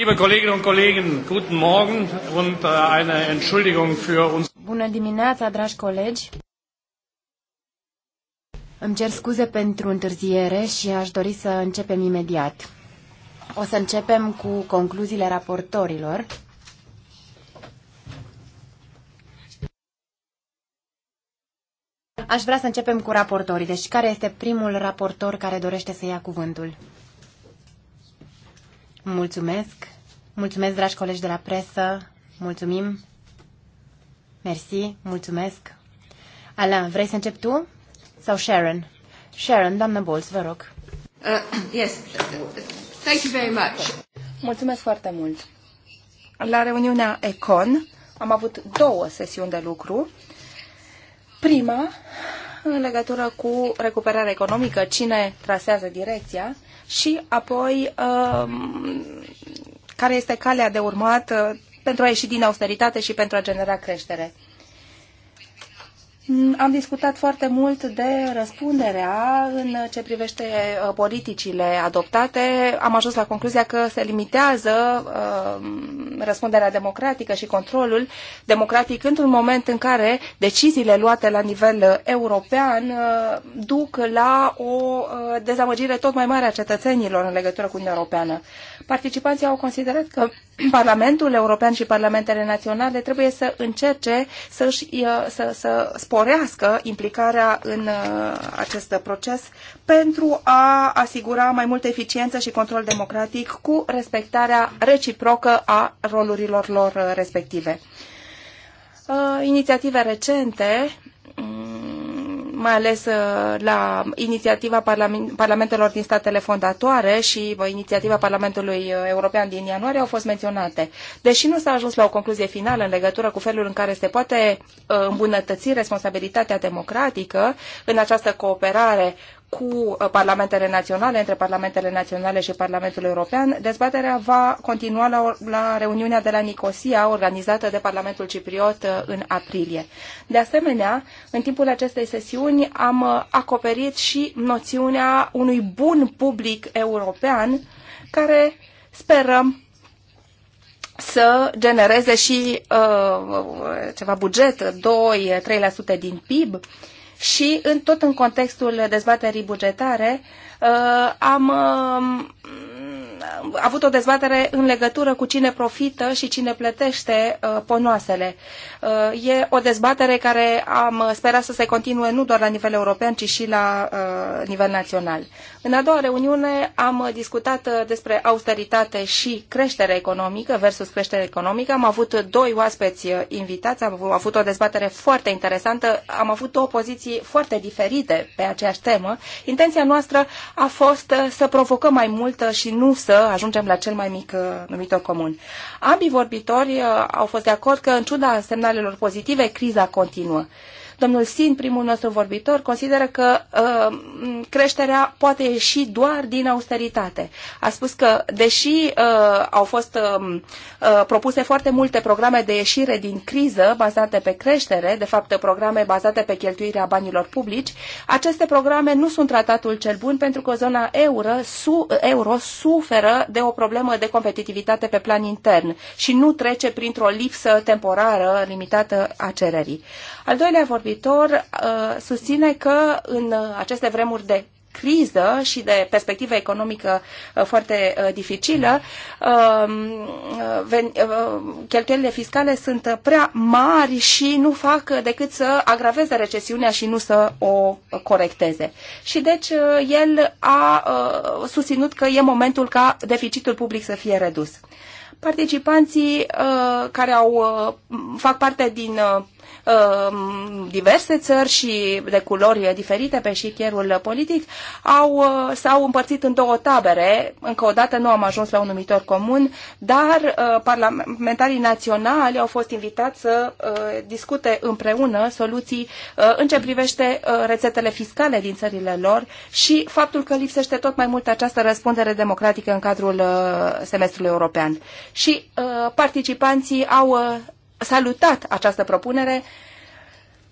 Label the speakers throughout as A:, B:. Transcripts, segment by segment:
A: Liebe Kolleginnen und Kollegen, guten Morgen und äh, eine Entschuldigung für uns. Bună dimineața, dragi colegi. Îmi cer scuze pentru întârziere și aș dori să începem imediat. O să începem cu concluziile raportorilor. Aș vrea să începem cu raportorii. Deci care este primul raportor care dorește să ia cuvântul? Mulțumesc. Mulțumesc, dragi colegi de la presă. Mulțumim. Mersi. Mulțumesc. Alain, vrei să încep tu? Sau Sharon? Sharon, doamnă Bowles, vă rog.
B: Uh, yes. Thank you very much. Mulțumesc foarte mult. La reuniunea ECON am avut două sesiuni de lucru. Prima, în legătură cu recuperarea economică, cine trasează direcția și apoi uh, care este calea de urmat uh, pentru a ieși din austeritate și pentru a genera creștere. Mm, am discutat foarte mult de răspunderea în ce privește uh, politicile adoptate. Am ajuns la concluzia că se limitează uh, răspunderea democratică și controlul democratic într-un moment în care deciziile luate la nivel uh, european uh, duc la o uh, dezamăgire tot mai mare a cetățenilor în legătură cu Uniunea Europeană. Participanții au considerat că Parlamentul European și Parlamentele Naționale trebuie să încerce să, -și, să, să sporească sporească implicarea în uh, acest proces pentru a asigura mai multă eficiență și control democratic cu respectarea reciprocă a rolurilor lor respective. Uh, inițiative recente mm, mai ales uh, la inițiativa parlamentelor din statele fondatoare și inițiativa Parlamentului uh, European din ianuarie au fost menționate. Deși nu s-a ajuns la o concluzie finală în legătură cu felul în care se poate uh, îmbunătăți responsabilitatea democratică în această cooperare cu parlamentele naționale, între parlamentele naționale și Parlamentul European. Dezbaterea va continua la, la reuniunea de la Nicosia, organizată de Parlamentul Cipriot uh, în aprilie. De asemenea, în timpul acestei sesiuni am uh, acoperit și noțiunea unui bun public european, care sperăm să genereze și uh, ceva buget, 2-3% din PIB. Uh, și în tot în contextul dezbaterii bugetare uh, am um, a avut o dezbatere în legătură cu cine profită și cine plătește uh, ponoasele. Uh, e o dezbatere care am sperat să se continue nu doar la nivel european, ci și la uh, nivel național. În a doua reuniune am discutat uh, despre austeritate și creștere economică versus creștere economică. Am avut doi oaspeți uh, invitați, am avut o dezbatere foarte interesantă, am avut două poziții foarte diferite pe aceeași temă. Intenția noastră a fost uh, să provocăm mai mult și nu să să ajungem la cel mai mic uh, numitor comun. Ambii vorbitori uh, au fost de acord că, în ciuda semnalelor pozitive, criza continuă. Domnul Sin, primul nostru vorbitor, consideră că uh, creșterea poate ieși doar din austeritate. A spus că, deși uh, au fost um, uh, propuse foarte multe programe de ieșire din criză bazate pe creștere, de fapt programe bazate pe cheltuirea banilor publici, aceste programe nu sunt tratatul cel bun pentru că zona euro, su, euro suferă de o problemă de competitivitate pe plan intern și nu trece printr-o lipsă temporară limitată a cererii. Al doilea vorbitor scriitor uh, susține că în uh, aceste vremuri de criză și de perspectivă economică uh, foarte dificilă, um, cheltuielile fiscale sunt prea mari și nu fac decât să agraveze recesiunea și nu să o corecteze. Și deci el a susținut că e momentul ca deficitul public să fie redus participanții uh, care au, uh, fac parte din uh, um, diverse țări și de culori diferite pe șichierul politic au, uh, s-au împărțit în două tabere. Încă o dată nu am ajuns la un numitor comun, dar uh, parlamentarii naționali au fost invitați să uh, discute împreună soluții în ce privește rețetele fiscale din țările lor și faptul că lipsește tot mai mult această răspundere democratică în cadrul semestrului european și uh, participanții au uh, salutat această propunere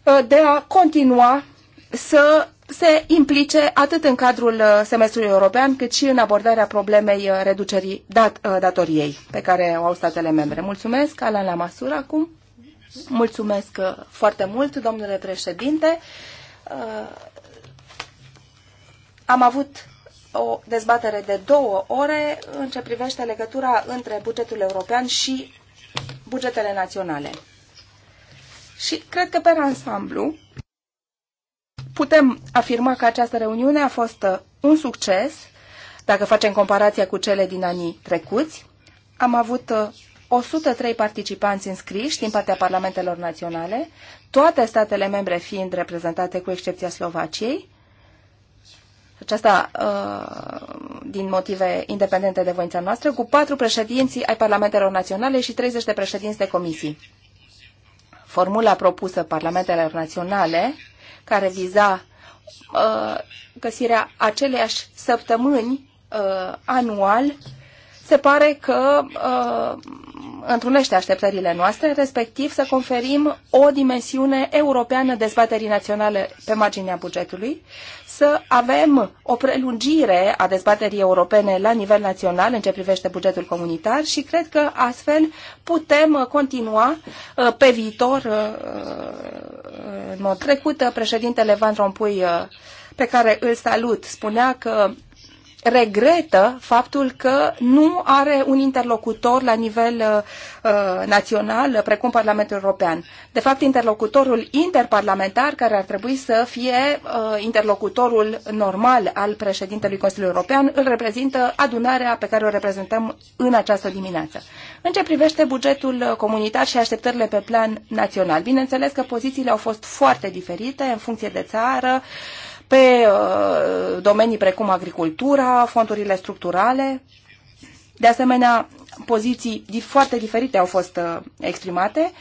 B: uh, de a continua să se implice atât în cadrul uh, semestrului european, cât și în abordarea problemei uh, reducerii dat, datoriei pe care o au statele membre. Mulțumesc, Alan la masură acum. Mulțumesc foarte mult, domnule președinte. Am avut o dezbatere de două ore în ce privește legătura între bugetul european și bugetele naționale. Și cred că pe ansamblu putem afirma că această reuniune a fost uh, un succes, dacă facem comparația cu cele din anii trecuți. Am avut 103 uh, participanți înscriși din partea parlamentelor naționale, toate statele membre fiind reprezentate cu excepția Slovaciei, aceasta deci asta uh, din motive independente de voința noastră, cu patru președinții ai Parlamentelor Naționale și 30 de președinți de comisii. Formula propusă Parlamentelor Naționale, care viza uh, găsirea aceleiași săptămâni uh, anual, se pare că întrunește așteptările noastre, respectiv să conferim o dimensiune europeană dezbaterii naționale pe marginea bugetului, să avem o prelungire a dezbaterii europene la nivel național în ce privește bugetul comunitar și cred că astfel putem continua uh, pe viitor. Uh, uh, în mod trecut, președintele Van Rompuy, pe care îl salut, spunea că regretă faptul că nu are un interlocutor la nivel uh, uh național, uh, precum Parlamentul European. De fapt, interlocutorul interparlamentar, care ar trebui să fie uh, interlocutorul normal al președintelui Consiliului European, îl reprezintă adunarea pe care o reprezentăm în această dimineață. În ce privește bugetul uh, comunitar și așteptările pe plan național, bineînțeles că pozițiile au fost foarte diferite în funcție de țară, uh, pe uh, domenii precum agricultura, fondurile structurale. De asemenea, poziții foarte diferite au fost uh, exprimate,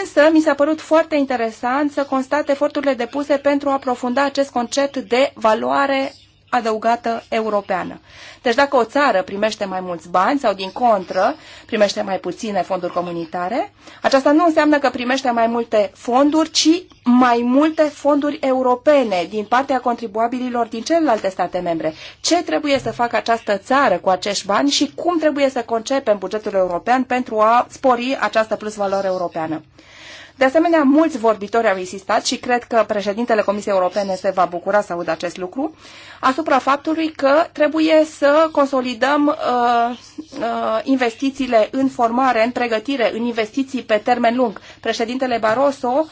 B: însă mi s-a părut foarte interesant să constat eforturile depuse pentru a aprofunda acest concept de valoare adăugată europeană. Deci dacă o țară primește mai mulți bani sau din contră primește mai puține fonduri comunitare, aceasta nu înseamnă că primește mai multe fonduri, ci mai multe fonduri europene din partea contribuabililor din celelalte state membre. Ce trebuie să facă această țară cu acești bani și cum trebuie să concepem bugetul european pentru a spori această plusvaloare europeană? De asemenea, mulți vorbitori au insistat și cred că președintele Comisiei Europene se va bucura să audă acest lucru, asupra faptului că trebuie să consolidăm uh, uh, investițiile în formare, în pregătire, în investiții pe termen lung. Președintele Barroso uh,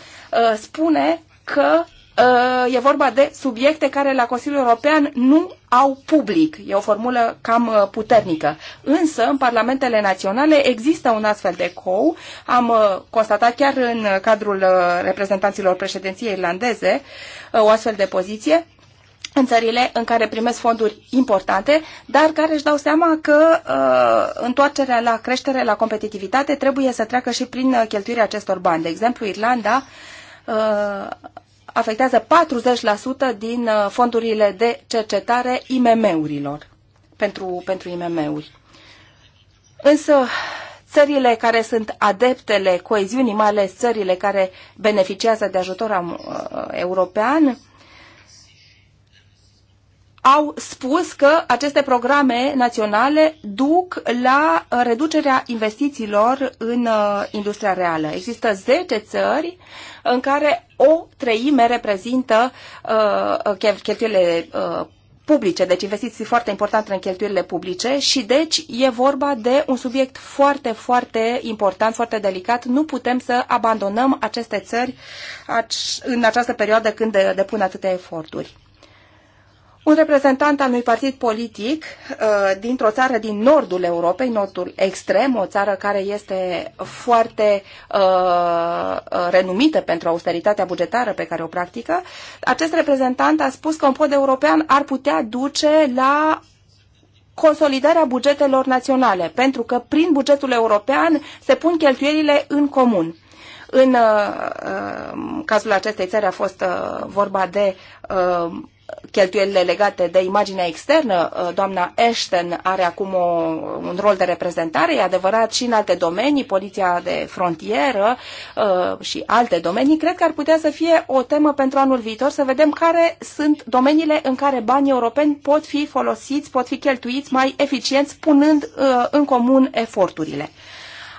B: spune că Uh, e vorba de subiecte care la Consiliul European nu au public. E o formulă cam uh, puternică. Însă, în parlamentele naționale există un astfel de cou. Am uh, constatat chiar în cadrul reprezentanților președinției irlandeze o astfel de poziție în țările în care primesc fonduri importante, dar care își dau seama că uh, întoarcerea la creștere, la competitivitate, trebuie să treacă și prin cheltuirea acestor bani. De exemplu, Irlanda uh, afectează 40% din uh, fondurile de cercetare IMM-urilor, pentru, pentru IMM-uri. Însă, țările care sunt adeptele coeziunii, mai ales țările care beneficiază de ajutor uh, european, au spus că aceste programe naționale duc la reducerea investițiilor în uh, industria reală. Există 10 țări în care o treime reprezintă uh, uh cheltuielile uh, publice, deci investiții foarte importante în cheltuielile publice și deci e vorba de un subiect foarte, foarte important, foarte delicat. Nu putem să abandonăm aceste țări în această perioadă când depun atâtea eforturi un reprezentant al unui partid politic uh, dintr-o țară din nordul Europei, nordul extrem, o țară care este foarte uh, renumită pentru austeritatea bugetară pe care o practică, acest reprezentant a spus că un pod european ar putea duce la consolidarea bugetelor naționale, pentru că prin bugetul european se pun cheltuielile în comun. În uh, uh cazul acestei țări a fost uh, vorba de uh, cheltuielile legate de imaginea externă. Uh, doamna Ashton are acum o, un rol de reprezentare, e adevărat, și în alte domenii, poliția de frontieră uh, și alte domenii. Cred că ar putea să fie o temă pentru anul viitor, să vedem care sunt domeniile în care banii europeni pot fi folosiți, pot fi cheltuiți mai eficient, punând uh, în comun eforturile.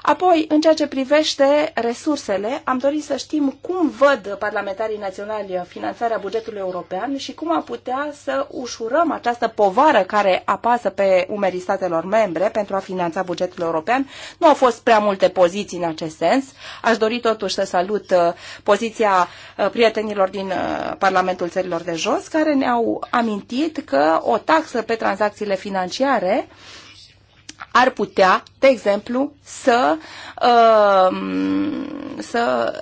B: Apoi, în ceea ce privește resursele, am dorit să știm cum văd parlamentarii naționali finanțarea bugetului european și cum am putea să ușurăm această povară care apasă pe umerii statelor membre pentru a finanța bugetul european. Nu au fost prea multe poziții în acest sens. Aș dori totuși să salut uh, poziția uh, prietenilor din uh, Parlamentul Țărilor de Jos, care ne-au amintit că o taxă pe tranzacțiile financiare ar putea, de exemplu, să, uh, să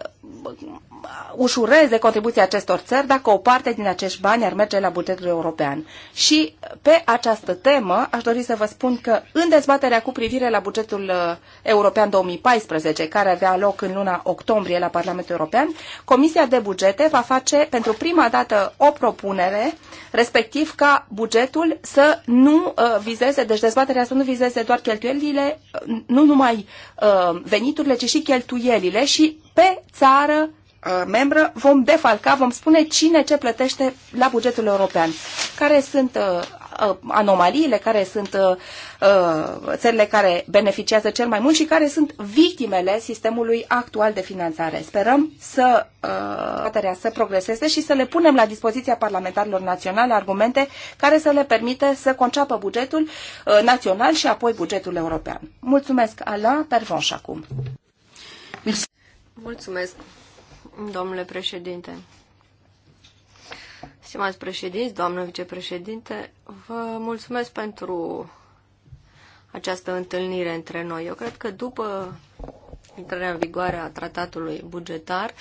B: ușureze contribuția acestor țări dacă o parte din acești bani ar merge la bugetul european. Și pe această temă aș dori să vă spun că în dezbaterea cu privire la bugetul uh, european 2014, care avea loc în luna octombrie la Parlamentul European, Comisia de Bugete va face pentru prima dată o propunere, respectiv ca bugetul să nu uh, vizeze, deci dezbaterea să nu vizeze doar cheltuielile, uh, nu numai veniturile, ci și cheltuielile și pe țară Uh, membră, vom defalca, vom spune cine ce plătește la bugetul european, care sunt uh, uh, anomaliile, care sunt țările care beneficiază cel mai mult și care sunt victimele sistemului actual de finanțare. Sperăm să, să progreseze și să le punem la dispoziția parlamentarilor naționale argumente care să le permite să conceapă bugetul național și apoi bugetul european. Mulțumesc, Ala Pervonș, acum.
C: Mulțumesc domnule președinte. Stimați președinți, doamnă vicepreședinte, vă mulțumesc pentru această întâlnire între noi. Eu cred că după intrarea în vigoare a tratatului bugetar,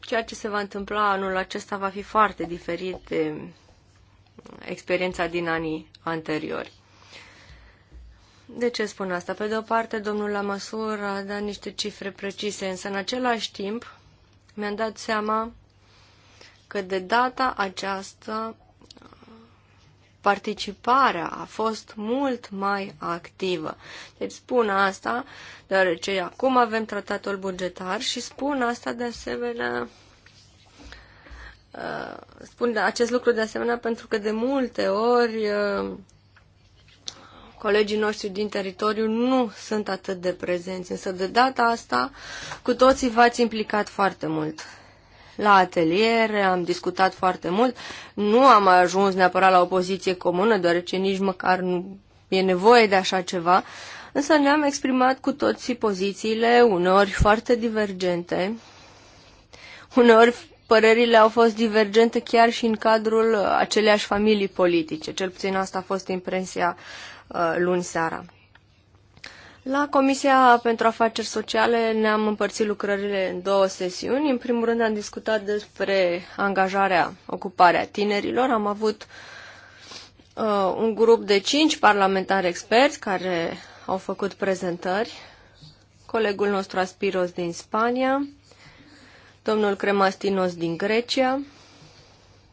C: ceea ce se va întâmpla anul acesta va fi foarte diferit de experiența din anii anteriori. De ce spun asta? Pe de o parte, domnul Lamasur a dat niște cifre precise, însă în același timp mi-am dat seama că de data aceasta participarea a fost mult mai activă. Deci spun asta deoarece acum avem tratatul bugetar și spun asta de asemenea uh, spun acest lucru de asemenea pentru că de multe ori uh, Colegii noștri din teritoriu nu sunt atât de prezenți, însă de data asta cu toții v-ați implicat foarte mult. La atelier am discutat foarte mult, nu am ajuns neapărat la o poziție comună, deoarece nici măcar nu e nevoie de așa ceva, însă ne-am exprimat cu toții pozițiile, uneori foarte divergente, uneori părerile au fost divergente chiar și în cadrul aceleași familii politice. Cel puțin asta a fost impresia Uh, luni seara. La Comisia pentru Afaceri Sociale ne-am împărțit lucrările în două sesiuni. În primul rând am discutat despre angajarea, ocuparea tinerilor. Am avut uh, un grup de cinci parlamentari experți care au făcut prezentări. Colegul nostru Aspiros din Spania, domnul Cremastinos din Grecia,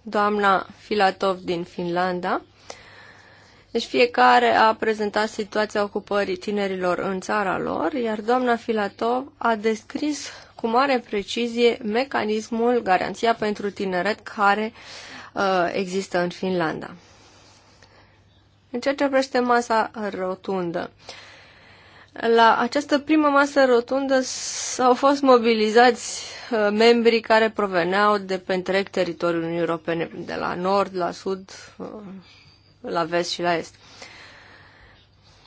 C: doamna Filatov din Finlanda deci fiecare a prezentat situația ocupării tinerilor în țara lor, iar doamna Filatov a descris cu mare precizie mecanismul Garanția pentru Tineret care uh, există în Finlanda. În ceea ce privește masa rotundă, la această primă masă rotundă au fost mobilizați uh, membrii care proveneau de pe întreg teritoriul Uniunii Europene, de la nord, la sud, uh, la vest și la est.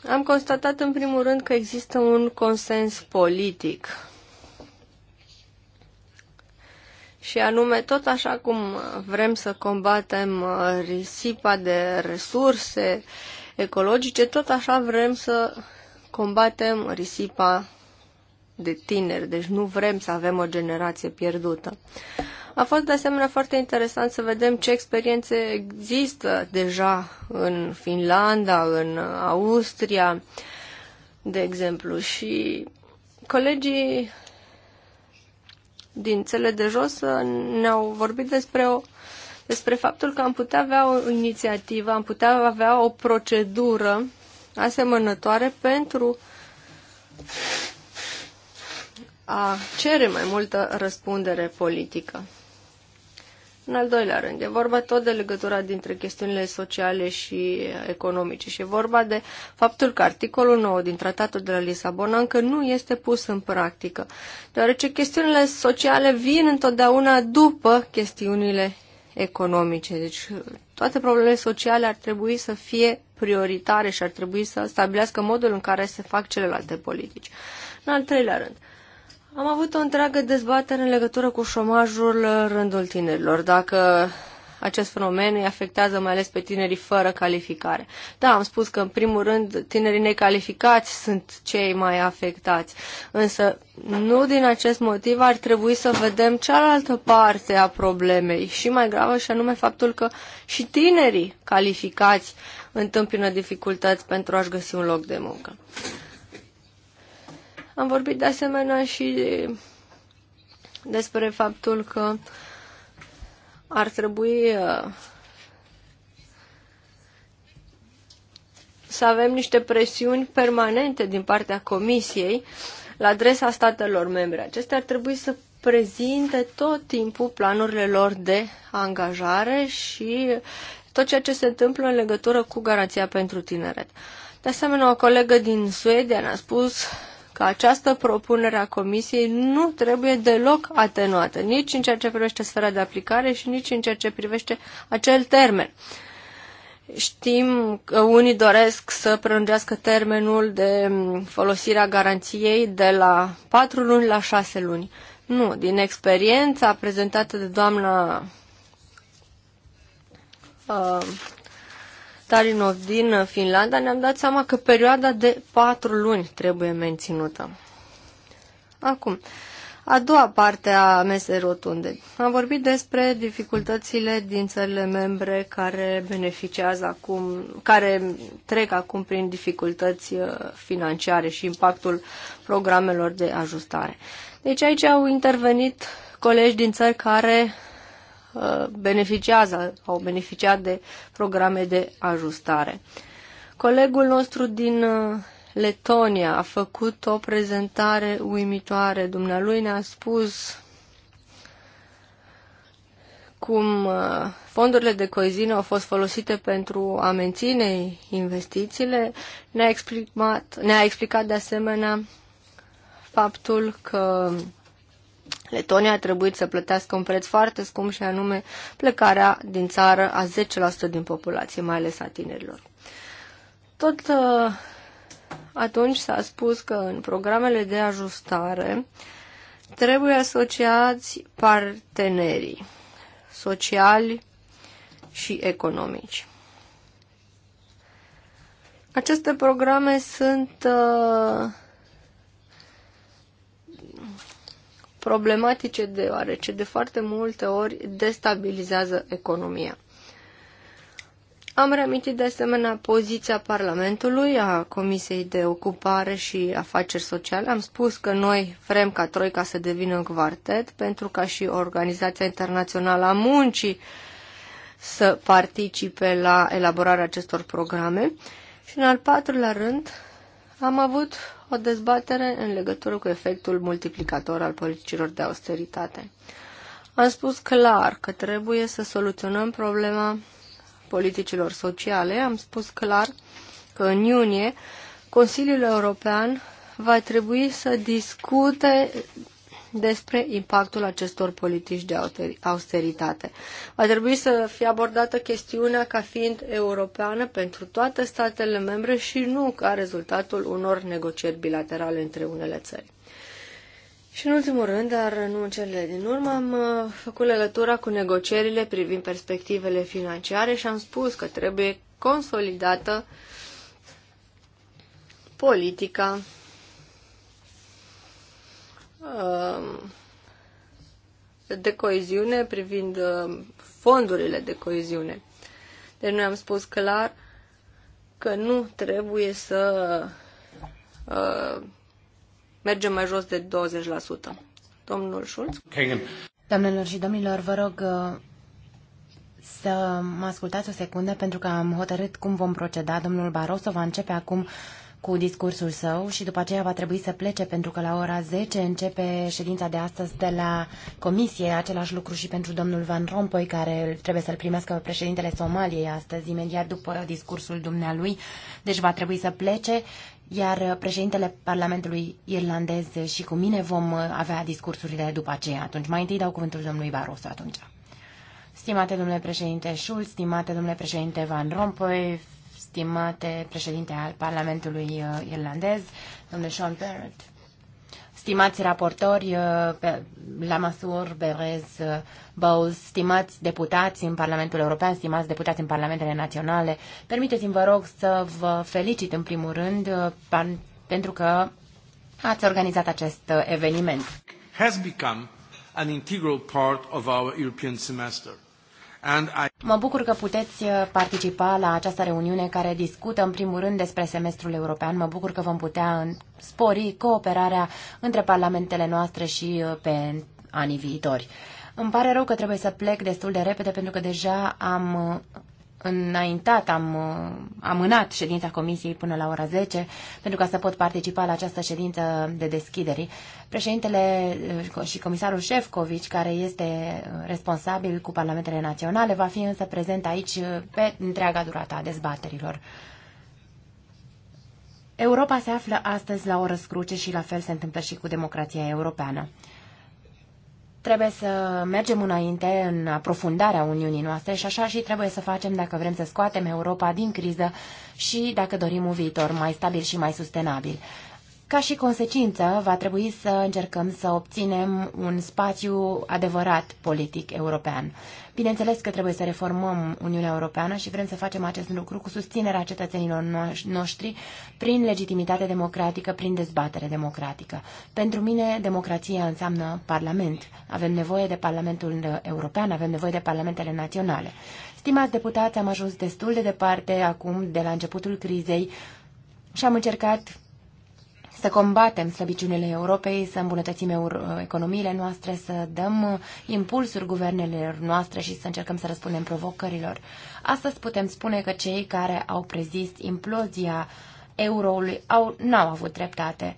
C: Am constatat în primul rând că există un consens politic și anume tot așa cum vrem să combatem uh, risipa de resurse ecologice, tot așa vrem să combatem risipa de tineri, deci nu vrem să avem o generație pierdută. A fost de asemenea foarte interesant să vedem ce experiențe există deja în Finlanda, în Austria, de exemplu. Și colegii din cele de jos ne-au vorbit despre, o, despre faptul că am putea avea o inițiativă, am putea avea o procedură asemănătoare pentru a cere mai multă răspundere politică. În al doilea rând, e vorba tot de legătura dintre chestiunile sociale și economice și e vorba de faptul că articolul 9 din Tratatul de la Lisabona încă nu este pus în practică, deoarece chestiunile sociale vin întotdeauna după chestiunile economice. Deci toate problemele sociale ar trebui să fie prioritare și ar trebui să stabilească modul în care se fac celelalte politici. În al treilea rând, uh, am avut o întreagă dezbatere în legătură cu șomajul rândul tinerilor, dacă acest fenomen îi afectează mai ales pe tinerii fără calificare. Da, am spus că în primul rând tinerii necalificați sunt cei mai afectați, însă nu din acest motiv ar trebui să vedem cealaltă parte a problemei și mai gravă și anume faptul că și tinerii calificați întâmpină dificultăți pentru a-și găsi un loc de muncă. Am vorbit de asemenea și despre faptul că ar trebui uh, să avem niște presiuni permanente din partea Comisiei la adresa statelor membre. Acestea ar trebui să prezinte tot timpul planurile lor de angajare și tot ceea ce se întâmplă în legătură cu garanția pentru tineret. De asemenea, o colegă din Suedia ne-a spus că această propunere a Comisiei nu trebuie deloc atenuată, nici în ceea ce privește sfera de aplicare și nici în ceea ce privește acel termen. Știm că unii doresc să prelungească termenul de folosire a garanției de la 4 luni la 6 luni. Nu, din experiența prezentată de doamna uh, Tarinov din Finlanda, ne-am dat seama că perioada de patru luni trebuie menținută. Acum, a doua parte a mesei rotunde. Am vorbit despre dificultățile din țările membre care beneficiază acum, care trec acum prin dificultăți uh, financiare și impactul programelor de ajustare. Deci aici au intervenit colegi din țări care Uh, beneficiază, au beneficiat de programe de ajustare. Colegul nostru din uh, Letonia a făcut o prezentare uimitoare. Dumnealui ne-a spus cum uh, fondurile de coeziune au fost folosite pentru a menține investițiile, ne-a explicat, ne explicat de asemenea faptul că Letonia a trebuit să plătească un preț foarte scump și anume plecarea din țară a 10% din populație, mai ales a tinerilor. Tot uh, atunci s-a spus că în programele de ajustare trebuie asociați partenerii sociali și economici. Aceste programe sunt uh, problematice deoarece de foarte multe ori destabilizează economia. Am reamintit de asemenea poziția Parlamentului, a Comisiei de Ocupare și Afaceri Sociale. Am spus că noi vrem ca Troica să devină un quartet pentru ca și Organizația Internațională a Muncii să participe la elaborarea acestor programe. Și în al patrulea rând am avut o dezbatere în legătură cu efectul multiplicator al politicilor de austeritate. Am spus clar că trebuie să soluționăm problema politicilor sociale. Am spus clar că în iunie Consiliul European va trebui să discute despre impactul acestor politici de austeritate. Va trebui să fie abordată chestiunea ca fiind europeană pentru toate statele membre și nu ca rezultatul unor negocieri bilaterale între unele țări. Și în ultimul rând, dar nu în cele din urmă, am uh, făcut legătura cu negocierile privind perspectivele financiare și am spus că trebuie consolidată politica Ehm, de coeziune privind ehm, fondurile de coeziune. Deci noi am spus clar că nu trebuie să ehm, mergem mai jos de 20%. Domnul
A: Schulz? Doamnelor și domnilor, vă rog să mă ascultați o secundă pentru că am hotărât cum vom proceda. Domnul Barroso va începe acum cu discursul său și după aceea va trebui să plece pentru că la ora 10 începe ședința de astăzi de la comisie. Același lucru și pentru domnul Van Rompuy care trebuie să-l primească pe președintele Somaliei astăzi imediat după discursul dumnealui. Deci va trebui să plece iar președintele Parlamentului irlandez și cu mine vom avea discursurile după aceea. Atunci mai întâi dau cuvântul domnului Barroso atunci. Stimate domnule președinte Schulz, stimate domnule președinte Van Rompuy, stimate președinte al Parlamentului uh, irlandez, domnule Sean Barrett, stimați raportori uh, pe Lamasur, Berez, uh, Bowles, stimați deputați în Parlamentul European, stimați deputați în Parlamentele Naționale, permiteți-mi, vă rog, să vă felicit în primul rând pentru că ați organizat acest eveniment.
C: Has become an integral part of our European semester.
A: Mă bucur că puteți uh, participa la această reuniune care discută în primul rând despre semestrul european. Mă bucur că vom putea spori cooperarea între parlamentele noastre și uh, pe anii viitori. Îmi pare rău că trebuie să plec destul de repede pentru că deja am uh, înaintat, am uh, amânat ședința comisiei până la ora 10, pentru ca să pot participa la această ședință de deschideri. Președintele uh, și comisarul Șefcovici, care este uh, responsabil cu parlamentele naționale, va fi însă prezent aici pe întreaga durata a dezbaterilor. Europa se află astăzi la o răscruce și la fel se întâmplă și cu democrația europeană. Trebuie să mergem înainte în aprofundarea Uniunii noastre și așa și trebuie să facem dacă vrem să scoatem Europa din criză și dacă dorim un viitor mai stabil și mai sustenabil. Ca și consecință, va trebui să încercăm să obținem un spațiu adevărat politic european. Bineînțeles că trebuie să reformăm Uniunea Europeană și vrem să facem acest lucru cu susținerea cetățenilor noștri prin legitimitate democratică, prin dezbatere democratică. Pentru mine, democrația înseamnă Parlament. Avem nevoie de Parlamentul European, avem nevoie de Parlamentele naționale. Stimați deputați, am ajuns destul de departe acum de la începutul crizei și am încercat să combatem slăbiciunile Europei, să îmbunătățim economiile noastre, să dăm impulsuri guvernelor noastre și să încercăm să răspundem provocărilor. Astăzi putem spune că cei care au prezis implozia euroului au, n-au avut dreptate.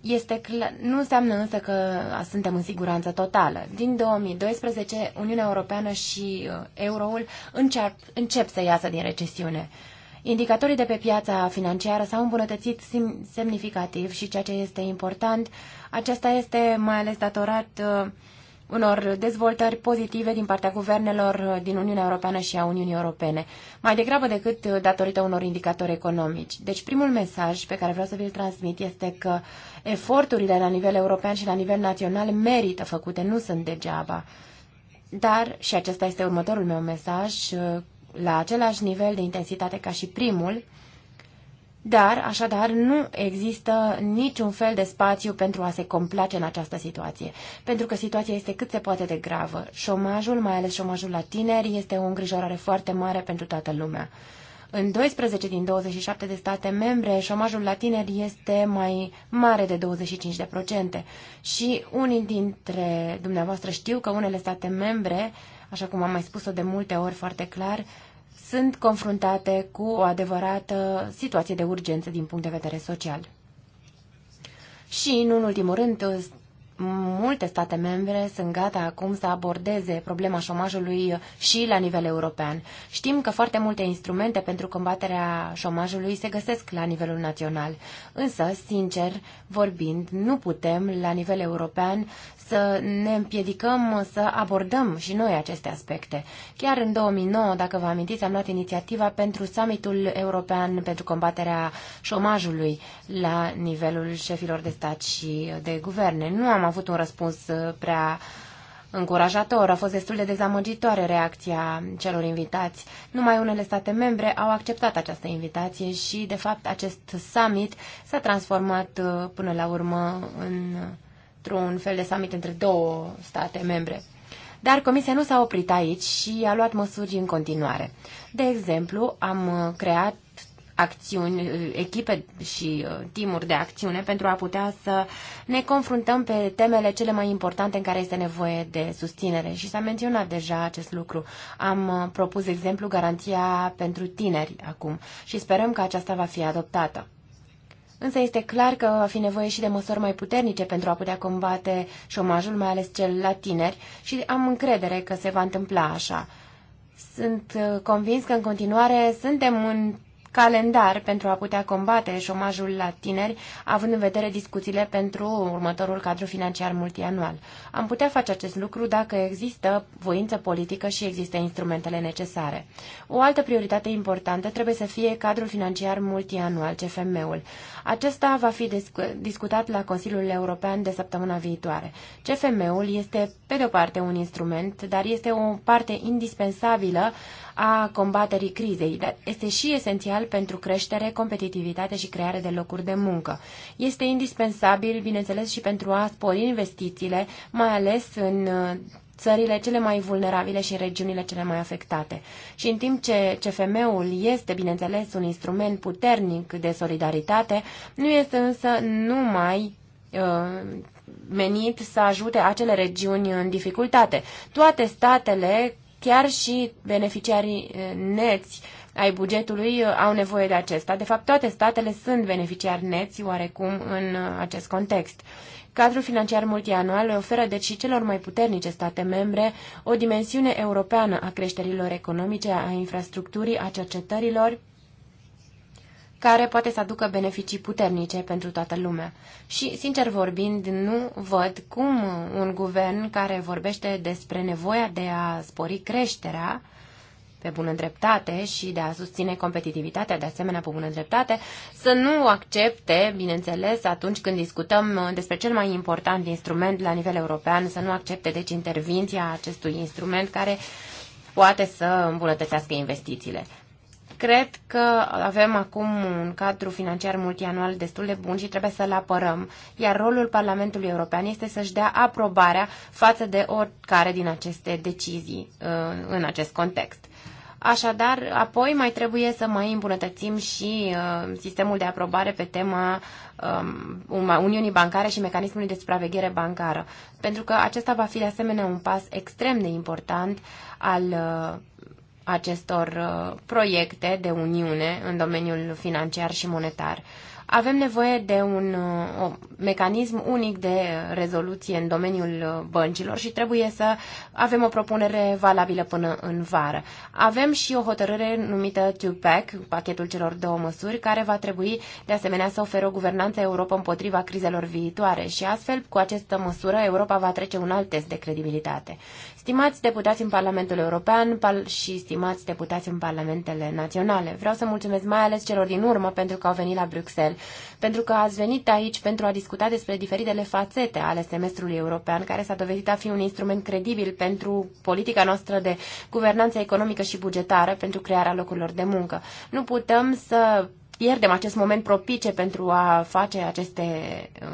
A: Este clar, nu înseamnă însă că suntem în siguranță totală. Din 2012, Uniunea Europeană și uh, euroul încep, încep să iasă din recesiune. Indicatorii de pe piața financiară s-au îmbunătățit semnificativ și ceea ce este important, acesta este mai ales datorat uh, unor dezvoltări pozitive din partea guvernelor uh, din Uniunea Europeană și a Uniunii Europene, mai degrabă decât uh, datorită unor indicatori economici. Deci primul mesaj pe care vreau să vi-l transmit este că eforturile la nivel european și la nivel național merită făcute, nu sunt degeaba. Dar, și acesta este următorul meu mesaj, la același nivel de intensitate ca și primul, dar, așadar, nu există niciun fel de spațiu pentru a se complace în această situație, pentru că situația este cât se poate de gravă. Șomajul, mai ales șomajul la tineri, este o îngrijorare foarte mare pentru toată lumea. În 12 din 27 de state membre, șomajul la tineri este mai mare de 25% și unii dintre dumneavoastră știu că unele state membre așa cum am mai spus-o de multe ori foarte clar, sunt confruntate cu o adevărată situație de urgență din punct de vedere social. Și, nu în ultimul rând, multe state membre sunt gata acum să abordeze problema șomajului și la nivel european. Știm că foarte multe instrumente pentru combaterea șomajului se găsesc la nivelul național. Însă, sincer vorbind, nu putem la nivel european să ne împiedicăm să abordăm și noi aceste aspecte. Chiar în 2009, dacă vă amintiți, am luat inițiativa pentru summitul european pentru combaterea șomajului la nivelul șefilor de stat și de guverne. Nu am avut un răspuns uh, prea încurajator. A fost destul de dezamăgitoare reacția celor invitați. Numai unele state membre au acceptat această invitație și, de fapt, acest summit s-a transformat uh, până la urmă în într-un fel de summit între două state membre. Dar Comisia nu s-a oprit aici și a luat măsuri în continuare. De exemplu, am uh, creat acțiuni, uh, echipe și uh, timuri de acțiune pentru a putea să ne confruntăm pe temele cele mai importante în care este nevoie de susținere. Și s-a menționat deja acest lucru. Am propus, de exemplu, garanția pentru tineri acum și sperăm că aceasta va fi adoptată. Însă este clar că va fi nevoie și de măsuri mai puternice pentru a putea combate șomajul, mai ales cel la tineri, și am încredere că se va întâmpla așa. Sunt uh, convins că în continuare suntem în calendar pentru a putea combate șomajul la tineri, având în vedere discuțiile pentru următorul cadru financiar multianual. Am putea face acest lucru dacă există voință politică și există instrumentele necesare. O altă prioritate importantă trebuie să fie cadrul financiar multianual, CFM-ul. Acesta va fi discutat la Consiliul European de săptămâna viitoare. CFM-ul este, pe de o parte, un instrument, dar este o parte indispensabilă a combaterii crizei, dar este și esențial pentru creștere, competitivitate și creare de locuri de muncă. Este indispensabil, bineînțeles, și pentru a spori investițiile, mai ales în uh, țările cele mai vulnerabile și în regiunile cele mai afectate. Și în timp ce CFM-ul este, bineînțeles, un instrument puternic de solidaritate, nu este însă numai uh, menit să ajute acele regiuni în dificultate. Toate statele Chiar și beneficiarii eh, neți ai bugetului eh, au nevoie de acesta. De fapt, toate statele sunt beneficiari neți oarecum în eh, acest context. Cadrul financiar multianual oferă deci și celor mai puternice state membre o dimensiune europeană a creșterilor economice, a infrastructurii, a cercetărilor care poate să aducă beneficii puternice pentru toată lumea. Și, sincer vorbind, nu văd cum un guvern care vorbește despre nevoia de a spori creșterea pe bună dreptate și de a susține competitivitatea de asemenea pe bună dreptate, să nu accepte, bineînțeles, atunci când discutăm uh, despre cel mai important instrument la nivel european, să nu accepte deci intervenția acestui instrument care poate să îmbunătățească investițiile. Cred că avem acum un cadru financiar multianual destul de bun și trebuie să-l apărăm, iar rolul Parlamentului European este să-și dea aprobarea față de oricare din aceste decizii uh, în acest context. Așadar, apoi mai trebuie să mai îmbunătățim și uh, sistemul de aprobare pe tema um, um Uniunii Bancare și mecanismului de supraveghere bancară, pentru că acesta va fi de asemenea un pas extrem de important al uh, acestor uh, proiecte de uniune în domeniul financiar și monetar. Avem nevoie de un uh, mecanism unic de rezoluție în domeniul uh, băncilor și trebuie să avem o propunere valabilă până în vară. Avem și o hotărâre numită TUPAC, pachetul celor două măsuri, care va trebui de asemenea să ofere o guvernanță Europa împotriva crizelor viitoare și astfel, cu această măsură, Europa va trece un alt test de credibilitate. Stimați deputați în Parlamentul European și stimați deputați în Parlamentele Naționale, vreau să mulțumesc mai ales celor din urmă pentru că au venit la Bruxelles, pentru că ați venit aici pentru a discuta despre diferitele fațete ale semestrului european, care s-a dovedit a fi un instrument credibil pentru politica noastră de guvernanță economică și bugetară, pentru crearea locurilor de muncă. Nu putem să pierdem acest moment propice pentru a face aceste,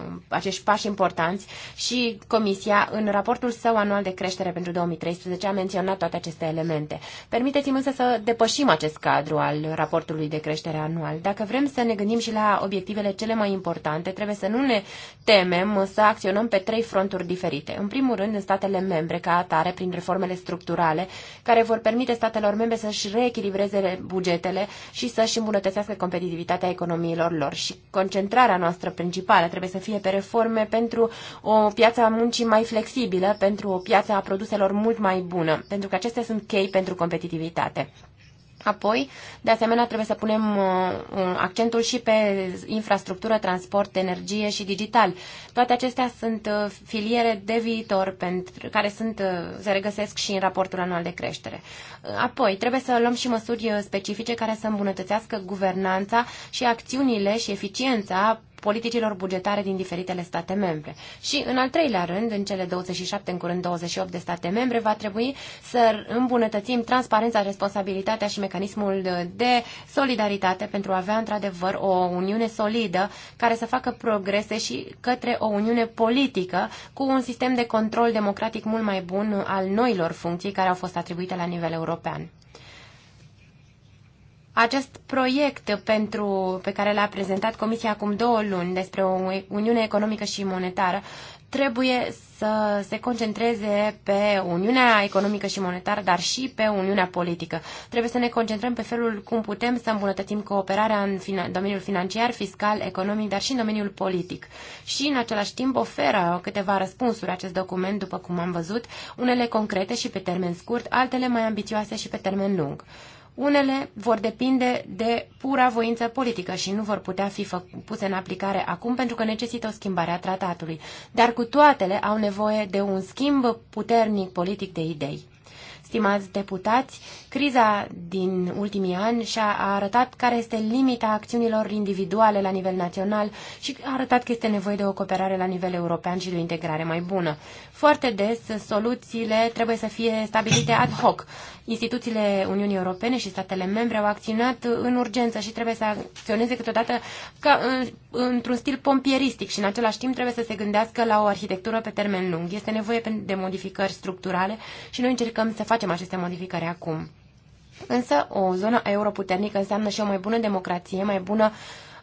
A: um, acești pași importanți și Comisia, în raportul său anual de creștere pentru 2013, a menționat toate aceste elemente. Permiteți-mi însă să depășim acest cadru al raportului de creștere anual. Dacă vrem să ne gândim și la obiectivele cele mai importante, trebuie să nu ne temem să acționăm pe trei fronturi diferite. În primul rând, în statele membre, ca atare, prin reformele structurale, care vor permite statelor membre să-și reechilibreze bugetele și să-și îmbunătățească competitivitatea competitivitatea economiilor lor și concentrarea noastră principală trebuie să fie pe reforme pentru o piață a muncii mai flexibilă, pentru o piață a produselor mult mai bună, pentru că acestea sunt chei pentru competitivitate. Apoi, de asemenea, trebuie să punem uh, uh, accentul și pe infrastructură, transport, energie și digital. Toate acestea sunt uh, filiere de viitor pentru, care sunt, se regăsesc și în raportul anual de creștere. Apoi, trebuie să luăm și măsuri specifice care să îmbunătățească guvernanța și acțiunile și eficiența politicilor bugetare din diferitele state membre. Și, în al treilea rând, în cele 27, în curând 28 de state membre, va trebui să îmbunătățim transparența, responsabilitatea și mecanismul de solidaritate pentru a avea, într-adevăr, o uniune solidă care să facă progrese și către o uniune politică cu un sistem de control democratic mult mai bun al noilor funcții care au fost atribuite la nivel european. Acest proiect pentru, pe care l-a prezentat Comisia acum două luni despre o Uniune Economică și Monetară trebuie să se concentreze pe Uniunea Economică și Monetară, dar și pe Uniunea Politică. Trebuie să ne concentrăm pe felul cum putem să îmbunătățim cooperarea în finan- domeniul financiar, fiscal, economic, dar și în domeniul politic. Și, în același timp, oferă câteva răspunsuri acest document, după cum am văzut, unele concrete și pe termen scurt, altele mai ambițioase și pe termen lung. Unele vor depinde de pura voință politică și nu vor putea fi puse în aplicare acum pentru că necesită o schimbare a tratatului, dar cu toatele au nevoie de un schimb puternic politic de idei. Stimați deputați, Criza din ultimii ani și-a arătat care este limita acțiunilor individuale la nivel național și a arătat că este nevoie de o cooperare la nivel european și de o integrare mai bună. Foarte des, soluțiile trebuie să fie stabilite ad hoc. Instituțiile Uniunii Europene și statele membre au acționat în urgență și trebuie să acționeze câteodată ca, într-un stil pompieristic și în același timp trebuie să se gândească la o arhitectură pe termen lung. Este nevoie de modificări structurale și noi încercăm să facem aceste modificări acum. Însă o zonă euro puternică înseamnă și o mai bună democrație, mai bună uh,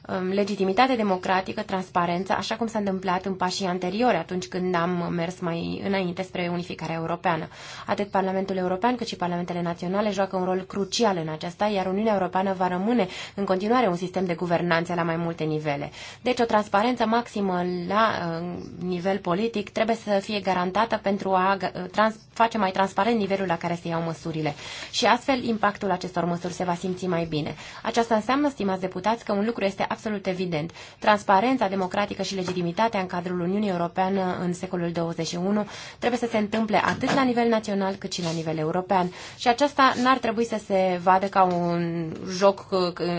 A: Um, legitimitate democratică, transparență, așa cum s-a întâmplat în pașii anteriori, atunci când am mers mai înainte spre unificarea europeană. Atât Parlamentul European cât și Parlamentele naționale joacă un rol crucial în aceasta, iar Uniunea Europeană va rămâne în continuare un sistem de guvernanță la mai multe nivele. Deci o transparență maximă la uh, nivel politic trebuie să fie garantată pentru a uh, trans- face mai transparent nivelul la care se iau măsurile. Și astfel impactul acestor măsuri se va simți mai bine. Aceasta înseamnă, stimați deputați, că un lucru este absolut evident. Transparența democratică și legitimitatea în cadrul Uniunii Europeană în secolul 21 trebuie să se întâmple atât la nivel național cât și la nivel european. Și aceasta n-ar trebui să se vadă ca un joc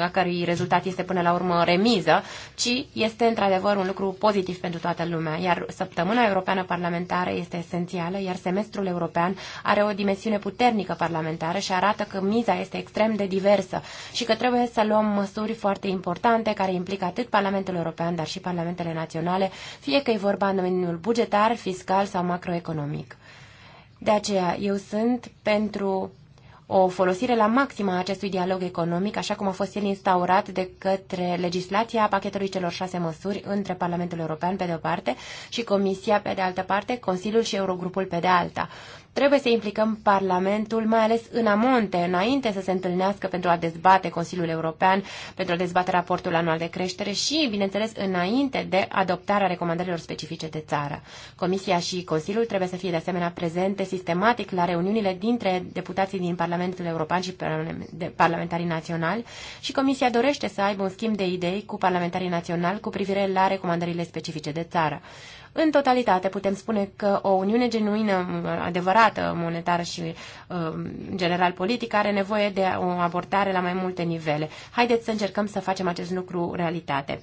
A: a cărui rezultat este până la urmă remiză, ci este într-adevăr un lucru pozitiv pentru toată lumea. Iar săptămâna europeană parlamentară este esențială, iar semestrul european are o dimensiune puternică parlamentară și arată că miza este extrem de diversă și că trebuie să luăm măsuri foarte importante care care implică atât Parlamentul European, dar și Parlamentele Naționale, fie că e vorba în domeniul bugetar, fiscal sau macroeconomic. De aceea, eu sunt pentru o folosire la maximă a acestui dialog economic, așa cum a fost el instaurat de către legislația pachetului celor șase măsuri între Parlamentul European pe de o parte și Comisia pe de altă parte, Consiliul și Eurogrupul pe de alta. Trebuie să implicăm Parlamentul, mai ales în amonte, înainte să se întâlnească pentru a dezbate Consiliul European, pentru a dezbate raportul anual de creștere și, bineînțeles, înainte de adoptarea recomandărilor specifice de țară. Comisia și Consiliul trebuie să fie de asemenea prezente sistematic la reuniunile dintre deputații din Parlamentul European și parlamentarii naționali și Comisia dorește să aibă un schimb de idei cu parlamentarii naționali cu privire la recomandările specifice de țară. În totalitate putem spune că o uniune genuină, adevărată, monetară și în um, general politică are nevoie de o abordare la mai multe nivele. Haideți să încercăm să facem acest lucru realitate.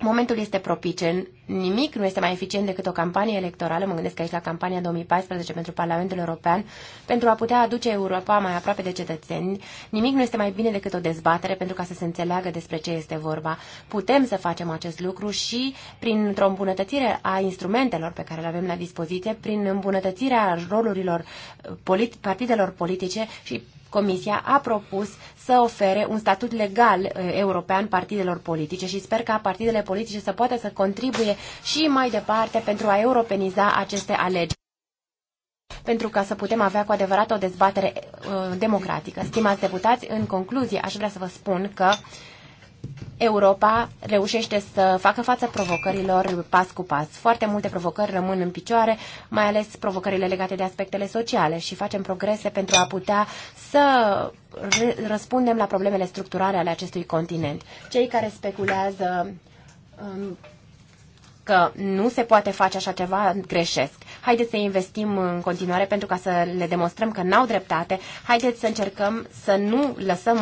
A: Momentul este propice, nimic nu este mai eficient decât o campanie electorală, mă gândesc aici la campania 2014 pentru Parlamentul European, pentru a putea aduce Europa mai aproape de cetățeni. Nimic nu este mai bine decât o dezbatere pentru ca să se înțeleagă despre ce este vorba. Putem să facem acest lucru și printr-o îmbunătățire a instrumentelor pe care le avem la dispoziție, prin îmbunătățirea rolurilor polit- partidelor politice și Comisia a propus să ofere un statut legal uh, european partidelor politice și sper ca partidele politice să poată să contribuie și mai departe pentru a europeniza aceste alegeri pentru ca să putem avea cu adevărat o dezbatere uh, democratică. Stimați deputați, în concluzie aș vrea să vă spun că uh, Europa reușește să facă față provocărilor pas cu pas. Foarte multe provocări rămân în picioare, mai ales provocările legate de aspectele sociale și facem progrese pentru a putea să răspundem la problemele structurale ale acestui continent. Cei care speculează um, că nu se poate face așa ceva greșesc. Haideți să investim în continuare pentru ca să le demonstrăm că n-au dreptate. Haideți să încercăm să nu lăsăm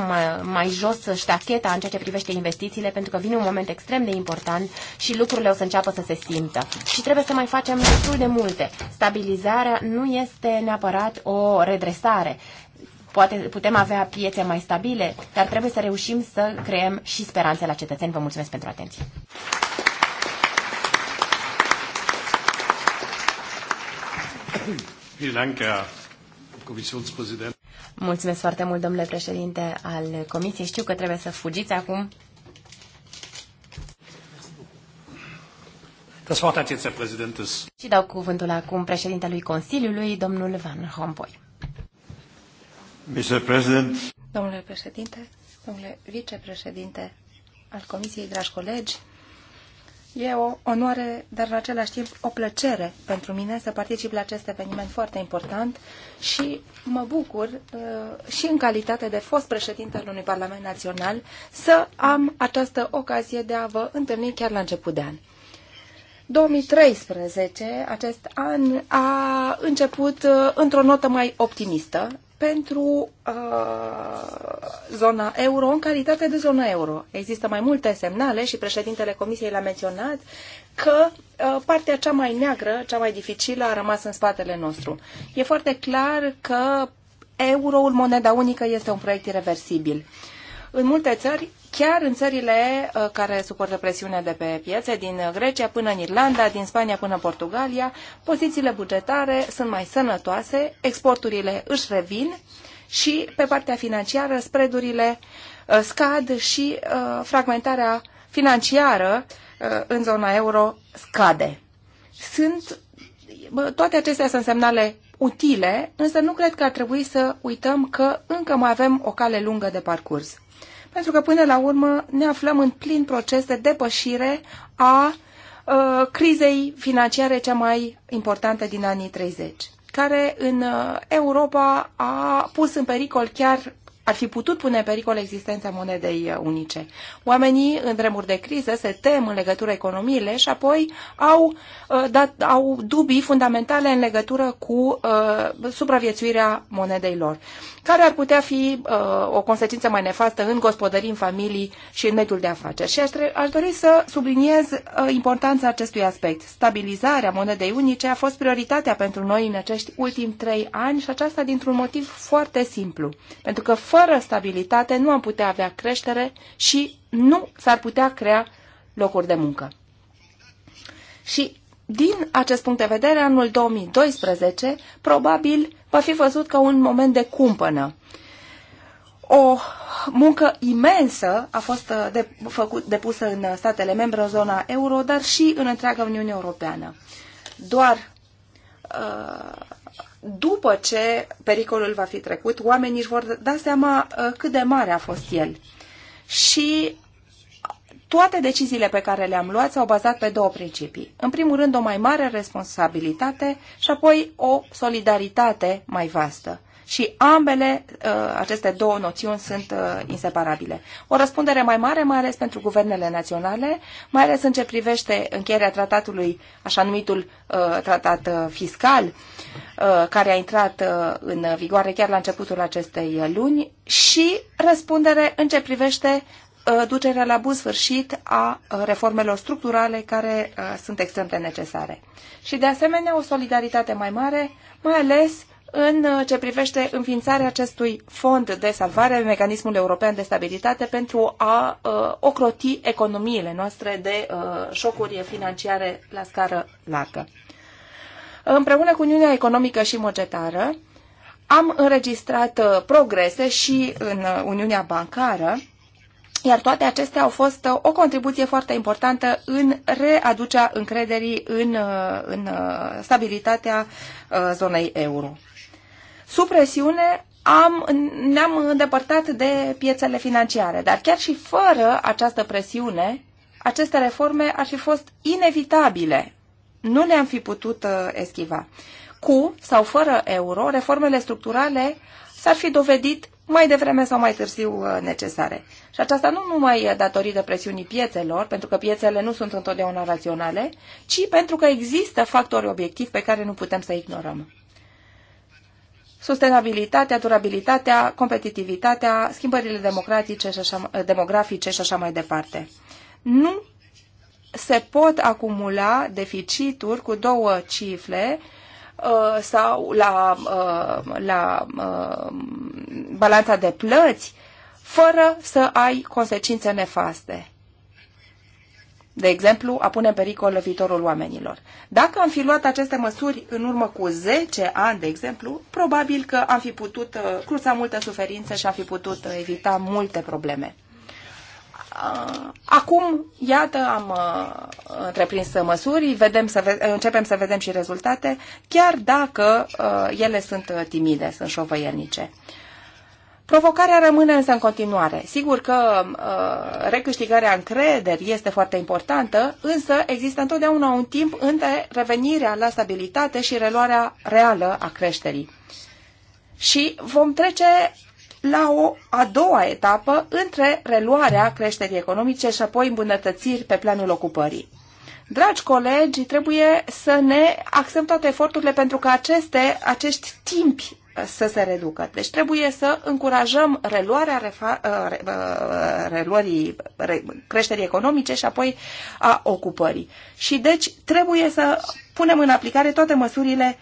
A: mai, jos ștacheta în ceea ce privește investițiile, pentru că vine un moment extrem de important și lucrurile o să înceapă să se simtă. Și trebuie să mai facem destul de multe. Stabilizarea nu este neapărat o redresare poate putem avea piețe mai stabile, dar trebuie să reușim să creăm și speranțe la cetățeni. Vă mulțumesc pentru atenție. Mulțumesc foarte mult, domnule președinte al Comisiei. Știu că trebuie să fugiți acum. Das Wort hat jetzt der Präsident des Și dau cuvântul acum președintelui Consiliului, domnul Van Rompuy.
B: Mr. President.
A: Domnule președinte, domnule vicepreședinte
B: al Comisiei, dragi colegi, E o onoare, dar în același timp o plăcere pentru mine să particip la acest eveniment foarte important și mă bucur uh, și în calitate de fost președinte al unui Parlament Național să am această ocazie de a vă întâlni chiar la început de an. 2013, acest an, a început uh, într-o notă mai optimistă, pentru
C: uh,
B: zona euro în calitate de zona euro. Există mai multe semnale și președintele Comisiei l-a menționat că uh, partea cea mai neagră, cea mai dificilă a rămas în spatele nostru. E foarte clar că euroul, moneda unică, este un proiect irreversibil. În multe țări, chiar în țările uh, care suportă presiune de pe piețe, din Grecia până în Irlanda, din Spania până în Portugalia, pozițiile bugetare sunt mai sănătoase, exporturile își revin și pe partea financiară spreadurile uh, scad și uh, fragmentarea financiară în zona euro scade. Sunt, toate acestea sunt semnale utile, însă nu cred că ar trebui să uităm că încă mai avem o cale lungă de parcurs pentru că până la urmă ne aflăm în plin proces de depășire a uh, crizei financiare cea mai importantă din anii 30, care în uh, Europa a pus în pericol chiar ar fi putut pune în pericol existența monedei uh, unice. Oamenii, în vremuri de criză, se tem în legătură economiile și apoi au, uh, dat, au dubii fundamentale în legătură cu uh, supraviețuirea monedei lor care ar putea fi uh, o consecință mai nefastă în gospodării, în familii și în mediul de afaceri. Și aș, aș dori să subliniez uh, importanța acestui aspect. Stabilizarea monedei unice a fost prioritatea pentru noi în acești ultimi trei ani și aceasta dintr-un motiv foarte simplu. Pentru că fără stabilitate nu am putea avea creștere și nu s-ar putea crea locuri de muncă. Și din acest punct de vedere, anul 2012 probabil va fi văzut ca un moment de cumpănă. O muncă imensă a fost uh, de, făcut, depusă în statele membre, în zona euro, dar și în întreaga Uniune Europeană. Doar uh, după ce pericolul va fi trecut, oamenii își vor da seama uh, cât de mare a fost el. Și toate deciziile pe care le-am luat s-au bazat pe două principii. În primul rând, o mai mare responsabilitate și apoi o solidaritate mai vastă. Și ambele uh, aceste două noțiuni sunt uh, inseparabile. O răspundere mai mare, mai ales pentru guvernele naționale, mai ales în ce privește încheierea tratatului, așa numitul uh, tratat fiscal, care a intrat în vigoare chiar la începutul acestei luni, și răspundere în ce privește Uh, ducerea la bun sfârșit a uh, reformelor structurale care uh, sunt extrem de necesare. Și de asemenea o solidaritate mai mare, mai ales în ce privește înființarea acestui fond de salvare, mecanismul european de stabilitate, pentru a uh, ocroti economiile noastre de uh, șocuri financiare la scară largă. Împreună cu Uniunea Economică și Mogetară, am înregistrat progrese și în Uniunea Bancară, iar toate acestea au fost uh, o contribuție foarte importantă în readucea încrederii în, uh, în uh, stabilitatea zonei euro. Sub presiune am, ne-am îndepărtat de piețele financiare, dar chiar și fără această presiune, aceste reforme ar fi fost inevitabile. Nu le-am fi putut eschiva. Cu sau fără euro, reformele structurale s-ar fi dovedit mai devreme sau mai târziu uh, necesare. Și aceasta nu numai datorită presiunii piețelor, pentru că piețele nu sunt întotdeauna raționale, ci pentru că există factori obiectivi pe care nu putem să ignorăm. Sustenabilitatea, durabilitatea, competitivitatea, schimbările democratice și așa, uh, demografice și așa mai departe. Nu se pot acumula deficituri cu două cifre Uh, sau la, uh, la uh, balanța de plăți fără să ai consecințe nefaste. De exemplu, a pune în pericol viitorul oamenilor. Dacă am fi luat aceste măsuri în urmă cu 10 ani, de exemplu, probabil că am fi putut cruța multă suferință și am fi putut evita multe probleme. Uh, acum, iată, am uh, întreprins măsuri, vedem să ve- începem să vedem și rezultate, chiar dacă uh, ele sunt timide, sunt șovăielnice. Provocarea rămâne însă în continuare. Sigur că uh, recâștigarea încrederii este foarte importantă, însă există întotdeauna un timp între revenirea la stabilitate și reluarea reală a creșterii. Și vom trece la o a doua etapă între reluarea creșterii economice și apoi îmbunătățiri pe planul ocupării. Dragi colegi, trebuie să ne axăm toate eforturile pentru că aceste, acești timpi uh, să se reducă. Deci trebuie să încurajăm reluarea refa, uh, re, uh, reluării, re, creșterii economice și apoi a ocupării. Și deci trebuie să punem în aplicare toate măsurile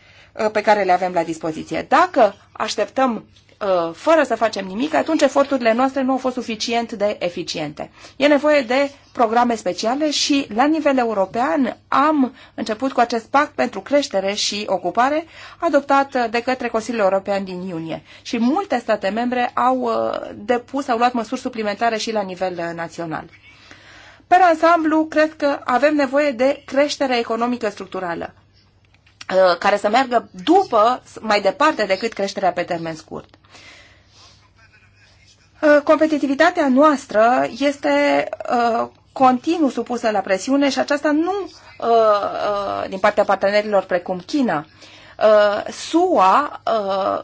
B: pe care le avem la dispoziție. Dacă așteptăm Uh, fără să facem nimic, atunci eforturile noastre nu au fost suficient de eficiente. E nevoie de programe speciale și la nivel european am început cu acest pact pentru creștere și ocupare adoptat de către Consiliul European din iunie și multe state membre au uh, depus, au luat măsuri suplimentare și la nivel uh, național. pe ansamblu, cred că avem nevoie de creștere economică structurală. Uh, care să meargă după, mai departe decât creșterea pe termen scurt. Uh, competitivitatea noastră este uh, continuu supusă la presiune și aceasta nu din partea partenerilor precum China. SUA,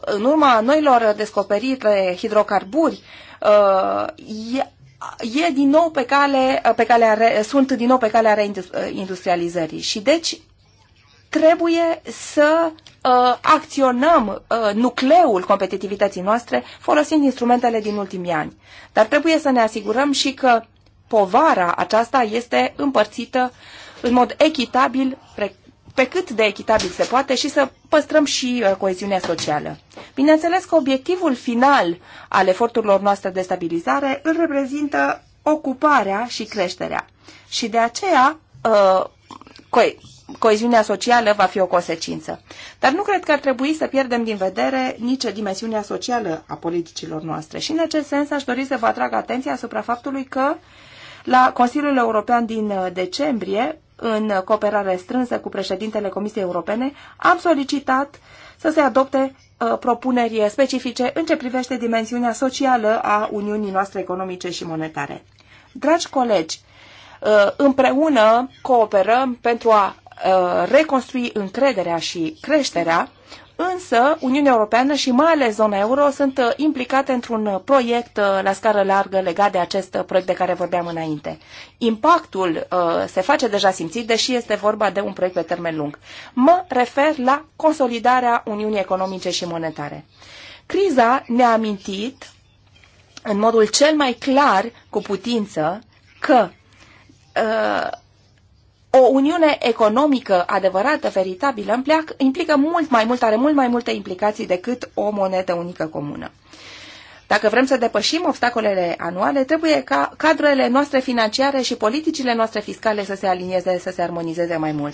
B: în urma noilor descoperiri de hidrocarburi, e din nou pe cale, pe calea, sunt din nou pe calea reindustrializării și deci trebuie să uh, acționăm uh, nucleul competitivității noastre folosind instrumentele din ultimii ani. Dar trebuie să ne asigurăm și că povara aceasta este împărțită în mod echitabil, pe cât de echitabil se poate și să păstrăm și uh, coeziunea socială. Bineînțeles că obiectivul final al eforturilor noastre de stabilizare îl reprezintă ocuparea și creșterea. Și de aceea uh, coeziunea socială va fi o consecință. Dar nu cred că ar trebui să pierdem din vedere nici dimensiunea socială a politicilor noastre. Și în acest sens aș dori să vă atrag atenția asupra faptului că la Consiliul European din uh, decembrie, în cooperare strânsă cu președintele Comisiei Europene, am solicitat să se adopte uh, propuneri specifice în ce privește dimensiunea socială a Uniunii noastre economice și monetare. Dragi colegi, uh, împreună cooperăm pentru a Uh, reconstrui încrederea și creșterea, însă Uniunea Europeană și mai ales zona euro sunt uh, implicate într-un uh, proiect la scară largă legat de acest proiect de care vorbeam înainte. Impactul se face deja simțit, deși este vorba de un proiect pe termen lung. Mă refer la consolidarea Uniunii Economice și Monetare. Criza ne-a amintit în modul cel mai clar cu putință că o uniune economică adevărată, veritabilă, împleac, implică mult mai mult, are mult mai multe implicații decât o monedă unică comună. Dacă vrem să depășim obstacolele anuale, trebuie ca cadrele noastre financiare și politicile noastre fiscale să se alinieze, să se armonizeze mai mult.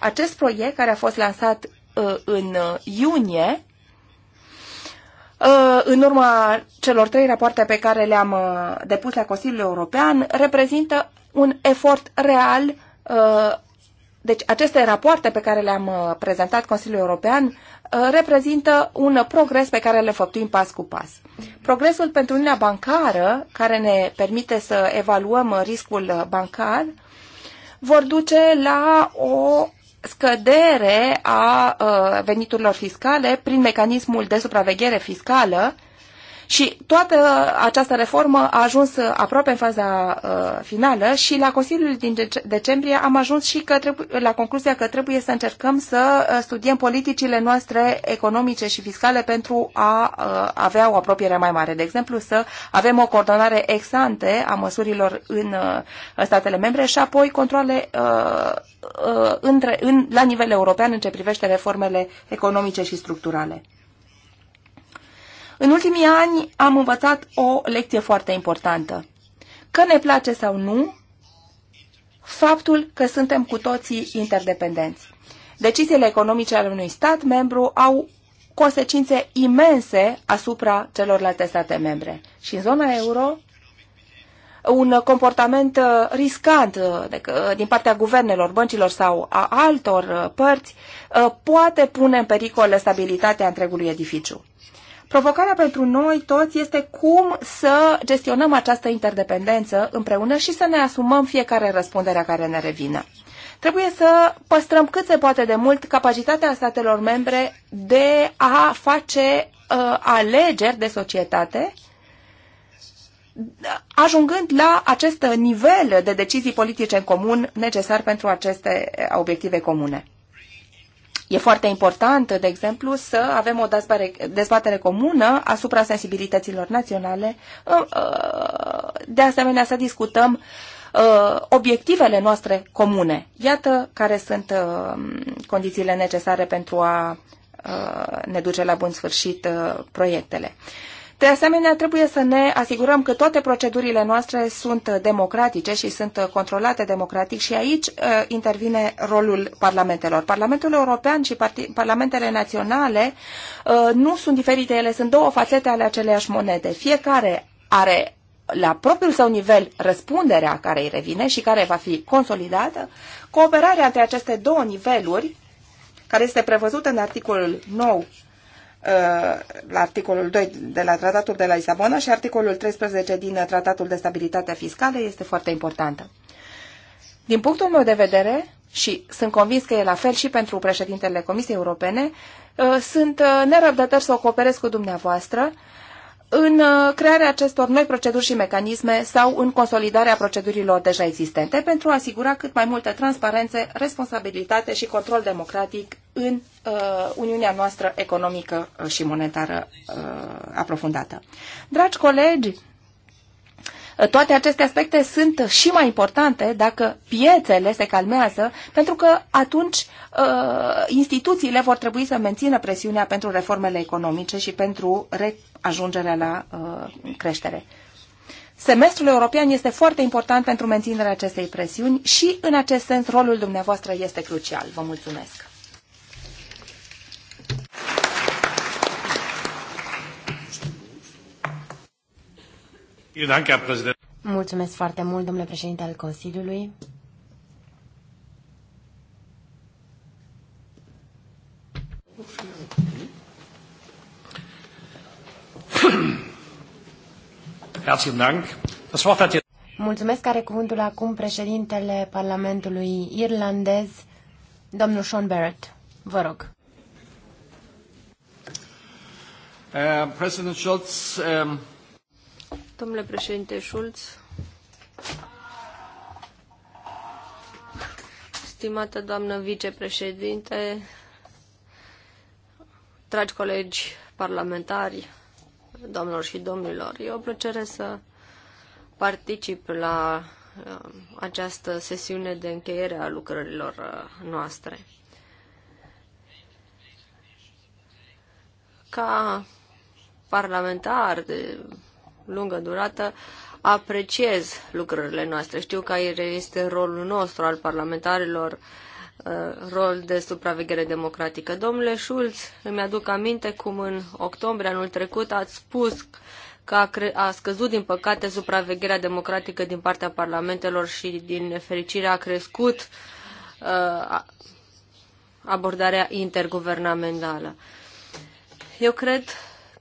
B: Acest proiect, care a fost lansat uh, în uh, iunie, uh, în urma celor trei rapoarte pe care le-am uh, depus la Consiliul European, reprezintă un efort real Uh, deci aceste rapoarte pe care le-am uh, prezentat Consiliul European uh, reprezintă un progres pe care le făptuim pas cu pas. Progresul pentru Uniunea Bancară, care ne permite să evaluăm riscul bancar, vor duce la o scădere a veniturilor fiscale prin mecanismul de supraveghere fiscală și toată această reformă a ajuns aproape în faza uh, finală și la Consiliul din decembrie am ajuns și că trebuie, la concluzia că trebuie să încercăm să uh, studiem politicile noastre economice și fiscale pentru a uh, avea o apropiere mai mare. De exemplu, să avem o coordonare ex ante a măsurilor în uh, statele membre și apoi controle uh, uh, între, în, la nivel european în ce privește reformele economice și structurale. În ultimii ani am învățat o lecție foarte importantă. Că ne place sau nu, faptul că suntem cu toții interdependenți. Deciziile economice ale unui stat membru au consecințe imense asupra celorlalte state membre. Și în zona euro, un comportament uh, riscant uh, uh, din partea guvernelor, băncilor sau a altor părți poate pune în pericol stabilitatea întregului edificiu. Provocarea pentru noi toți este cum să gestionăm această interdependență împreună și să ne asumăm fiecare răspunderea care ne revine. Trebuie să păstrăm cât se poate de mult capacitatea statelor membre de a face uh, alegeri de societate ajungând la acest nivel de decizii politice în comun necesar pentru aceste uh, obiective comune. E foarte important, de exemplu, să avem o dezbatere, dezbatere comună asupra sensibilităților naționale. Uh, uh, de asemenea, să discutăm uh, obiectivele noastre comune. Iată care sunt condițiile necesare pentru a ne duce la bun sfârșit proiectele. De asemenea, trebuie să ne asigurăm că toate procedurile noastre sunt democratice și sunt controlate democratic și aici uh, intervine rolul parlamentelor. Parlamentul European și parlamentele naționale uh, nu sunt diferite, ele sunt două fațete ale aceleiași monede. Fiecare are la propriul său nivel răspunderea care îi revine și care va fi consolidată, cooperarea între aceste două niveluri, care este prevăzută în articolul 9 Uh, la articolul 2 de la Tratatul de la Lisabona și articolul 13 din Tratatul de Stabilitate Fiscală este foarte importantă. Din punctul meu de vedere, și sunt convins că e la fel și pentru președintele Comisiei Europene, uh, sunt uh, nerăbdător să o cooperez cu dumneavoastră în uh, crearea acestor noi proceduri și mecanisme sau în consolidarea procedurilor deja existente pentru a asigura cât mai multă transparență, responsabilitate și control democratic în uh, Uniunea noastră economică uh, și monetară uh, aprofundată. Dragi colegi, toate aceste aspecte sunt și mai importante dacă piețele se calmează, pentru că atunci uh, instituțiile vor trebui să mențină presiunea pentru reformele economice și pentru ajungerea la uh, creștere. Semestrul european este foarte important pentru menținerea acestei presiuni și, în acest sens, rolul dumneavoastră este crucial. Vă mulțumesc!
A: Mulțumesc foarte mult, domnule președinte al Consiliului. Mulțumesc, care cuvântul acum președintele Parlamentului irlandez, domnul Sean Barrett. Vă rog.
C: Uh, President
A: Schultz, um... Ähm,
C: Domnule președinte Schulz, stimată doamnă vicepreședinte, dragi colegi parlamentari, doamnelor și domnilor, e o plăcere să particip la um, această sesiune de încheiere a lucrărilor uh, noastre. Ca parlamentar de lungă durată, apreciez lucrările noastre. Știu că este rolul nostru al parlamentarilor, uh, rol de supraveghere democratică. Domnule Schulz, îmi aduc aminte cum în octombrie anul trecut ați spus că a, a scăzut, din păcate, supravegherea democratică din partea parlamentelor și, din nefericire, a crescut uh, abordarea interguvernamentală. Eu cred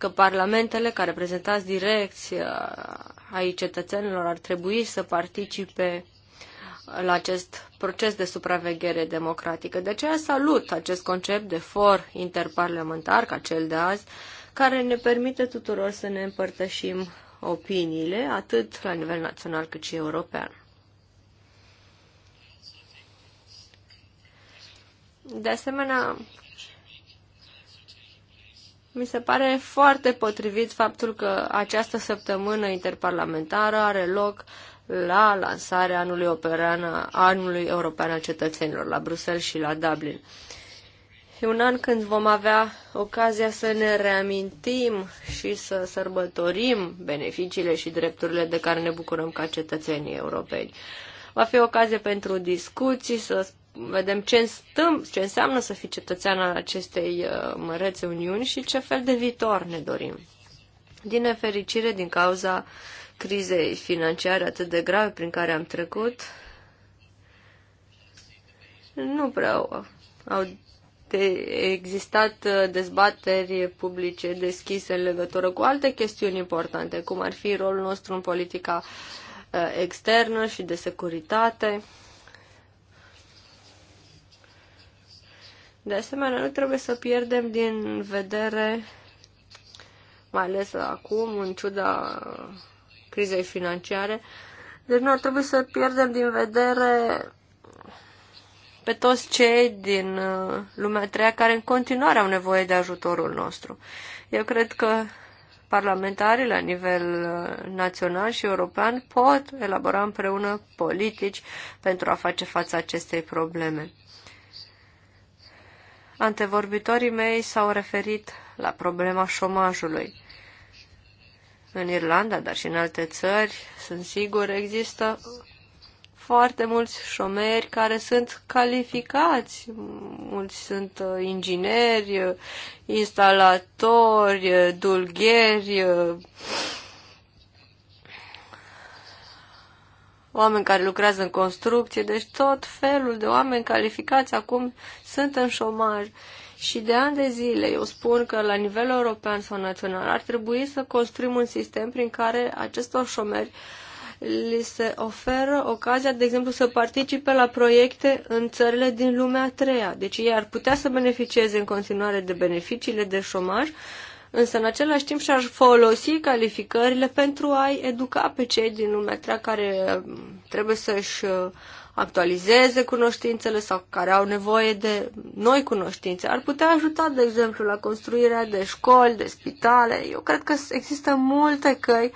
C: că parlamentele ca reprezentanți direcți uh, ai cetățenilor ar trebui să participe la acest proces de supraveghere democratică. De aceea salut acest concept de for interparlamentar, ca cel de azi, care ne permite tuturor să ne împărtășim opiniile, atât la nivel național cât și european. De asemenea, mi se pare foarte potrivit faptul că această săptămână interparlamentară are loc la lansarea anului, operan, anului european al cetățenilor la Bruxelles și la Dublin. E un an când vom avea ocazia să ne reamintim și să sărbătorim beneficiile și drepturile de care ne bucurăm ca cetățenii europeni. Va fi ocazie pentru discuții, să vedem ce, înstăm, ce înseamnă să fii cetățean al acestei uh, mărețe Uniuni și ce fel de viitor ne dorim. Din nefericire, din cauza crizei financiare atât de grave prin care am trecut, nu prea au de existat uh, dezbateri publice deschise în legătură cu alte chestiuni importante, cum ar fi rolul nostru în politica uh, externă și de securitate. De asemenea, nu trebuie să pierdem din vedere, mai ales acum, în ciuda crizei financiare, deci nu ar trebui să pierdem din vedere pe toți cei din uh, lumea treia care în continuare au nevoie de ajutorul nostru. Eu cred că parlamentarii la nivel uh, național și european pot elabora împreună politici pentru a face față acestei probleme. Antevorbitorii mei s-au referit la problema șomajului. În Irlanda, dar și în alte țări, sunt sigur, există foarte mulți șomeri care sunt calificați. Mulți sunt uh, ingineri, instalatori, dulgheri, uh, oameni care lucrează în construcție, deci tot felul de oameni calificați acum sunt în șomaj. Și de ani de zile eu spun că la nivel european sau național ar trebui să construim un sistem prin care acestor șomeri li se oferă ocazia, de exemplu, să participe la proiecte în țările din lumea a treia. Deci ei ar putea să beneficieze în continuare de beneficiile de șomaj, însă în același timp și-ar folosi calificările pentru a-i educa pe cei din lumea care mm, trebuie să-și uh, actualizeze cunoștințele sau care au nevoie de noi cunoștințe. Ar putea ajuta, de exemplu, la construirea de școli, de spitale. Eu cred că există multe căi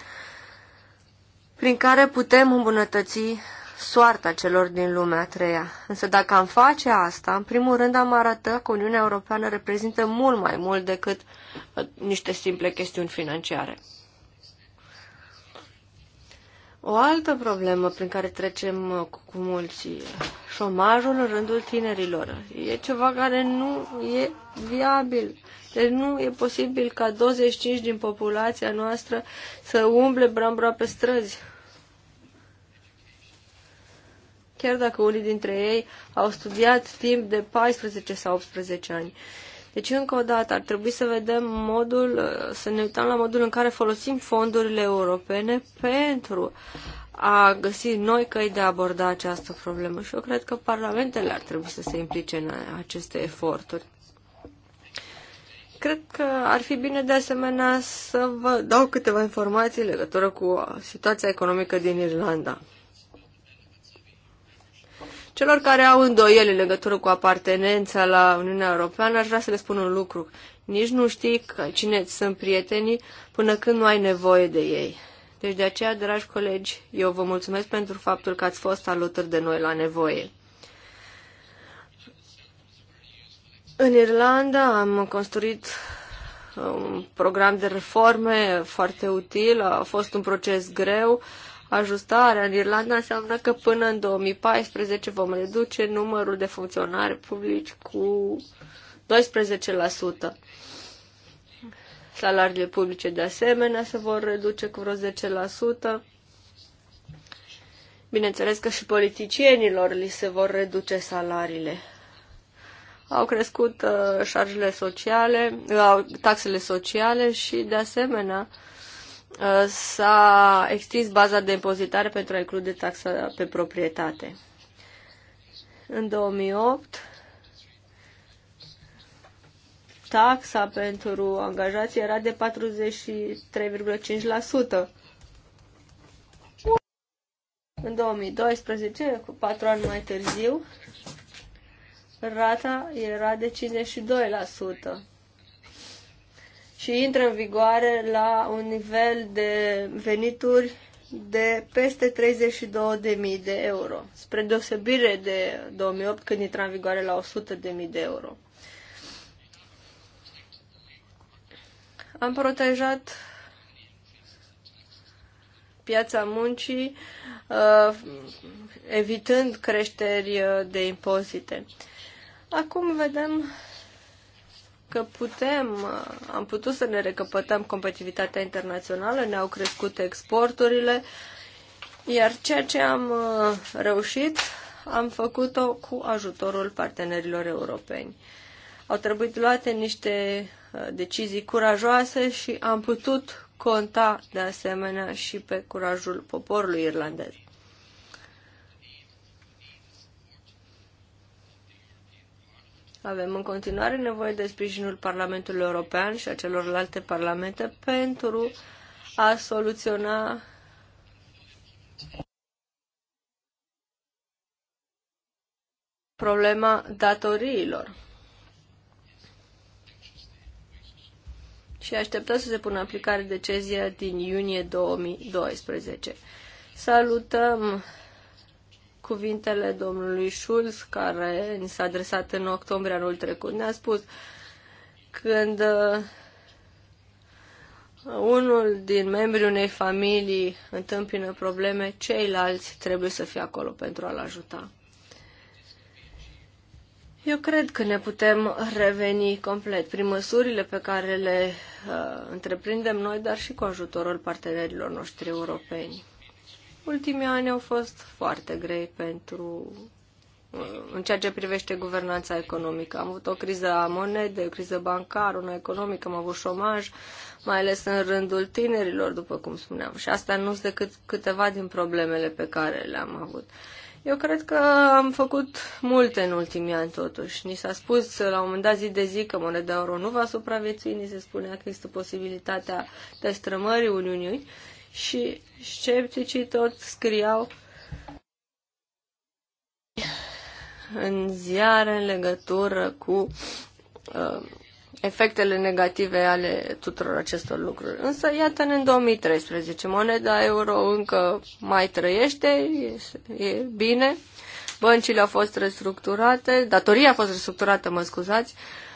C: prin care putem îmbunătăți soarta celor din lumea a treia. Însă dacă am face asta, în primul rând am arătat că Uniunea Europeană reprezintă mult mai mult decât uh, niște simple chestiuni financiare. O altă problemă prin care trecem uh, cu mulți, uh, șomajul în rândul tinerilor. E ceva care nu e viabil. Deci nu e posibil ca 25 din populația noastră să umble brambra pe străzi chiar dacă unii dintre ei au studiat timp de 14 sau 18 ani. Deci, încă o dată, ar trebui să vedem modul, să ne uităm la modul în care folosim fondurile europene pentru a găsi noi căi de a aborda această problemă și eu cred că parlamentele ar trebui să se implice în aceste eforturi. Cred că ar fi bine de asemenea să vă dau câteva informații legătură cu situația economică din Irlanda. Celor care au îndoieli în legătură cu apartenența la Uniunea Europeană, aș vrea să le spun un lucru. Nici nu știi cine sunt prietenii până când nu ai nevoie de ei. Deci de aceea, dragi colegi, eu vă mulțumesc pentru faptul că ați fost alături de noi la nevoie. În Irlanda am construit uh, un program de reforme foarte util, a fost un proces greu, ajustarea în Irlanda înseamnă că până în 2014 vom reduce numărul de funcționari publici cu 12%. Salariile publice de asemenea se vor reduce cu vreo 10%. Bineînțeles că și politicienilor li se vor reduce salariile. Au crescut uh, șarjele sociale, uh, taxele sociale și, de asemenea, uh, Uh, s-a extins baza de impozitare pentru a include taxa pe proprietate. În 2008, taxa pentru angajații era de 43,5%. În 2012, cu 4 ani mai târziu, rata era de 52% și intră în vigoare la un nivel de venituri de peste 32.000 de euro, spre deosebire de 2008 când intra în vigoare la 100.000 de euro. Am protejat piața muncii, uh, evitând creșteri uh, de impozite. Acum vedem că putem, am putut să ne recăpătăm competitivitatea internațională, ne-au crescut exporturile, iar ceea ce am uh, reușit am făcut-o cu ajutorul partenerilor europeni. Au trebuit luate niște uh, decizii curajoase și am putut conta de asemenea și pe curajul poporului irlandez. Avem în continuare nevoie de sprijinul Parlamentului European și a celorlalte parlamente pentru a soluționa problema datoriilor. Și așteptăm să se pună în aplicare decizia din iunie 2012. Salutăm cuvintele domnului Schulz, care ni s-a adresat în octombrie anul trecut. Ne-a spus când uh, unul din membrii unei familii întâmpină probleme, ceilalți trebuie să fie acolo pentru a-l ajuta. Eu cred că ne putem reveni complet prin măsurile pe care le uh, întreprindem noi, dar și cu ajutorul partenerilor noștri europeni. Ultimii ani au fost foarte grei pentru uh, în ceea ce privește guvernanța economică. Am avut o criză a monedei, o criză bancară, una economică, am avut șomaj, mai ales în rândul tinerilor, după cum spuneam. Și astea nu sunt decât câteva din problemele pe care le-am avut. Eu cred că am făcut multe în ultimii ani, totuși. Ni s-a spus la un moment dat zi de zi că moneda euro nu va supraviețui, ni se spunea că există posibilitatea destrămării Uniunii și scepticii tot scriau în ziare în legătură cu uh, efectele negative ale tuturor acestor lucruri. Însă, iată în 2013, moneda euro încă mai trăiește, e, e bine, băncile au fost restructurate, datoria a fost restructurată, mă scuzați,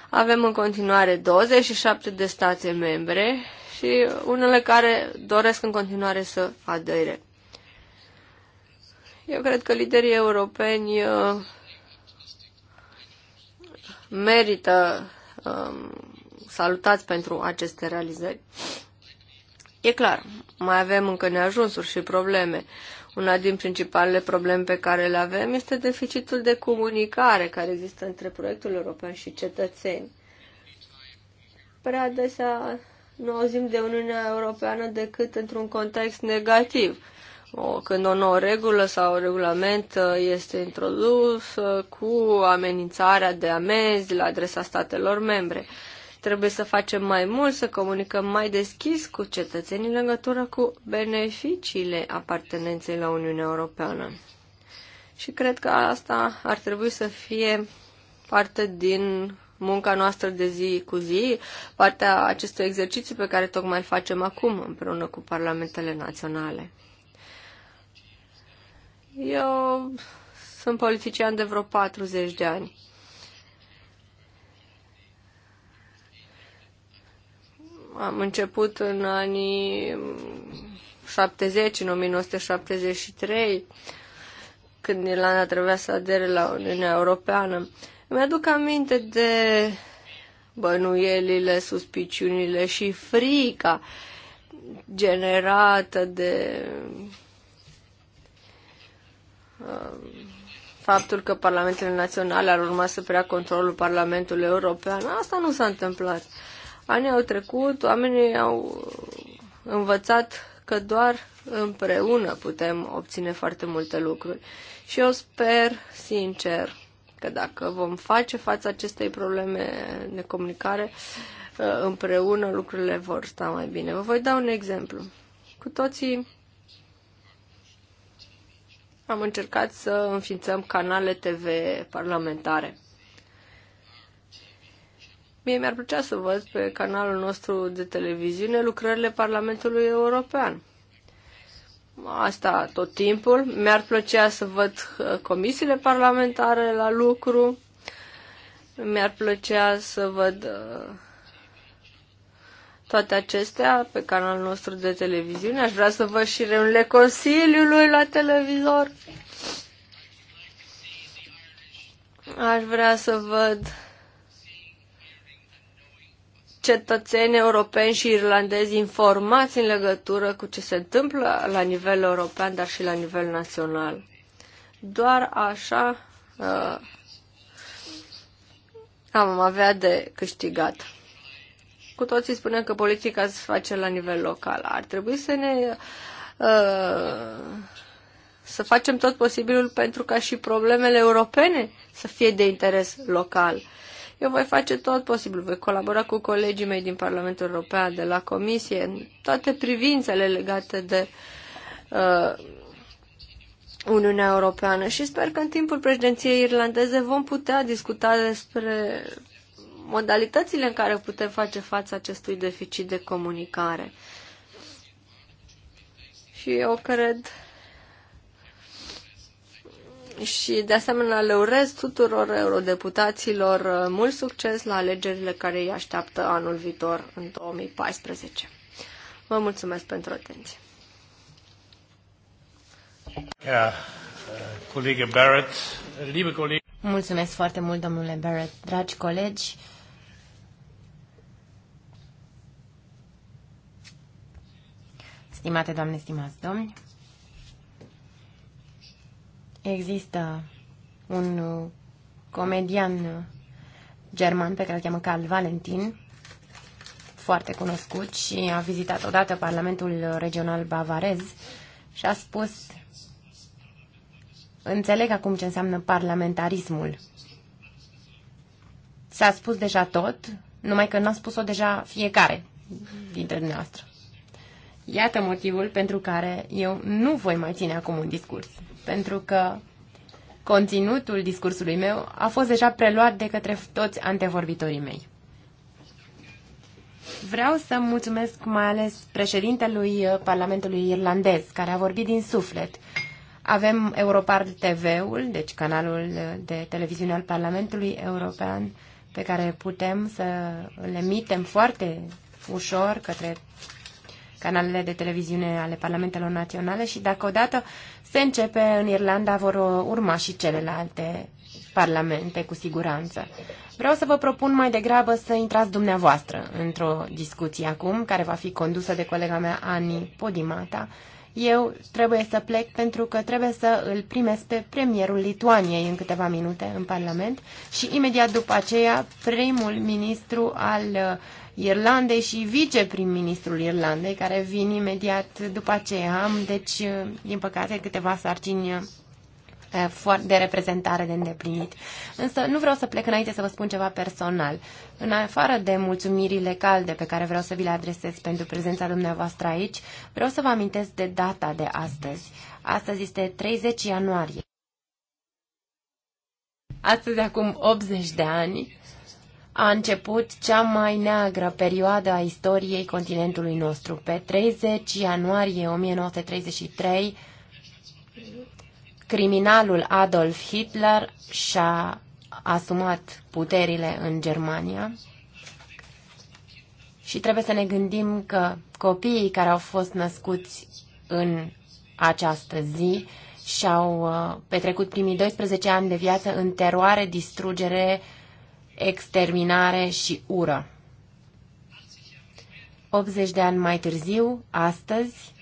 C: avem în continuare 27 de state membre și unele care doresc în continuare să adere. Eu cred că liderii europeni uh, merită um, salutați pentru aceste realizări. E clar, mai avem încă neajunsuri și probleme. Una din principalele probleme pe care le avem este deficitul de comunicare care există între proiectul european și cetățeni. Prea adesea nu auzim de Uniunea Europeană decât într-un context negativ. O, când o nouă regulă sau regulament uh, este introdus uh, cu amenințarea de amenzi la adresa statelor membre. Trebuie să facem mai mult, să comunicăm mai deschis cu cetățenii în legătură cu beneficiile apartenenței la Uniunea Europeană. Și cred că asta ar trebui să fie parte din munca noastră de zi cu zi, partea acestui exercițiu pe care tocmai îl facem acum împreună cu parlamentele naționale. Eu sunt politician de vreo 40 de ani. Am început în anii 70, în 1973, când Irlanda trebuia să adere la Uniunea Europeană. Mi-aduc aminte de bănuielile, suspiciunile și frica generată de um, faptul că parlamentele naționale ar urma să preia controlul Parlamentului European. Asta nu s-a întâmplat. Anii au trecut, oamenii au învățat că doar împreună putem obține foarte multe lucruri. Și eu sper, sincer, că dacă vom face față acestei probleme de comunicare, uh, împreună lucrurile vor sta mai bine. Vă voi da un exemplu. Cu toții am încercat să înființăm canale TV parlamentare. Mie mi-ar plăcea să văd pe canalul nostru de televiziune lucrările Parlamentului European. Asta tot timpul. Mi-ar plăcea să văd uh, comisiile parlamentare la lucru. Mi-ar plăcea să văd uh, toate acestea pe canalul nostru de televiziune. Aș vrea să văd și reunile Consiliului la televizor. Aș vrea să văd cetățeni europeni și irlandezi informați în legătură cu ce se întâmplă la nivel european, dar și la nivel național. Doar așa uh, am avea de câștigat. Cu toții spunem că politica se face la nivel local. Ar trebui să ne uh, să facem tot posibilul pentru ca și problemele europene să fie de interes local. Uh, eu voi face tot posibil, voi colabora cu colegii mei din Parlamentul European, de la Comisie, în toate privințele legate de uh, Uniunea Europeană și sper că în timpul președinției irlandeze vom putea discuta despre modalitățile în care putem face față acestui deficit de comunicare. Și eu cred și de asemenea le urez tuturor eurodeputaților uh, mult succes la alegerile care îi așteaptă anul viitor, în 2014. Vă mulțumesc
A: pentru atenție.
C: Yeah. Uh, Barrett, liebe colegi...
A: Mulțumesc foarte mult, domnule Barrett. Dragi colegi, stimate doamne, stimați domni, Există un uh, comedian uh, german pe care îl cheamă Carl Valentin, foarte cunoscut și a vizitat odată Parlamentul Regional Bavarez și a spus Înțeleg acum ce înseamnă parlamentarismul. S-a spus deja tot, numai că n-a spus-o deja fiecare dintre dumneavoastră. Iată motivul pentru care eu nu voi mai ține acum un discurs, pentru că conținutul discursului meu a fost deja preluat de către toți antevorbitorii mei. Vreau să mulțumesc mai ales președintelui Parlamentului Irlandez, care a vorbit din suflet. Avem Europar TV-ul, deci canalul de televiziune al Parlamentului European, pe care putem să le emitem foarte ușor către canalele de televiziune ale parlamentelor naționale și dacă odată se începe în Irlanda, vor urma și celelalte parlamente, cu siguranță. Vreau să vă propun mai degrabă să intrați dumneavoastră într-o discuție acum, care va fi condusă de colega mea, Ani Podimata. Eu trebuie să plec pentru că trebuie să îl primesc pe premierul Lituaniei în câteva minute în Parlament și imediat după aceea primul ministru al uh, Irlandei și viceprim-ministrul Irlandei, care vin imediat după aceea. Am, deci, din păcate, câteva sarcini eh, de reprezentare de îndeplinit. Însă nu vreau să plec înainte să vă spun ceva personal. În afară de mulțumirile calde pe care vreau să vi le adresez pentru prezența dumneavoastră aici, vreau să vă amintesc de data de astăzi. Astăzi este 30 ianuarie. Astăzi, acum 80 de ani, a început cea mai neagră perioadă a istoriei continentului nostru. Pe 30 ianuarie 1933, criminalul Adolf Hitler și-a asumat puterile în Germania și trebuie să ne gândim că copiii care au fost născuți în această zi și-au uh, petrecut primii 12 ani de viață în teroare, distrugere, uh, exterminare și ură. 80 de ani mai târziu, astăzi,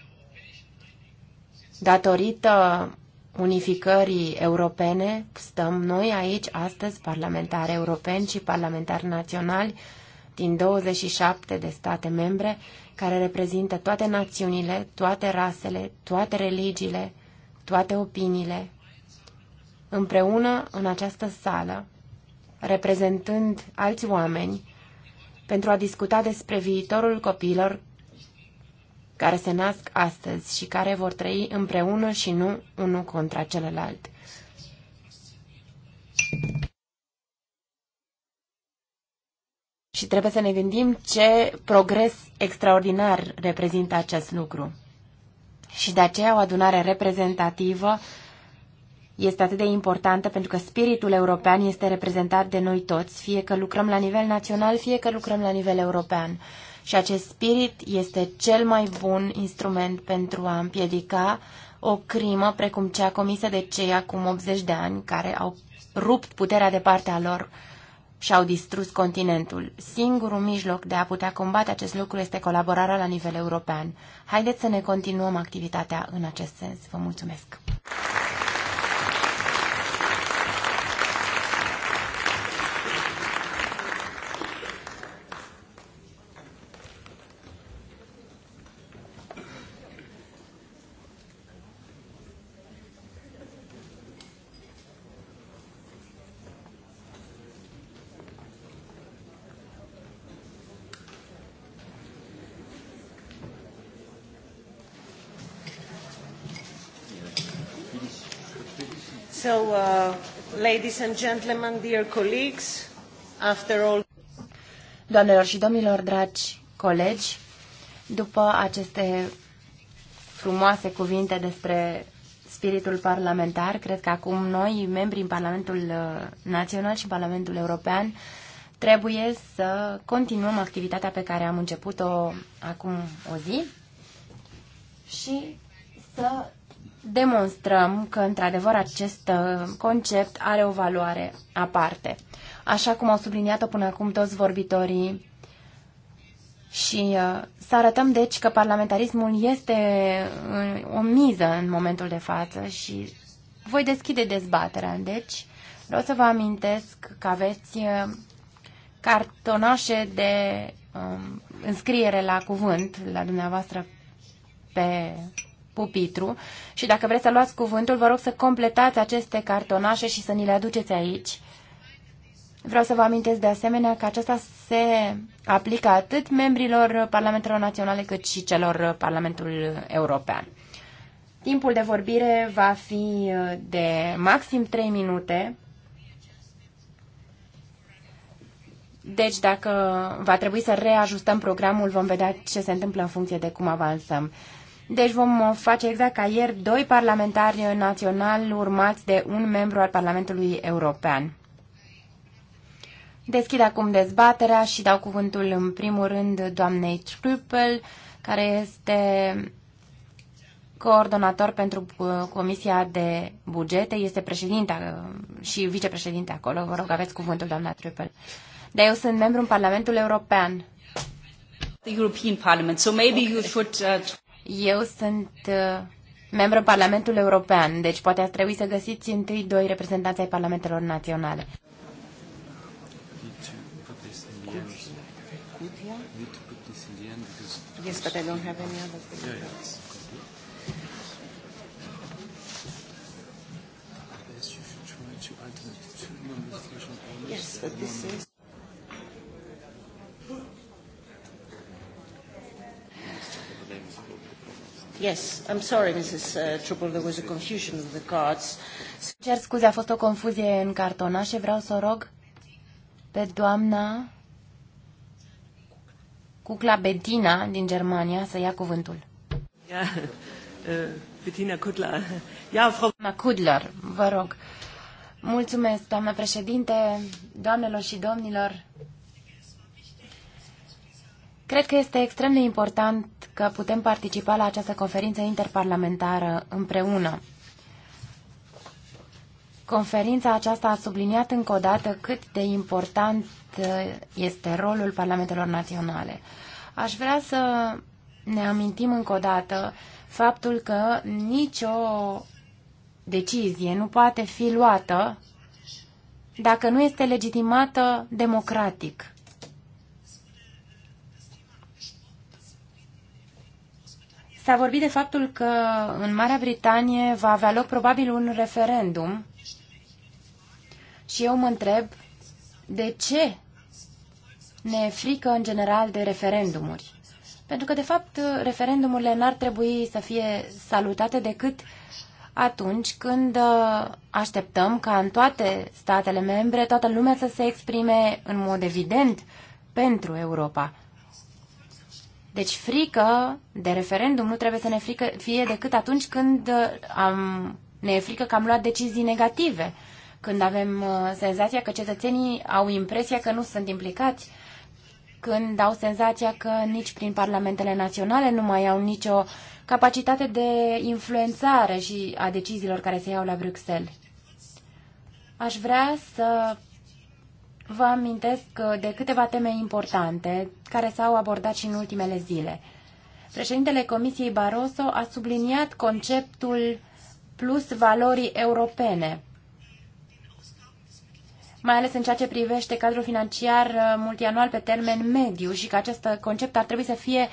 A: datorită unificării europene, stăm noi aici astăzi, parlamentari europeni și parlamentari naționali din 27 de state membre, care reprezintă toate națiunile, toate rasele, toate religiile, toate opiniile, împreună în această sală, reprezentând alți oameni, pentru a discuta despre viitorul copiilor care se nasc astăzi și care vor trăi împreună și nu unul contra celălalt. Și trebuie să ne gândim ce progres extraordinar reprezintă acest lucru. Și de aceea o adunare reprezentativă este atât de importantă pentru că spiritul european este reprezentat de noi toți, fie că lucrăm la nivel național, fie că lucrăm la nivel european. Și acest spirit este cel mai bun instrument pentru a împiedica o crimă precum cea comisă de cei acum 80 de ani care au rupt puterea de partea lor și au distrus continentul. Singurul mijloc de a putea combate acest lucru este colaborarea la nivel european. Haideți să ne continuăm activitatea în acest sens. Vă mulțumesc!
C: uh, ladies and gentlemen, dear colleagues. After all...
A: Doamnelor și domnilor, dragi colegi, după aceste frumoase cuvinte despre spiritul parlamentar, cred că acum noi, membrii în Parlamentul uh, Național și în Parlamentul European, trebuie să continuăm activitatea pe care am început-o acum o zi și să demonstrăm că, într-adevăr, acest uh, concept are o valoare aparte. Așa cum au subliniat-o până acum toți vorbitorii și uh, să arătăm, deci, că parlamentarismul este uh, o miză în momentul de față și voi deschide dezbaterea. Deci, vreau să vă amintesc că aveți cartonașe de um, înscriere la cuvânt la dumneavoastră pe pupitru și dacă vreți să luați cuvântul, vă rog să completați aceste cartonașe și să ni le aduceți aici. Vreau să vă amintesc de asemenea că aceasta se aplică atât membrilor Parlamentelor Naționale cât și celor Parlamentul European. Timpul de vorbire va fi de maxim 3 minute. Deci dacă va trebui să reajustăm programul, vom vedea ce se întâmplă în funcție de cum avansăm. Deci vom face exact ca ieri doi parlamentari naționali urmați de un membru al Parlamentului European. Deschid acum dezbaterea și dau cuvântul în primul rând doamnei Trupel, care este coordonator pentru uh, Comisia de Bugete, este președinta uh, și vicepreședinte acolo. Vă rog, aveți cuvântul, doamna Trupel. Dar eu sunt membru în Parlamentul European. The European Parliament, so maybe you should... Uh... Eu sunt uh, membru în Parlamentul European, deci poate ar trebui să găsiți întâi doi reprezentanți ai Parlamentelor Naționale. Yes, but I don't have any other Yeah, yeah. Yes, but this is Yes, I'm sorry, Mrs. Uh, Trouble, there was a confusion of the cards. Cer scuze, a fost o confuzie în cartonașe. Vreau să o rog pe doamna Cucla Bettina din Germania să ia cuvântul. Yeah. Uh, Bettina Kudler. Ja, Frau... Kudler, vă rog. Mulțumesc, doamnă președinte, doamnelor și domnilor. Cred că este extrem de important că putem participa la această conferință interparlamentară împreună. Conferința aceasta a subliniat încă o dată cât de important uh, este rolul parlamentelor naționale. Aș vrea să ne amintim încă o dată faptul că nicio decizie nu poate fi luată dacă nu este legitimată democratic. S-a vorbit de faptul că în Marea Britanie va avea loc probabil un referendum și eu mă întreb de ce ne frică în general de referendumuri. Pentru că, de fapt, referendumurile n-ar trebui să fie salutate decât atunci când uh, așteptăm ca în toate statele membre toată lumea să se exprime în mod evident pentru Europa. Deci frică de referendum nu trebuie să ne frică, fie decât atunci când uh, am, ne e frică că am luat decizii negative, când avem uh, senzația că cetățenii au impresia că nu sunt implicați, când au senzația că nici prin parlamentele naționale nu mai au nicio capacitate de influențare și a deciziilor care se iau la Bruxelles. Aș vrea să vă amintesc uh, de câteva teme importante care s-au abordat și în ultimele zile. Președintele Comisiei Barroso a subliniat conceptul plus valorii europene, mai ales în ceea ce privește cadrul financiar uh, multianual pe termen mediu și că acest concept ar trebui să fie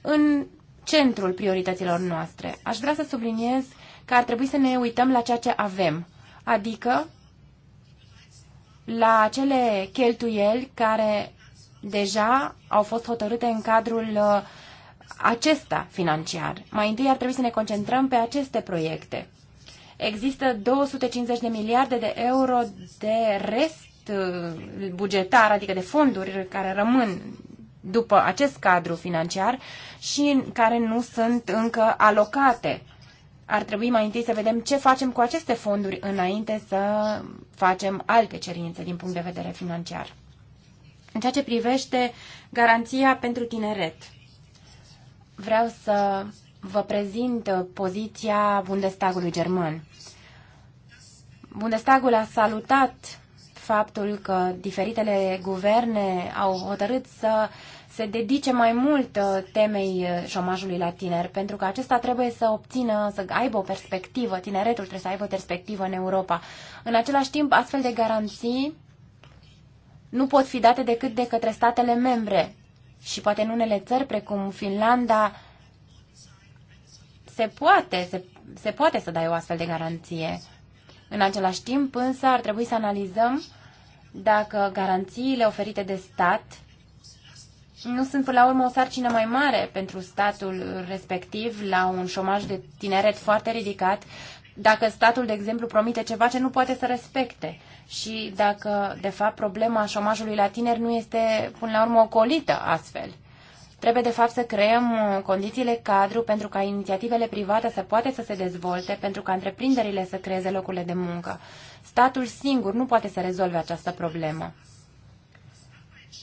A: în centrul priorităților noastre. Aș vrea să subliniez că ar trebui să ne uităm la ceea ce avem, adică la acele cheltuieli care deja au fost hotărâte în cadrul uh, acesta financiar. Mai întâi ar trebui să ne concentrăm pe aceste proiecte. Există 250 de miliarde de euro de rest uh, bugetar, adică de fonduri care rămân după acest cadru financiar și care nu sunt încă alocate ar trebui mai întâi să vedem ce facem cu aceste fonduri înainte să facem alte cerințe din punct de vedere financiar. În ceea ce privește garanția pentru tineret, vreau să vă prezint poziția Bundestagului german. Bundestagul a salutat faptul că diferitele guverne au hotărât să uh, se dedice mai mult uh, temei uh, șomajului la tineri, pentru că acesta trebuie să obțină, să aibă o perspectivă, tineretul trebuie să aibă o perspectivă în Europa. În același timp, astfel de garanții nu pot fi date decât de către statele membre și poate în unele țări, precum Finlanda, se poate, se, se poate să dai o astfel de garanție. În același timp, însă, ar trebui să analizăm dacă garanțiile oferite de stat nu sunt până la urmă o sarcină mai mare pentru statul respectiv la un șomaj de tineret foarte ridicat dacă statul, de exemplu, promite ceva ce nu poate să respecte și dacă, de fapt, problema șomajului la tineri nu este, până la urmă, ocolită astfel. Trebuie, de fapt, să creăm uh, condițiile cadru pentru ca inițiativele private să poate să se dezvolte, pentru ca întreprinderile să creeze locurile de muncă. Statul singur nu poate să rezolve această problemă.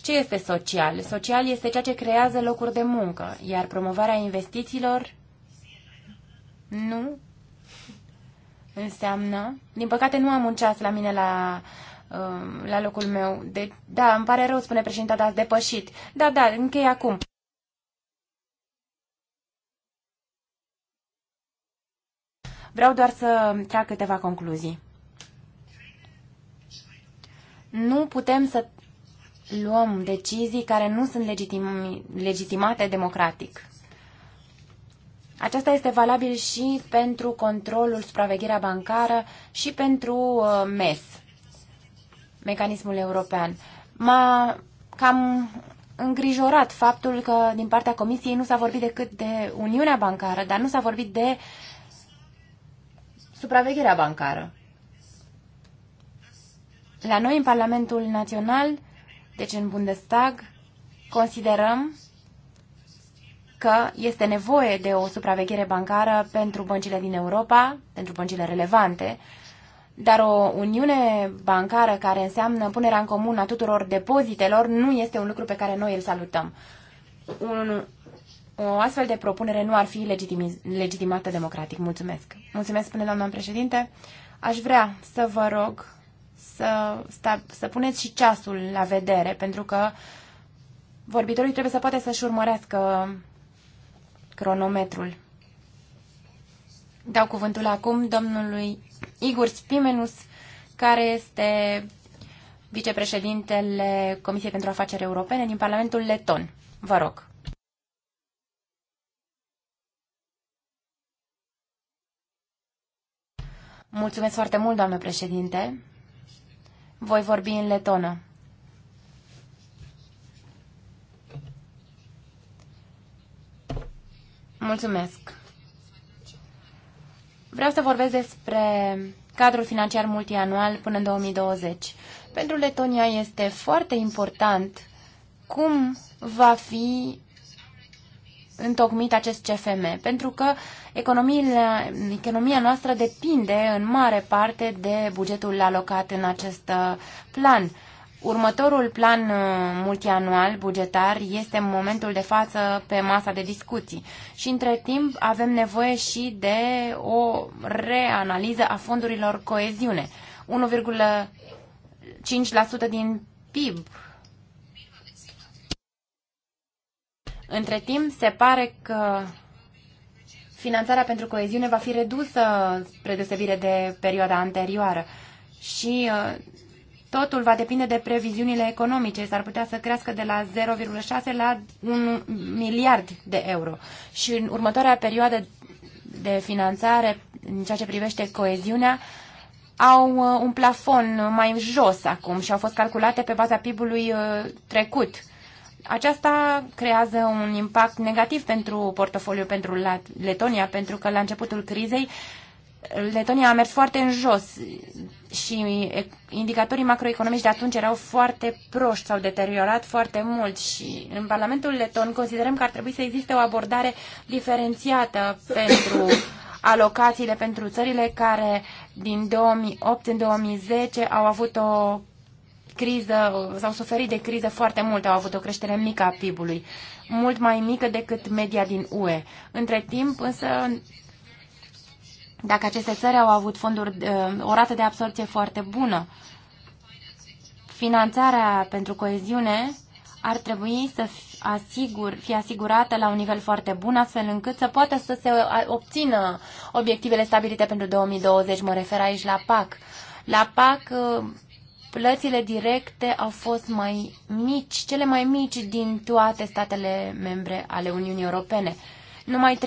A: Ce este social? Social este ceea ce creează locuri de muncă, iar promovarea investițiilor nu înseamnă. Din păcate nu am un ceas la mine la, um, la locul meu. De, da, îmi pare rău, spune președinta, dar ați depășit. Da, da, închei acum. Vreau doar să trag câteva concluzii. Nu putem să luăm decizii care nu sunt legitim, legitimate democratic. Aceasta este valabil și pentru controlul, supravegherea bancară și pentru uh, MES, mecanismul european. M-a cam îngrijorat faptul că din partea Comisiei nu s-a vorbit decât de Uniunea Bancară, dar nu s-a vorbit de supravegherea bancară. La noi, în Parlamentul Național, deci în Bundestag considerăm că este nevoie de o supraveghere bancară pentru băncile din Europa, pentru băncile relevante, dar o uniune bancară care înseamnă punerea în comun a tuturor depozitelor nu este un lucru pe care noi îl salutăm. Un, o astfel de propunere nu ar fi legitimată democratic. Mulțumesc. Mulțumesc, spune doamna președinte. Aș vrea să vă rog să, sta, să puneți și ceasul la vedere, pentru că vorbitorul trebuie să poate să-și urmărească cronometrul. Dau cuvântul acum domnului Igor Spimenus, care este vicepreședintele Comisiei pentru Afaceri Europene din Parlamentul Leton. Vă rog. Mulțumesc foarte mult, doamnă președinte. Voi vorbi în letonă. Mulțumesc. Vreau să vorbesc despre cadrul financiar multianual până în 2020. Pentru Letonia este foarte important cum va fi întocmit acest CFM, pentru că economia noastră depinde în mare parte de bugetul alocat în acest uh, plan. Următorul plan uh, multianual bugetar este în momentul de față pe masa de discuții și între timp avem nevoie și de o reanaliză a fondurilor coeziune. 1,5% din PIB Între timp, se pare că finanțarea pentru coeziune va fi redusă spre deosebire de perioada anterioară și uh, totul va depinde de previziunile economice. S-ar putea să crească de la 0,6 la 1 miliard de euro. Și în următoarea perioadă de finanțare, în ceea ce privește coeziunea, au uh, un plafon mai jos acum și au fost calculate pe baza PIB-ului uh, trecut. Aceasta creează un impact negativ pentru portofoliu pentru Letonia, pentru că la începutul crizei Letonia a mers foarte în jos și indicatorii macroeconomici de atunci erau foarte proști, s-au deteriorat foarte mult și în Parlamentul Leton considerăm că ar trebui să existe o abordare diferențiată pentru alocațiile pentru țările care din 2008 în 2010 au avut o criză, s-au suferit de criză foarte mult, au avut o creștere mică a PIB-ului, mult mai mică decât media din UE. Între timp, însă, dacă aceste țări au avut fonduri, o rată de absorție foarte bună, finanțarea pentru coeziune ar trebui să asigur, fie asigurată la un nivel foarte bun, astfel încât să poată să se obțină obiectivele stabilite pentru 2020. Mă refer aici la PAC. La PAC plățile directe au fost mai mici, cele mai mici din toate statele membre ale Uniunii Europene. Numai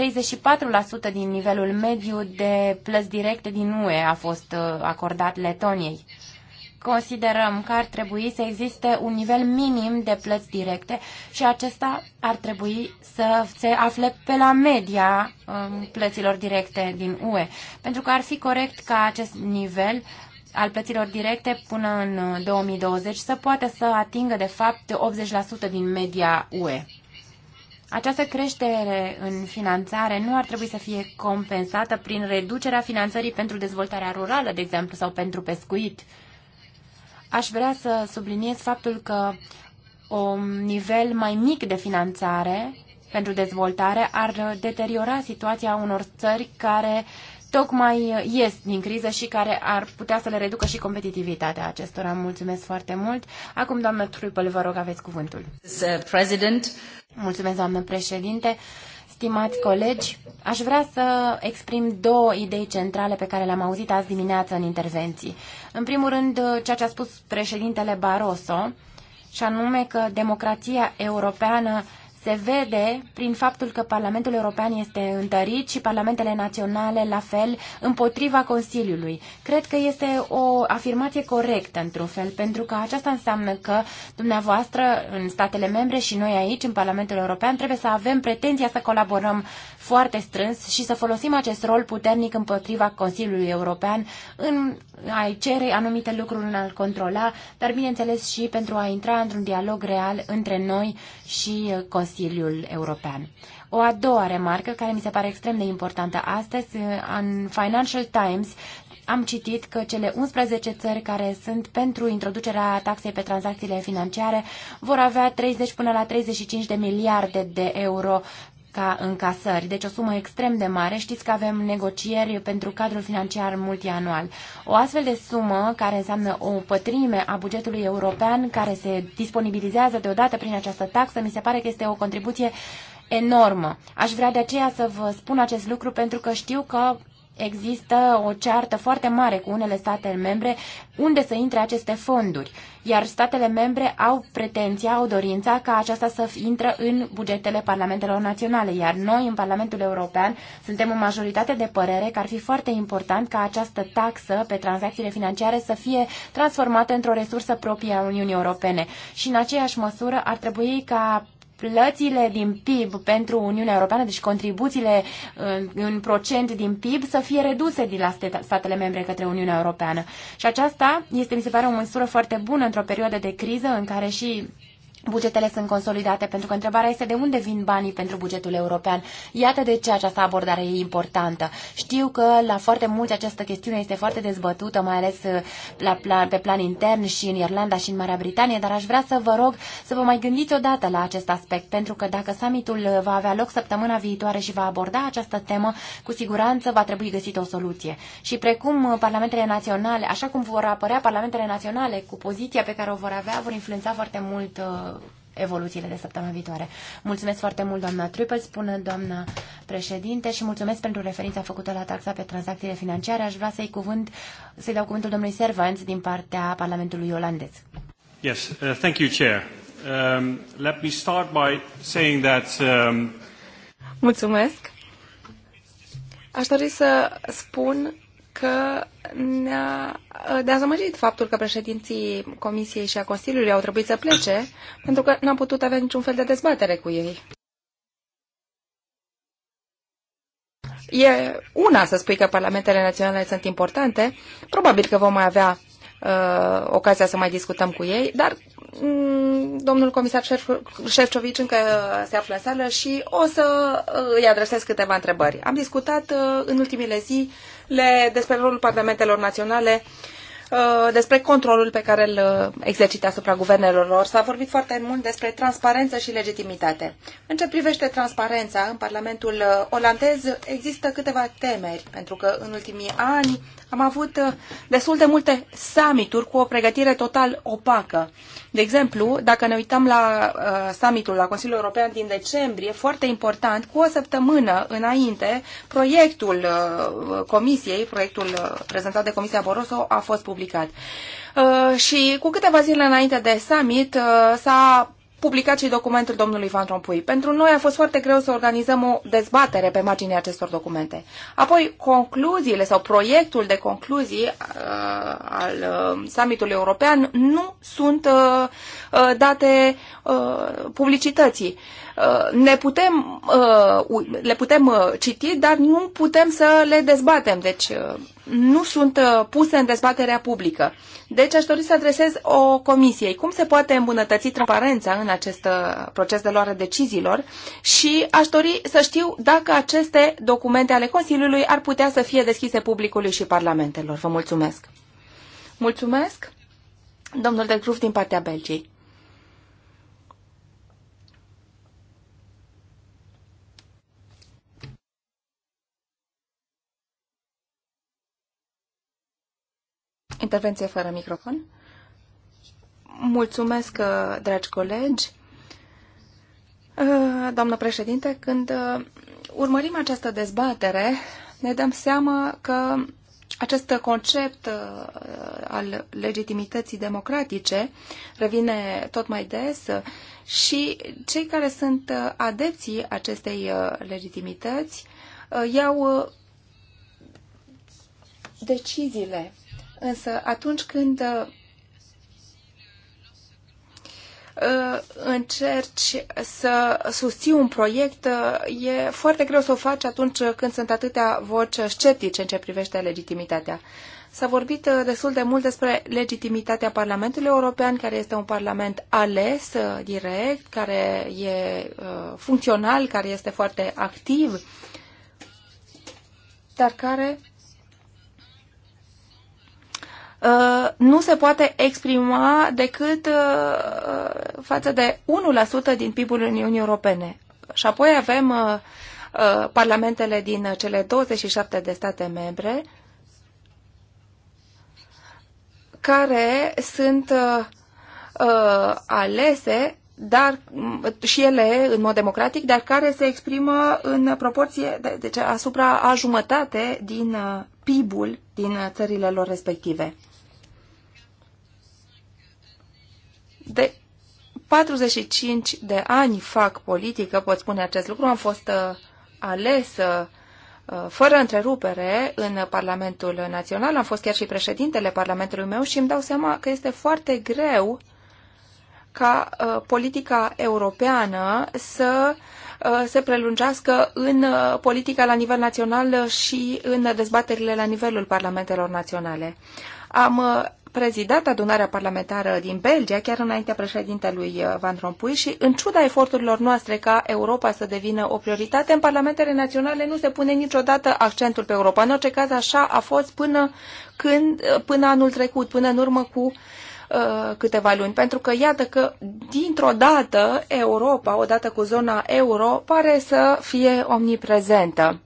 A: 34% din nivelul mediu de plăți directe din UE a fost uh, acordat Letoniei. Considerăm că ar trebui să existe un nivel minim de plăți directe și acesta ar trebui să se afle pe la media um, plăților directe din UE, pentru că ar fi corect ca acest nivel al plăților directe până în 2020 uh, să poată să atingă de fapt 80% din media UE. Această creștere în finanțare nu ar trebui să fie compensată prin reducerea finanțării pentru dezvoltarea rurală, de exemplu, sau pentru pescuit. Aș vrea să subliniez faptul că un nivel mai mic de finanțare pentru dezvoltare ar deteriora situația unor țări care uh, tocmai ies din criză și care ar putea să le reducă și competitivitatea acestora. Mulțumesc foarte mult. Acum, doamnă Trupel, vă rog, aveți cuvântul. Uh, Mulțumesc, doamnă președinte. Stimați colegi, aș vrea să exprim două idei centrale pe care le-am auzit azi dimineață în intervenții. În primul rând, uh, ceea ce a spus președintele Barroso, și anume că democrația europeană se vede prin faptul că Parlamentul European este întărit și Parlamentele naționale la fel împotriva Consiliului. Cred că este o afirmație corectă într-un fel, pentru că aceasta înseamnă că dumneavoastră în statele membre și noi aici, în Parlamentul European, trebuie să avem pretenția să colaborăm foarte strâns și să folosim acest rol puternic împotriva Consiliului European în a cere anumite lucruri în a controla, dar bineînțeles și pentru a intra într-un dialog real între noi și Consiliul European. O a doua remarcă, care mi se pare extrem de importantă astăzi, în Financial Times am citit că cele 11 țări care sunt pentru introducerea taxei pe tranzacțiile financiare vor avea 30 până la 35 de miliarde de euro ca încasări, deci o sumă extrem de mare. Știți că avem negocieri pentru cadrul financiar multianual. O astfel de sumă, care înseamnă o pătrime a bugetului european, care se disponibilizează deodată prin această taxă, mi se pare că este o contribuție enormă. Aș vrea de aceea să vă spun acest lucru pentru că știu că există o ceartă foarte mare cu unele state membre unde să intre aceste fonduri, iar statele membre au pretenția, au dorința ca aceasta să intră în bugetele parlamentelor naționale, iar noi în Parlamentul European suntem o majoritate de părere că ar fi foarte important ca această taxă pe tranzacțiile financiare să fie transformată într-o resursă proprie a Uniunii Europene și în aceeași măsură ar trebui ca plățile din PIB pentru Uniunea Europeană, deci contribuțiile uh, în procent din PIB, să fie reduse din la statele membre către Uniunea Europeană. Și aceasta este, mi se pare, o măsură foarte bună într-o perioadă de criză în care și bugetele sunt consolidate, pentru că întrebarea este de unde vin banii pentru bugetul european. Iată de ce această abordare e importantă. Știu că la foarte mulți această chestiune este foarte dezbătută, mai ales uh, la plan, pe plan intern și în Irlanda și în Marea Britanie, dar aș vrea să vă rog să vă mai gândiți odată la acest aspect, pentru că dacă summitul uh, va avea loc săptămâna viitoare și va aborda această temă, cu siguranță va trebui găsit o soluție. Și precum uh, parlamentele naționale, așa cum vor apărea parlamentele naționale cu poziția pe care o vor avea, vor influența foarte mult evoluțiile de săptămâna viitoare. Mulțumesc foarte mult, doamna Trupel, spune doamna președinte, și mulțumesc pentru referința făcută la taxa pe tranzacțiile financiare. Aș vrea să-i cuvânt, să dau cuvântul domnului Servanț din partea Parlamentului olandez.
C: Yes, uh, thank you, Chair. Um, let me start by saying that um...
A: Mulțumesc.
B: Aș dori să spun că ne-a dezamăgit faptul că președinții Comisiei și a Consiliului au trebuit să plece, pentru că n-am putut avea niciun fel de dezbatere cu ei. E una să spui că parlamentele naționale sunt importante, probabil că vom mai avea uh, ocazia să mai discutăm cu ei, dar Mm, domnul comisar Șefcovici încă se află în sală și o să uh, îi adresez câteva întrebări. Am discutat uh, în ultimile zile despre rolul parlamentelor naționale uh, Uh, despre controlul pe care îl uh, exercită asupra guvernelor lor. S-a vorbit foarte mult despre transparență și legitimitate. În ce privește transparența, în Parlamentul uh, olandez există câteva temeri, pentru că în ultimii ani am avut destul de multe summituri cu o pregătire total opacă. De exemplu, dacă ne uităm la summitul la Consiliul European din decembrie, foarte important, cu o săptămână înainte, proiectul Comisiei, proiectul prezentat de Comisia Boroso a fost publicat publicat. Uh, și cu câteva zile înainte de summit uh, s-a publicat și documentul domnului Van Rompuy. Pentru noi a fost foarte greu să organizăm o dezbatere pe marginea acestor documente. Apoi, concluziile sau proiectul de concluzii uh, al uh, summitului european nu sunt uh, uh date uh, publicității. Uh, Uh, ne putem, uh, le putem uh, citi, dar nu putem să le dezbatem, deci nu sunt puse în dezbaterea publică. Deci aș dori să adresez o comisiei. Cum se poate îmbunătăți transparența în acest proces de luare deciziilor și aș dori să știu dacă aceste documente ale Consiliului ar putea să fie deschise publicului și parlamentelor. Vă mulțumesc! Mulțumesc! Domnul de Gruf din partea Belgiei. Intervenție fără microfon. Mulțumesc, uh, dragi colegi. Uh, doamnă președinte, când uh, urmărim această dezbatere, ne dăm seama că acest concept al legitimității democratice revine tot mai des și cei care sunt adepții acestei legitimități iau deciziile Însă atunci când uh, uh, încerci să susții un proiect, uh, e foarte greu să o faci atunci când sunt atâtea voci sceptice în ce privește legitimitatea. S-a vorbit destul de mult despre legitimitatea Parlamentului European, care este un parlament ales direct, care e funcțional, care este foarte activ, dar care Uh, nu se poate exprima decât uh, uh, față de 1% din PIB-ul Uniunii Europene. Și apoi avem parlamentele din cele 27 de state membre care sunt alese dar și ele în mod democratic, dar care se exprimă în proporție, de, deci asupra a jumătate din PIB-ul din țările lor respective. de 45 de ani fac politică, pot spune acest lucru, am fost uh, alesă uh, uh, fără întrerupere în Parlamentul Național, am fost chiar și președintele Parlamentului meu și îmi dau seama că este foarte greu ca politica europeană să se prelungească în politica la nivel național și în dezbaterile la nivelul parlamentelor naționale. Am prezidat adunarea parlamentară din Belgia, chiar înaintea președintelui uh, Van Rompuy și în ciuda eforturilor noastre ca Europa să devină o prioritate, în parlamentele naționale nu se pune niciodată accentul pe Europa. În orice caz, așa a fost până, când, uh, până anul trecut, până în urmă cu uh, câteva luni, pentru că iată că dintr-o dată Europa, odată cu zona euro, pare să fie omniprezentă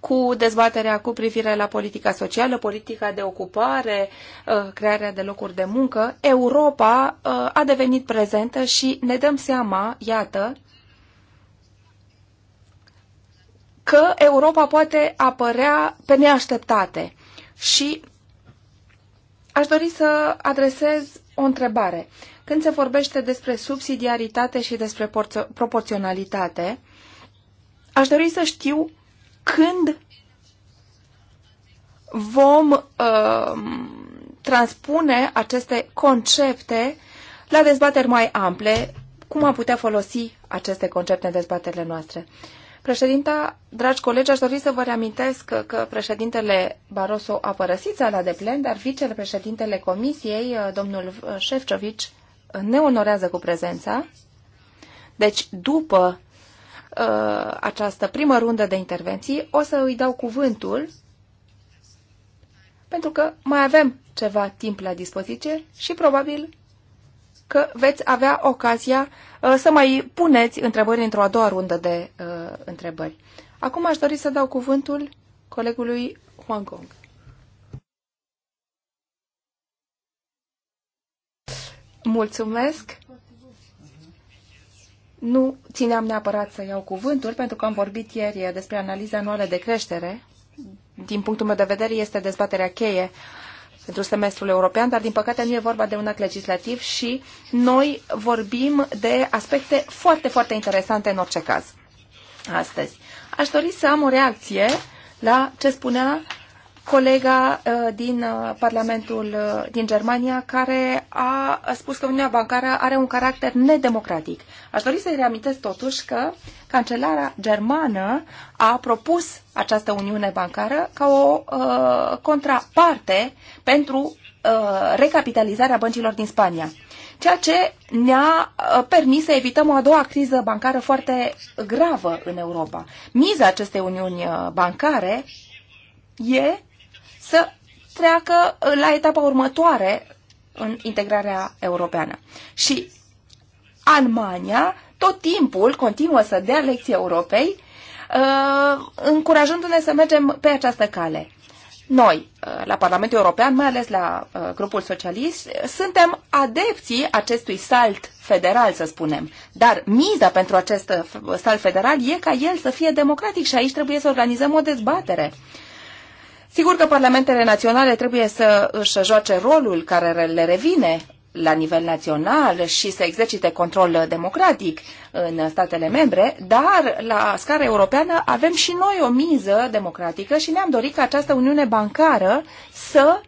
B: cu dezbaterea cu privire la politica socială, politica de ocupare, uh, crearea de locuri de muncă, Europa uh, a devenit prezentă și ne dăm seama, iată, că Europa poate apărea pe neașteptate. Și aș dori să adresez o întrebare. Când se vorbește despre subsidiaritate și despre proporționalitate, aș dori să știu când vom uh, transpune aceste concepte la dezbateri mai ample, cum am putea folosi aceste concepte în dezbaterile noastre. Președinta, dragi colegi, aș dori să vă reamintesc că, președintele Barroso a părăsit sala de plen, dar vicepreședintele Comisiei, uh, domnul Șefcovici, ne onorează cu prezența. Deci, după Uh, această primă rundă de intervenții, o să îi dau cuvântul pentru că mai avem ceva timp la dispoziție și probabil că veți avea ocazia uh, să mai puneți întrebări într-o a doua rundă de uh, întrebări. Acum aș dori să dau cuvântul colegului Huang Gong. Mulțumesc! Nu țineam neapărat să iau cuvântul, pentru că am vorbit ieri despre analiza anuală de creștere. Din punctul meu de vedere, este dezbaterea cheie pentru semestrul european, dar din păcate nu e vorba de un act legislativ și noi vorbim de aspecte foarte, foarte interesante în orice caz astăzi. Aș dori să am o reacție la ce spunea colega uh, din uh, Parlamentul uh, din Germania care a spus că Uniunea Bancară are un caracter nedemocratic. Aș dori să-i reamintesc totuși că cancelara germană a propus această Uniune Bancară ca o uh, contraparte pentru recapitalizarea băncilor din Spania ceea ce ne-a permis să evităm o a doua criză bancară foarte gravă în Europa. Miza acestei uniuni bancare e să treacă la etapa următoare în integrarea europeană. Și Almania tot timpul continuă să dea lecții Europei, uh, încurajându-ne să mergem pe această cale. Noi, uh, la Parlamentul European, mai ales la uh, grupul socialist, suntem adepții acestui salt federal, să spunem. Dar miza pentru acest salt federal e ca el să fie democratic și aici trebuie să organizăm o dezbatere. Uh, Sigur că parlamentele naționale trebuie să își joace rolul care le revine la nivel național și să exercite control democratic în statele membre, dar la scară europeană avem și noi o miză democratică și ne-am dorit ca această uniune bancară să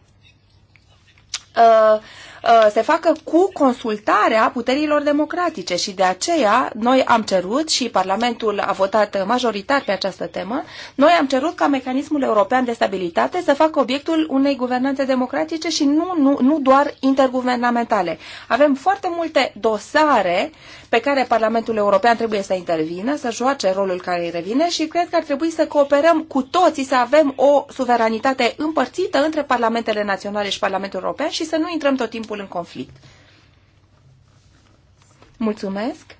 B: uh, Uh, se facă cu consultarea puterilor democratice și de aceea noi am cerut și Parlamentul a votat majoritar pe această temă, noi am cerut ca mecanismul european de stabilitate să facă obiectul unei guvernanțe democratice și nu, nu, nu doar interguvernamentale. Avem foarte multe dosare pe care Parlamentul European trebuie să intervină, să joace rolul care îi revine și cred că ar trebui să cooperăm cu toții, să avem o suveranitate împărțită între Parlamentele Naționale și Parlamentul European și să nu intrăm tot timpul timpul în conflict. Mulțumesc!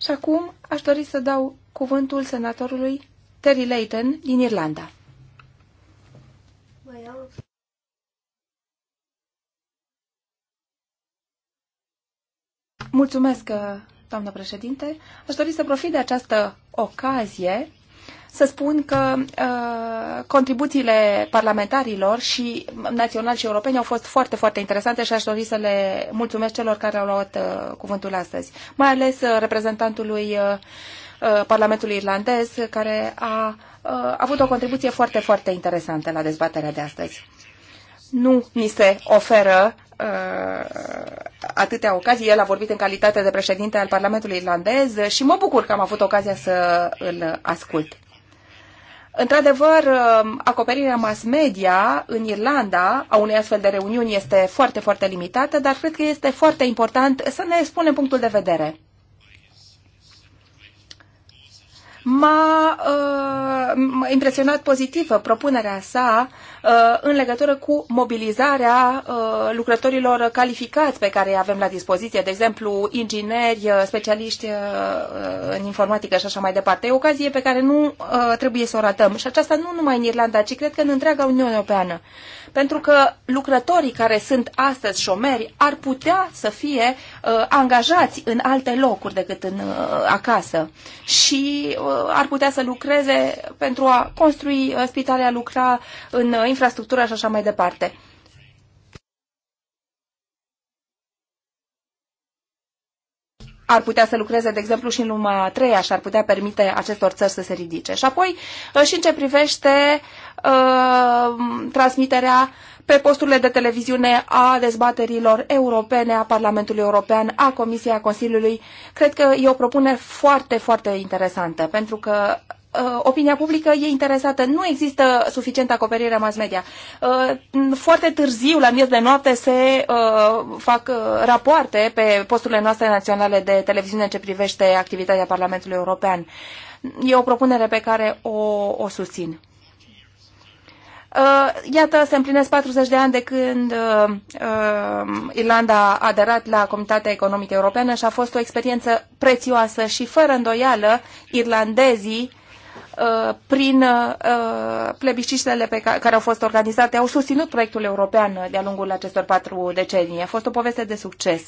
B: Și acum aș dori să dau cuvântul senatorului Terry Layton din Irlanda. Mulțumesc, doamnă președinte. Aș dori să profit de această ocazie să spun că uh, contribuțiile parlamentarilor și naționali și europeni au fost foarte, foarte interesante și aș dori să le mulțumesc celor care au luat uh, cuvântul astăzi, mai ales uh, reprezentantului uh, uh Parlamentului Irlandez, care a a uh, avut o contribuție foarte, foarte interesantă la dezbaterea de astăzi. Nu ni se oferă uh, atâtea ocazii. El a vorbit în calitate de președinte al Parlamentului Irlandez și mă bucur că am avut ocazia să îl ascult. Într-adevăr, um, acoperirea mass media în Irlanda a unei astfel de reuniuni este foarte, foarte limitată, dar cred că este foarte important să ne spunem punctul de vedere. M-a uh, impresionat pozitiv propunerea sa Uh, în legătură cu mobilizarea uh, lucrătorilor calificați pe care îi avem la dispoziție, de exemplu, ingineri, uh, specialiști în informatică și așa mai departe. E o ocazie pe care nu trebuie să o ratăm. Și aceasta nu numai în Irlanda, ci cred că în întreaga Uniune Europeană pentru că lucrătorii care sunt astăzi șomeri ar putea să fie uh, angajați în alte locuri decât în uh, acasă și uh, ar putea să lucreze pentru a construi uh, spitale, a lucra în uh, infrastructura și așa mai departe. ar putea să lucreze, de exemplu, și în lumea a treia și ar putea permite acestor țări să se ridice. Și apoi, uh, și în ce privește uh, transmiterea pe posturile de televiziune a dezbaterilor europene, a Parlamentului European, a Comisiei, a Consiliului, cred că e o propunere foarte, foarte interesantă, pentru că Uh, opinia publică e interesată. Nu există suficientă acoperire a mass media. Uh, foarte târziu, la miez de noapte, se uh, fac rapoarte pe posturile noastre naționale de televiziune în ce privește activitatea Parlamentului European. E o propunere pe care o, o susțin. Iată, se împlinesc 40 de ani de când uh, Irlanda a aderat la Comunitatea Economică Europeană și a fost o experiență prețioasă și fără îndoială irlandezii Uh, prin uh, plebiscitele pe care, care au fost organizate, au susținut proiectul european de-a lungul acestor patru decenii. A fost o poveste de succes.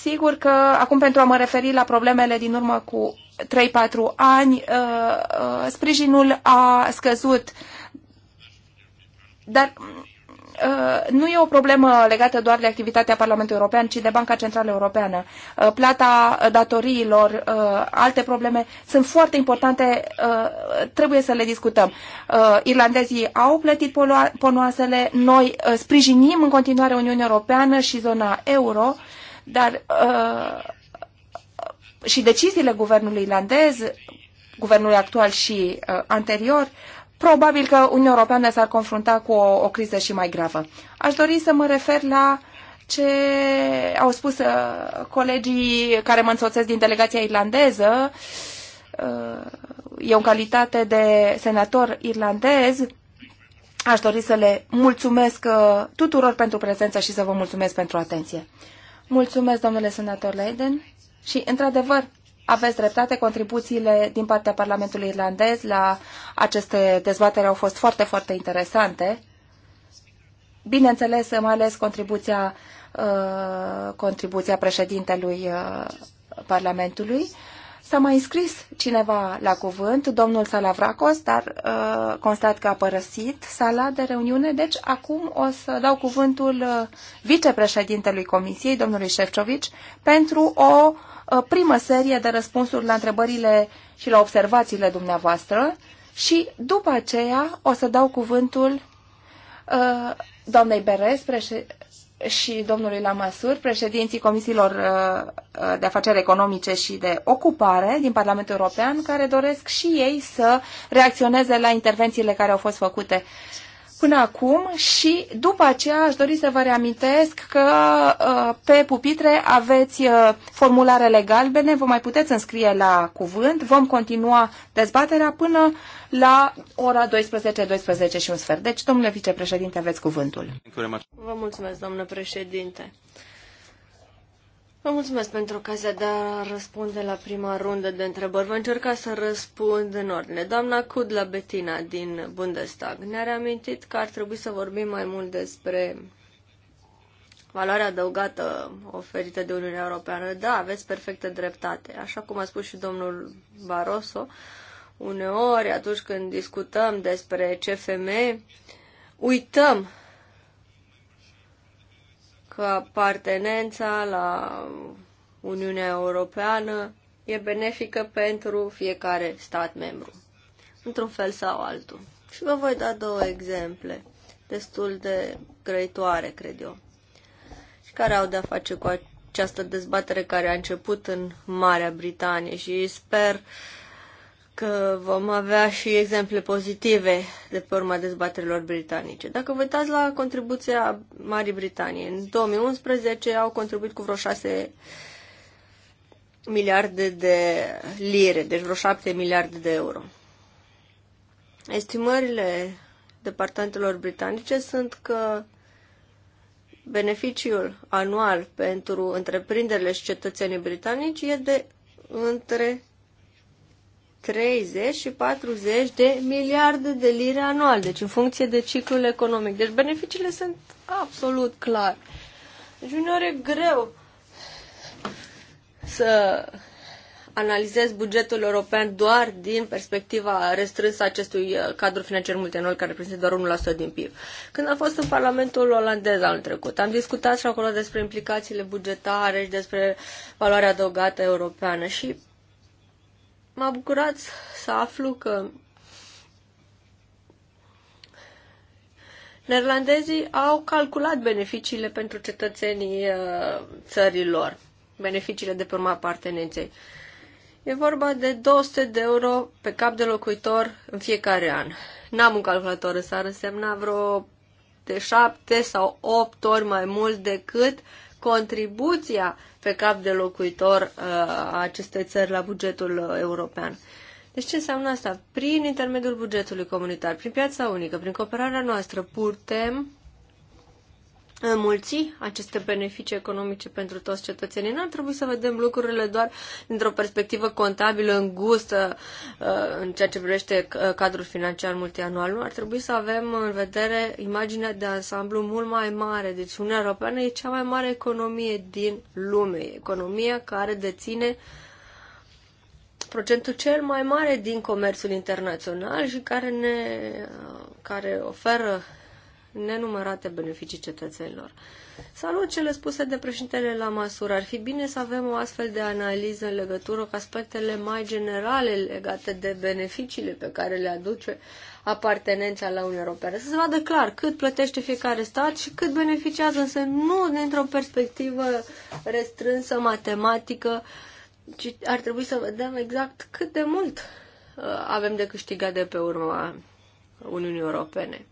B: Sigur că acum pentru a mă referi la problemele din urmă cu 3-4 ani, uh, sprijinul a scăzut, dar Uh, nu e o problemă legată doar de activitatea Parlamentului European, ci de Banca Centrală Europeană. Uh, plata datoriilor, uh, alte probleme sunt foarte importante, trebuie să le discutăm. Irlandezii au plătit ponoasele, noi sprijinim în continuare Uniunea Europeană și zona euro, dar și deciziile guvernului irlandez, guvernului actual și anterior, probabil că Uniunea Europeană s-ar confrunta cu o, o criză și mai gravă. Aș dori să mă refer la ce au spus uh, colegii care mă însoțesc din delegația irlandeză. Uh, eu, în calitate de senator irlandez, aș dori să le mulțumesc uh, tuturor pentru prezență și să vă mulțumesc pentru atenție. Mulțumesc, domnule senator Leiden. Și, într-adevăr, aveți dreptate, contribuțiile din partea Parlamentului Irlandez la aceste dezbatere au fost foarte, foarte interesante. Bineînțeles, mai ales contribuția, uh, contribuția președintelui uh, Parlamentului. S-a mai scris cineva la cuvânt, domnul Salavracos, dar uh, constat că a părăsit sala de reuniune, deci acum o să dau cuvântul uh, vicepreședintelui Comisiei, domnului Șefcovici, pentru o uh, primă serie de răspunsuri la întrebările și la observațiile dumneavoastră și după aceea o să dau cuvântul uh, doamnei Beres, președ și domnului Lamasur, președinții Comisiilor uh, uh, de Afaceri Economice și de Ocupare din Parlamentul European, care doresc și ei să reacționeze la intervențiile care au fost făcute uh, până acum și după aceea aș dori să vă reamintesc că uh, pe pupitre aveți uh, formularele galbene, vă mai puteți înscrie la cuvânt, vom continua dezbaterea până la ora 12, 12 și un sfert. Deci, domnule vicepreședinte, aveți cuvântul.
C: Vă mulțumesc, domnule președinte. Vă mulțumesc pentru ocazia de a răspunde la prima rundă de întrebări. Vă încerca să răspund în ordine. Doamna Cudla Betina din Bundestag ne-a reamintit că ar trebui să vorbim mai mult despre valoarea adăugată oferită de Uniunea Europeană. Da, aveți perfectă dreptate. Așa cum a spus și domnul Barroso, uneori atunci când discutăm despre CFM, uităm că apartenența la Uniunea Europeană e benefică pentru fiecare stat membru, într-un fel sau altul. Și vă voi da două exemple destul de grăitoare, cred eu, și care au de-a face cu această dezbatere care a început în Marea Britanie și sper uh, că vom avea și exemple pozitive de pe urma dezbaterilor britanice. Dacă vă uitați la contribuția Marii Britanii, în 2011 au contribuit cu vreo 6 miliarde de lire, deci vreo 7 miliarde de euro. Estimările departamentelor britanice sunt că beneficiul anual pentru întreprinderile și cetățenii britanici e de între 30 și 40 de miliarde de lire anual, deci în funcție de ciclul economic. Deci beneficiile sunt absolut clare. Deci uneori e greu să analizez bugetul european doar din perspectiva restrânsă acestui uh, cadru financiar multianual care reprezintă doar 1% din PIB. Când am fost în Parlamentul olandez anul trecut, am discutat și acolo despre implicațiile bugetare și despre valoarea adăugată europeană și M-a bucurat să aflu că neerlandezii au calculat beneficiile pentru cetățenii uh, țărilor, beneficiile de pe urma apartenenței. E vorba de 200 de euro pe cap de locuitor în fiecare an. N-am un calculator, s-ar însemna vreo de 7 sau 8 ori mai mult decât contribuția pe cap de locuitor uh, a acestei țări la bugetul european. Deci ce înseamnă asta? Prin intermediul bugetului comunitar, prin piața unică, prin cooperarea noastră, putem înmulți aceste beneficii economice pentru toți cetățenii. N-ar trebui să vedem lucrurile doar dintr-o perspectivă contabilă îngustă uh, în ceea ce privește uh, cadrul financiar multianual. Nu ar trebui să avem în vedere imaginea de ansamblu mult mai mare. Deci Uniunea Europeană e cea mai mare economie din lume. Economia care deține procentul cel mai mare din comerțul internațional și care ne uh, care oferă nenumărate beneficii cetățenilor. Salut cele spuse de președintele la măsură. Ar fi bine să avem o astfel de analiză în legătură cu aspectele mai generale legate de beneficiile pe care le aduce apartenența la Uniunea Europeană. Să se vadă clar cât plătește fiecare stat și cât beneficiază, însă nu dintr-o perspectivă restrânsă, matematică, ci ar trebui să vedem exact cât de mult uh, avem de câștigat de pe urma Uniunii Europene.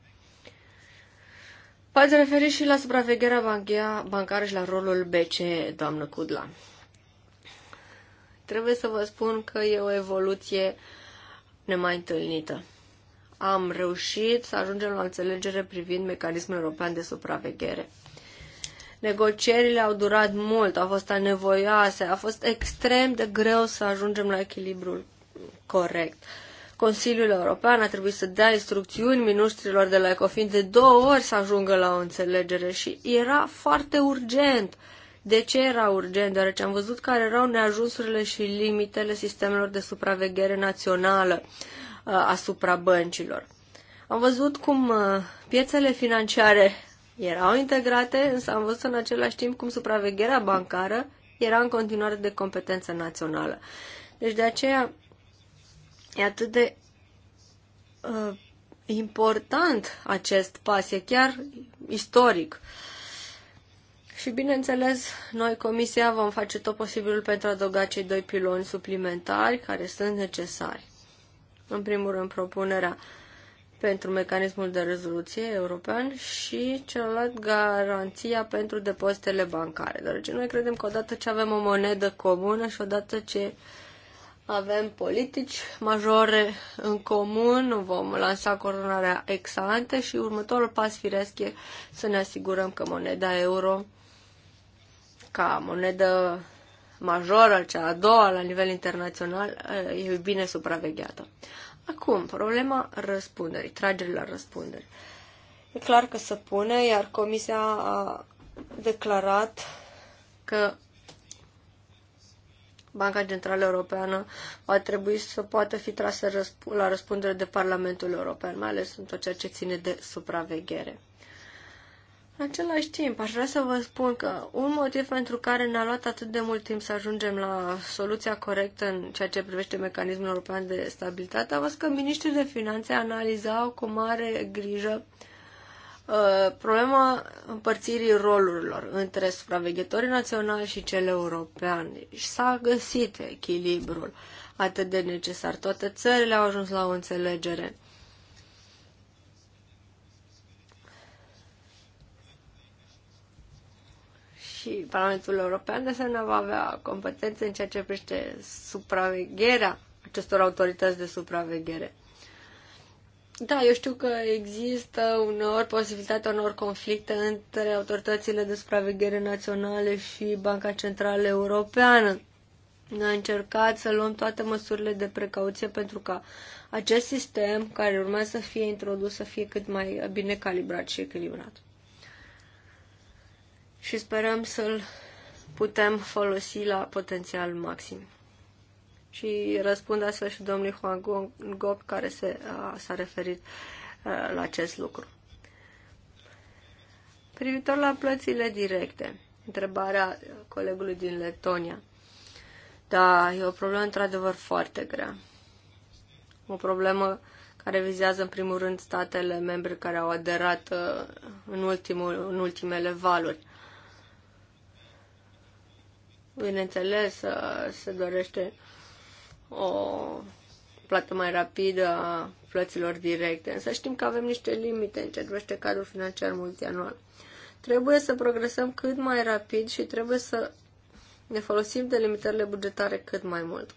C: V-ați referit și la supravegherea bancară și la rolul BC, doamnă Cudla. Trebuie să vă spun că e o evoluție nemai întâlnită. Am reușit să ajungem la înțelegere privind mecanismul european de supraveghere. Negocierile au durat mult, au fost anevoioase, a fost extrem de greu să ajungem la echilibrul corect. Uh, Consiliul European a trebuit să dea instrucțiuni ministrilor de la Ecofin de două ori să ajungă la o înțelegere și era foarte urgent. De ce era urgent? Deoarece am văzut care erau neajunsurile și limitele sistemelor de supraveghere națională uh, asupra băncilor. Am văzut cum uh, piețele financiare erau integrate, însă am văzut în același timp cum supravegherea bancară era în continuare de competență națională. Deci de aceea E atât de uh, important acest pas, e chiar istoric. Și bineînțeles, noi, Comisia, vom face tot posibilul pentru a adăuga cei doi piloni suplimentari care sunt necesari. În primul rând, propunerea pentru mecanismul de rezoluție european și celălalt garanția pentru depozitele bancare. Deoarece noi credem că odată ce avem o monedă comună și odată ce uh, avem politici majore în comun, vom lansa coronarea ex ante și următorul pas firesc e să ne asigurăm că moneda euro, ca monedă majoră, cea a doua la nivel internațional, e bine supravegheată. Acum, problema răspunderii, tragerii la răspundere. E clar că se pune, iar Comisia a declarat că Banca Centrală Europeană va trebui să poată fi trasă la răspundere de Parlamentul European, mai ales în tot ceea ce ține de supraveghere. În același timp, aș vrea să vă spun că un motiv pentru care ne-a luat atât de mult timp să ajungem la soluția corectă în ceea ce privește mecanismul european de stabilitate a fost că miniștrii de finanțe analizau cu mare grijă uh, Uh, problema împărțirii rolurilor între supraveghetorii naționali și cel european. Și s-a găsit echilibrul atât de necesar. Toate țările au ajuns la o înțelegere. Și Parlamentul European, de asemenea, va avea competențe în ceea ce privește supravegherea acestor autorități de supraveghere. Da, eu știu că există uneori posibilitatea unor conflicte între autoritățile de supraveghere naționale și Banca Centrală Europeană. a încercat să luăm toate măsurile de precauție pentru ca acest sistem care urmează să fie introdus să fie cât mai bine calibrat și echilibrat. Și sperăm să-l putem folosi la potențial maxim și răspund astfel și domnului Juan Gop care s-a referit la acest lucru. Privitor la plățile directe, întrebarea colegului din Letonia. Da, e o problemă într-adevăr foarte grea. O problemă care vizează în primul rând statele membre care au aderat în, ultimul, în ultimele valuri. Bineînțeles, se dorește uh, o plată mai rapidă a plăților directe. Însă știm că avem niște limite în ce privește cadrul financiar multianual. Trebuie să progresăm cât mai rapid și trebuie să ne folosim de limitările bugetare cât mai mult.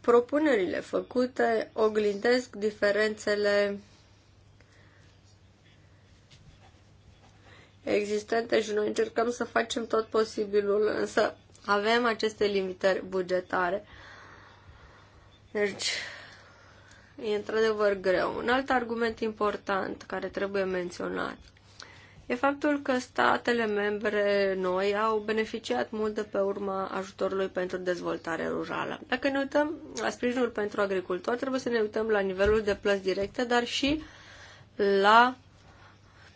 C: Propunerile făcute oglindesc diferențele existente și noi încercăm să facem tot posibilul, însă avem aceste limitări bugetare. Deci, e într-adevăr greu. Un alt argument important care trebuie menționat e faptul că statele membre noi au beneficiat mult de pe urma ajutorului pentru dezvoltare rurală. Dacă ne uităm la sprijinul pentru agricultori, trebuie să ne uităm la nivelul de plăți directe, dar și la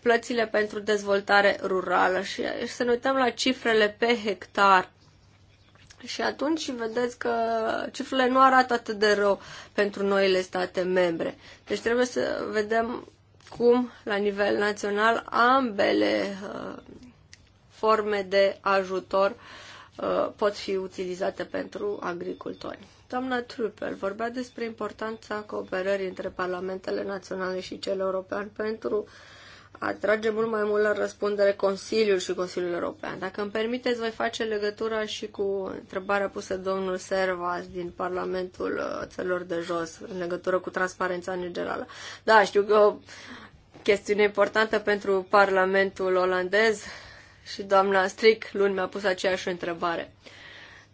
C: plățile pentru dezvoltare rurală și să ne uităm la cifrele pe hectar și atunci vedeți că cifrele nu arată atât de rău pentru noile state membre. Deci trebuie să vedem cum, la nivel național, ambele uh, forme de ajutor uh, pot fi utilizate pentru agricultori. Doamna Trupel vorbea despre importanța cooperării între parlamentele naționale și cele europene pentru uh, atrage mult mai mult la răspundere Consiliul și Consiliul European. Dacă îmi permiteți, voi face legătura și cu întrebarea pusă domnul Servas din Parlamentul uh, Țărilor de Jos în legătură cu transparența în generală. Da, știu că o chestiune importantă pentru Parlamentul olandez și doamna Stric luni mi-a pus aceeași întrebare.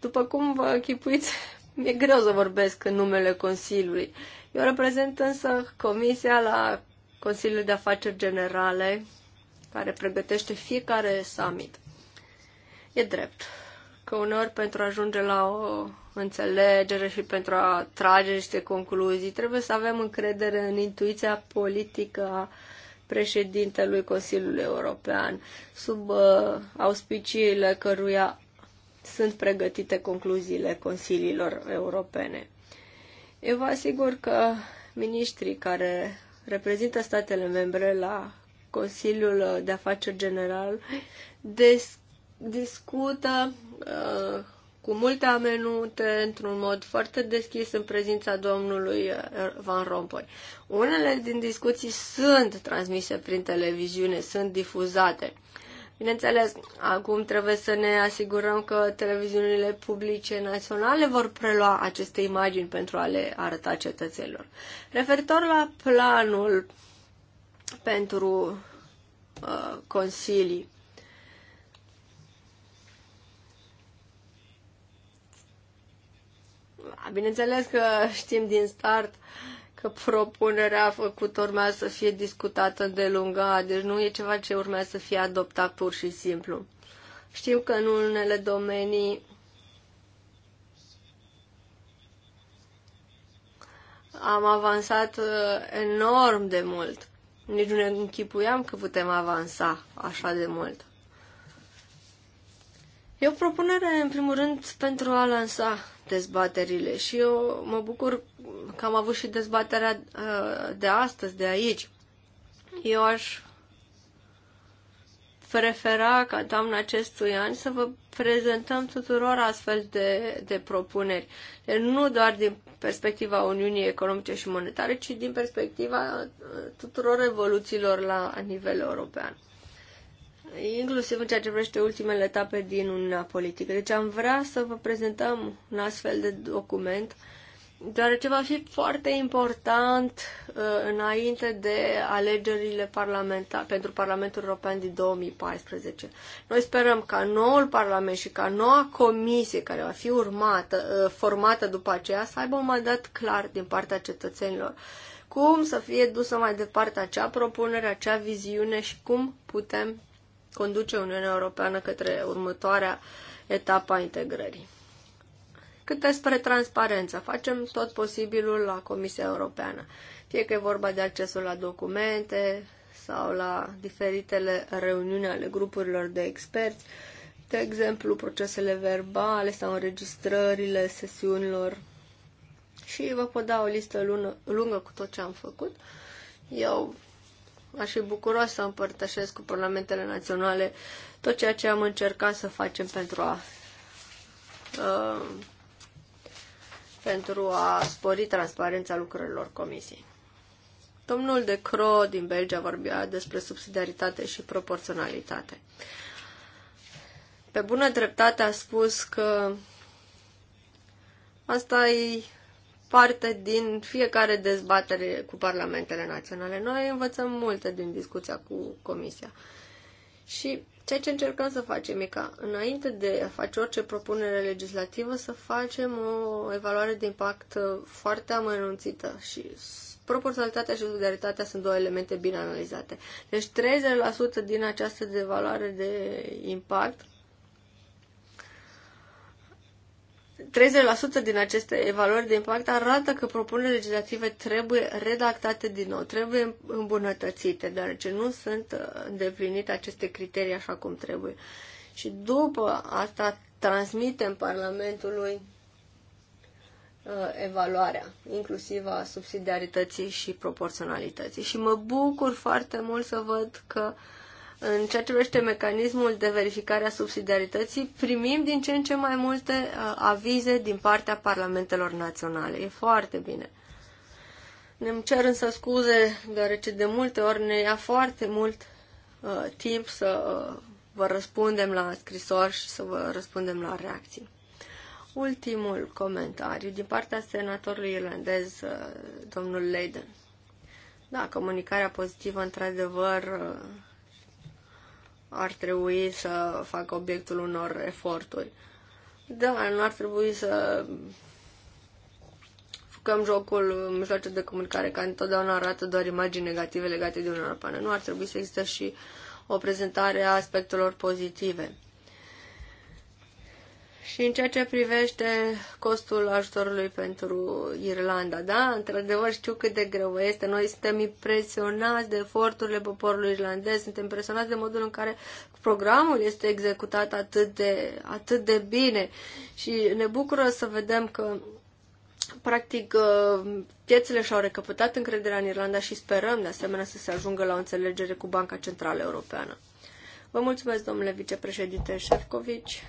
C: După cum vă închipuiți, mi-e greu să vorbesc în numele Consiliului. Eu reprezint însă Comisia la Consiliul de Afaceri Generale care pregătește fiecare summit. E drept că uneori pentru a ajunge la o înțelegere și pentru a trage niște concluzii, trebuie să avem încredere în intuiția politică a președintelui Consiliului European, sub uh, auspiciile căruia sunt pregătite concluziile Consiliilor Europene. Eu vă asigur că ministrii care reprezintă statele membre la Consiliul de Afaceri General, des- discută uh, cu multe amenute, într-un mod foarte deschis în prezența domnului uh, Van Rompuy. Unele din discuții sunt transmise prin televiziune, sunt difuzate. Bineînțeles, acum trebuie să ne asigurăm că televiziunile publice naționale vor prelua aceste imagini pentru a le arăta cetățenilor. Referitor la planul pentru uh, consilii, Bineînțeles că știm din start uh, că propunerea făcută urmează să fie discutată lungă, deci nu e ceva ce urmează să fie adoptat pur și simplu. Știm că în unele domenii am avansat uh, enorm de mult. Nici nu ne închipuiam că putem avansa așa de mult. E o propunere, în primul rând, pentru a lansa dezbaterile și eu mă bucur că am avut și dezbaterea uh, de astăzi, de aici. Eu aș prefera ca doamna acestui an să vă prezentăm tuturor astfel de, de propuneri. Deci nu doar din perspectiva Uniunii Economice și Monetare, ci din perspectiva uh, tuturor evoluțiilor la nivel european inclusiv în ceea ce vrește ultimele etape din Uniunea Politică. Deci am vrea să vă prezentăm un astfel de document, deoarece va fi foarte important uh, înainte de alegerile parlamentar, pentru Parlamentul European din 2014. Noi sperăm ca noul Parlament și ca noua comisie care va fi urmată, uh, formată după aceea să aibă un mandat clar din partea cetățenilor cum să fie dusă mai departe acea propunere, acea viziune și cum putem conduce Uniunea Europeană către următoarea etapă a integrării. Cât despre transparență, facem tot posibilul la Comisia Europeană, fie că e vorba de accesul la documente sau la diferitele reuniuni ale grupurilor de experți, de exemplu, procesele verbale sau înregistrările sesiunilor și vă pot da o listă lungă cu tot ce am făcut. Eu Aș fi bucuros să împărtășesc cu parlamentele naționale tot ceea ce am încercat să facem pentru a uh, pentru a spori transparența lucrurilor comisiei. Domnul de Cro din Belgia vorbea despre subsidiaritate și proporționalitate. Pe bună dreptate a spus că asta e parte din fiecare dezbatere cu parlamentele naționale. Noi învățăm multe din discuția cu Comisia. Și ceea ce încercăm să facem e ca, înainte de a face orice propunere legislativă, să facem o evaluare de impact uh, foarte amănunțită și proporționalitatea și solidaritatea sunt două elemente bine analizate. Deci 30% din această evaluare de impact 30% din aceste evaluări de impact arată că propunerile legislative trebuie redactate din nou, trebuie îmbunătățite, deoarece nu sunt uh, îndeplinite aceste criterii așa cum trebuie. Și după asta transmitem Parlamentului uh, evaluarea, inclusiv a subsidiarității și proporționalității. Și mă bucur foarte mult să văd că uh, în ceea ce privește mecanismul de verificare a subsidiarității, primim din ce în ce mai multe uh, avize din partea parlamentelor naționale. E foarte bine. ne cer însă scuze, deoarece de multe ori ne ia foarte mult uh, timp să uh, vă răspundem la scrisori și să vă răspundem la reacții. Ultimul comentariu din partea senatorului irlandez, uh, domnul Leiden. Da, comunicarea pozitivă, într-adevăr, uh, ar trebui să facă obiectul unor eforturi. Da, nu ar trebui să făcăm jocul în mijloace de comunicare care întotdeauna arată doar imagini negative legate de Uniunea Europeană. Nu ar trebui să există și o prezentare a aspectelor pozitive. Și în ceea ce privește costul ajutorului pentru Irlanda, da, într-adevăr știu cât de greu este. Noi suntem impresionați de eforturile poporului irlandez, suntem impresionați de modul în care programul este executat atât de, atât de bine și ne bucură să vedem că practic uh, piețele și-au recăpătat încrederea în Irlanda și sperăm de asemenea să se ajungă la o înțelegere cu Banca Centrală Europeană. Vă mulțumesc, domnule vicepreședinte Șefcovici.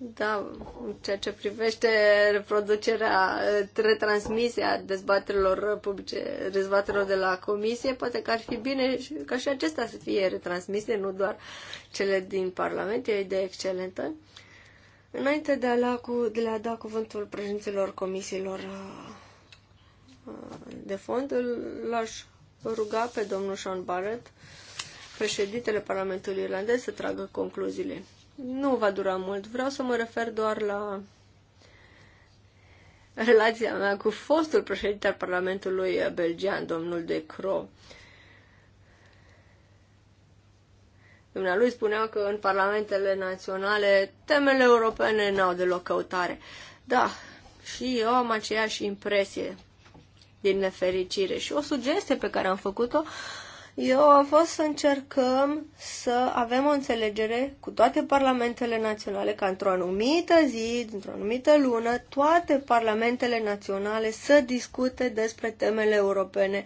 C: Da, în ceea ce privește reproducerea, retransmisia dezbaterilor publice, dezbaterilor de la comisie, poate că ar fi bine ca și acestea să fie retransmise, nu doar cele din Parlament, e o idee excelentă. Înainte de a, la cu, de a da cuvântul președinților comisiilor uh, de fond, l-aș ruga pe domnul Sean Barrett, președintele Parlamentului Irlandez, să tragă concluziile nu va dura mult. Vreau să mă refer doar la relația mea cu fostul președinte al Parlamentului belgian, domnul De Croo. Dumnealui spunea că în parlamentele naționale temele europene n-au deloc căutare. Da, și eu am aceeași impresie din nefericire. Și o sugestie pe care am făcut-o uh, eu a fost să încercăm să avem o înțelegere cu toate parlamentele naționale, ca într-o anumită zi, într-o anumită lună, toate parlamentele naționale să discute despre temele europene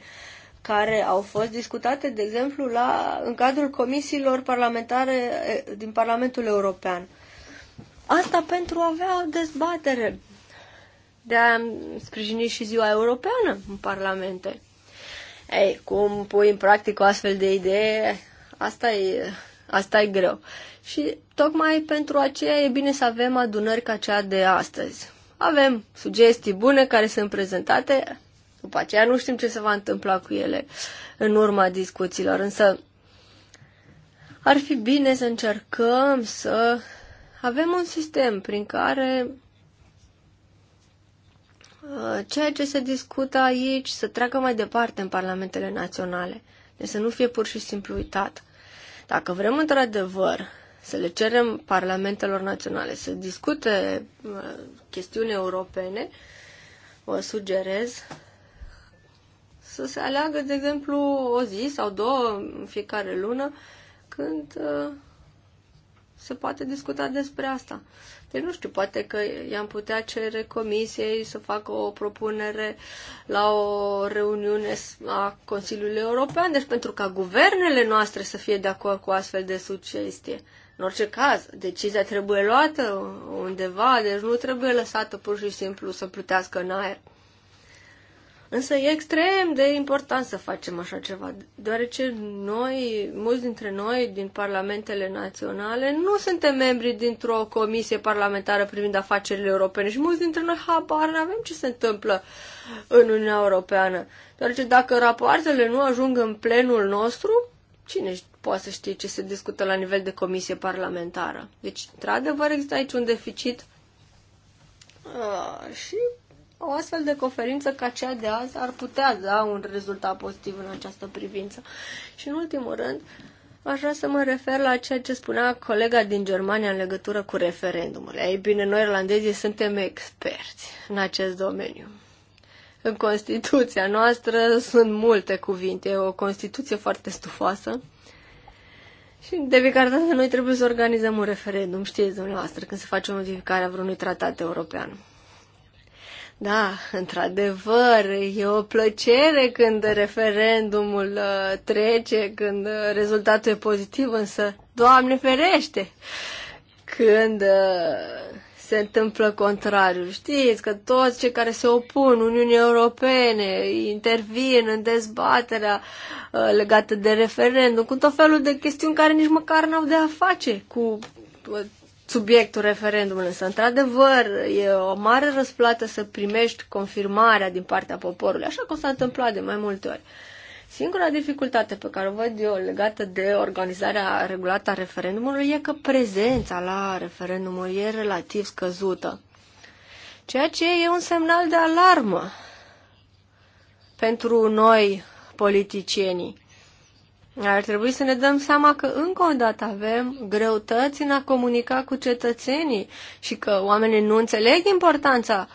C: care au fost discutate, de exemplu, la, în cadrul comisiilor parlamentare din Parlamentul European. Asta pentru a avea o dezbatere, de a sprijini și ziua europeană în parlamente. Ei, cum pui în practic o astfel de idee, asta e, asta e greu. Și tocmai pentru aceea e bine să avem adunări ca cea de astăzi. Avem sugestii bune care sunt prezentate, după aceea nu știm ce se va întâmpla cu ele în urma discuțiilor, însă ar fi bine să încercăm să avem un sistem prin care Uh, ceea ce se discută aici să treacă mai departe în parlamentele naționale, de deci să nu fie pur și simplu uitat. Dacă vrem într-adevăr să le cerem parlamentelor naționale să discute uh, chestiuni europene, vă sugerez să se aleagă, de exemplu, o zi sau două în fiecare lună când uh, se poate discuta despre asta. Deci nu știu, poate că i-am putea cere comisiei să facă o propunere la o reuniune a Consiliului European, deci pentru ca guvernele noastre să fie de acord cu astfel de sugestie. În orice caz, decizia trebuie luată undeva, deci nu trebuie lăsată pur și simplu să plutească în aer. Însă e extrem de important să facem așa ceva, deoarece noi, mulți dintre noi din parlamentele naționale, nu suntem membri dintr-o comisie parlamentară privind afacerile europene și mulți dintre noi habar nu avem ce se întâmplă în Uniunea Europeană. Deoarece dacă rapoartele nu ajung în plenul nostru, cine poate să știe ce se discută la nivel de comisie parlamentară? Deci, într-adevăr, există aici un deficit uh, și o astfel de conferință ca cea de azi ar putea da un rezultat pozitiv în această privință. Și în ultimul rând, aș vrea să mă refer la ceea ce spunea colega din Germania în legătură cu referendumul. Ei bine, noi irlandezii suntem experți în acest domeniu. În Constituția noastră sunt multe cuvinte, e o Constituție foarte stufoasă. Și de fiecare dată noi trebuie să organizăm un referendum, știți dumneavoastră, când se face o modificare a vreunui tratat european. Da, într-adevăr, e o plăcere când referendumul uh, trece, când uh, rezultatul e pozitiv, însă, Doamne ferește, când uh, se întâmplă contrariul. Știți că toți cei care se opun Uniunii Europene intervin în dezbaterea legată de referendum, cu tot felul de chestiuni care nici măcar n-au de a face cu subiectul referendumului, însă, într-adevăr, e o mare răsplată să primești confirmarea din partea poporului, așa cum s-a întâmplat de mai multe ori. Singura dificultate pe care o văd eu legată de organizarea regulată a referendumului e că prezența la referendumul e relativ scăzută, ceea ce e un semnal de alarmă pentru noi politicienii. Ar trebui să ne dăm seama că încă o dată avem greutăți în a comunica cu cetățenii și că oamenii nu înțeleg importanța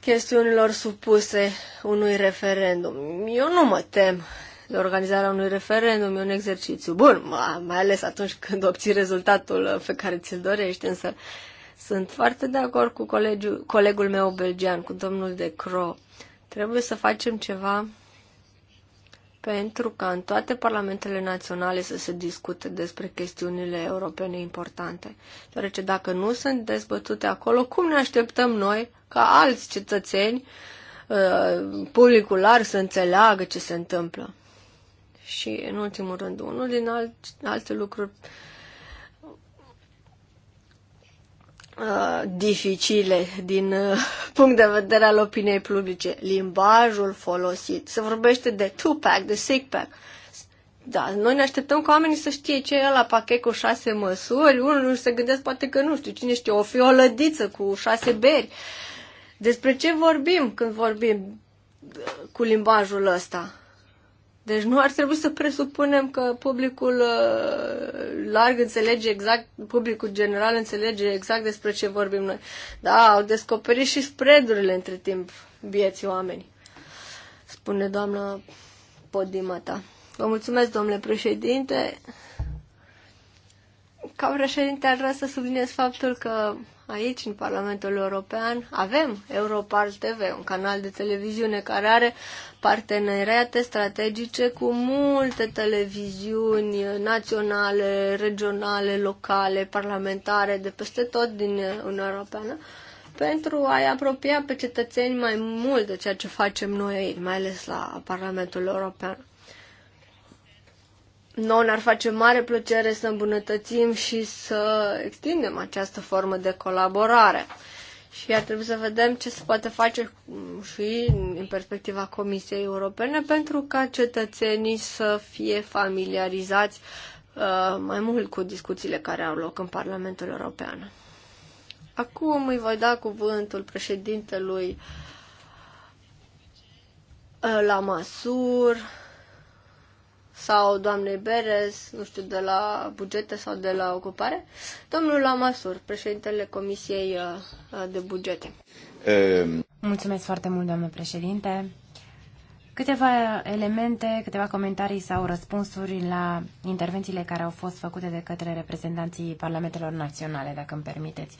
C: chestiunilor supuse unui referendum. Eu nu mă tem de organizarea unui referendum, e un exercițiu bun, mai ales atunci când obții rezultatul pe care ți-l dorești, însă sunt foarte de acord cu colegiul, colegul meu belgean, cu domnul de Cro. Trebuie să facem ceva pentru ca în toate parlamentele naționale să se discute despre chestiunile europene importante. Deoarece dacă nu sunt dezbătute acolo, cum ne așteptăm noi ca alți cetățeni, uh, publicul larg să înțeleagă ce se întâmplă? Și, în ultimul rând, unul din alți alte lucruri Uh, dificile din uh, punct de vedere al opiniei publice. Limbajul folosit. Se vorbește de two-pack, de six-pack. Da, noi ne așteptăm ca oamenii să știe ce e la pachet cu șase măsuri. Unul se gândesc poate că nu știu, cine știe, o fi o lădiță cu șase beri. Despre ce vorbim când vorbim cu limbajul ăsta? Deci nu ar trebui să presupunem că publicul uh, larg înțelege exact, publicul general înțelege exact despre ce vorbim noi. Da, au descoperit și spreadurile între timp vieții oameni, spune doamna Podimata. Vă mulțumesc, domnule președinte. Ca președinte ar vrea să subliniez faptul că aici, în Parlamentul European, avem Europar TV, un canal de televiziune care are parteneriate strategice cu multe televiziuni naționale, regionale, locale, parlamentare, de peste tot din Uniunea Europeană, pentru a-i apropia pe cetățeni mai mult de ceea ce facem noi aici, mai ales la Parlamentul European. Noi ne-ar face mare plăcere să îmbunătățim și să extindem această formă de colaborare. Și ar trebui să vedem ce se poate face și în perspectiva Comisiei Europene pentru ca cetățenii să fie familiarizați uh, mai mult cu discuțiile care au loc în Parlamentul European. Acum îi voi da cuvântul președintelui uh, la măsuri sau doamnei Beres, nu știu, de la bugete sau de la ocupare, domnul Lamasur, președintele Comisiei uh, uh, de Bugete.
A: Mulțumesc foarte mult, doamnă președinte. Câteva elemente, câteva comentarii sau răspunsuri la intervențiile care au fost făcute de către reprezentanții Parlamentelor Naționale, dacă îmi permiteți.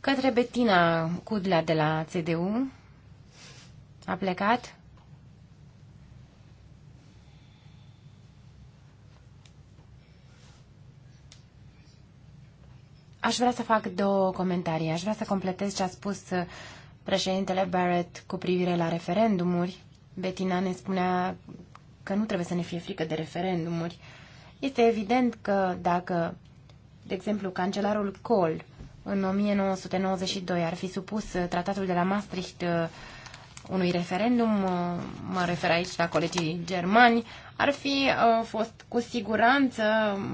A: Către Betina Cudla de la CDU a plecat Aș vrea să fac două comentarii. Aș vrea să completez ce a spus uh, președintele Barrett cu privire la referendumuri. Betina ne spunea că nu trebuie să ne fie frică de referendumuri. Este evident că dacă, de exemplu, cancelarul Kohl în 1992 ar fi supus uh, tratatul de la Maastricht uh, unui referendum, mă refer aici la colegii germani, ar fi uh, fost cu siguranță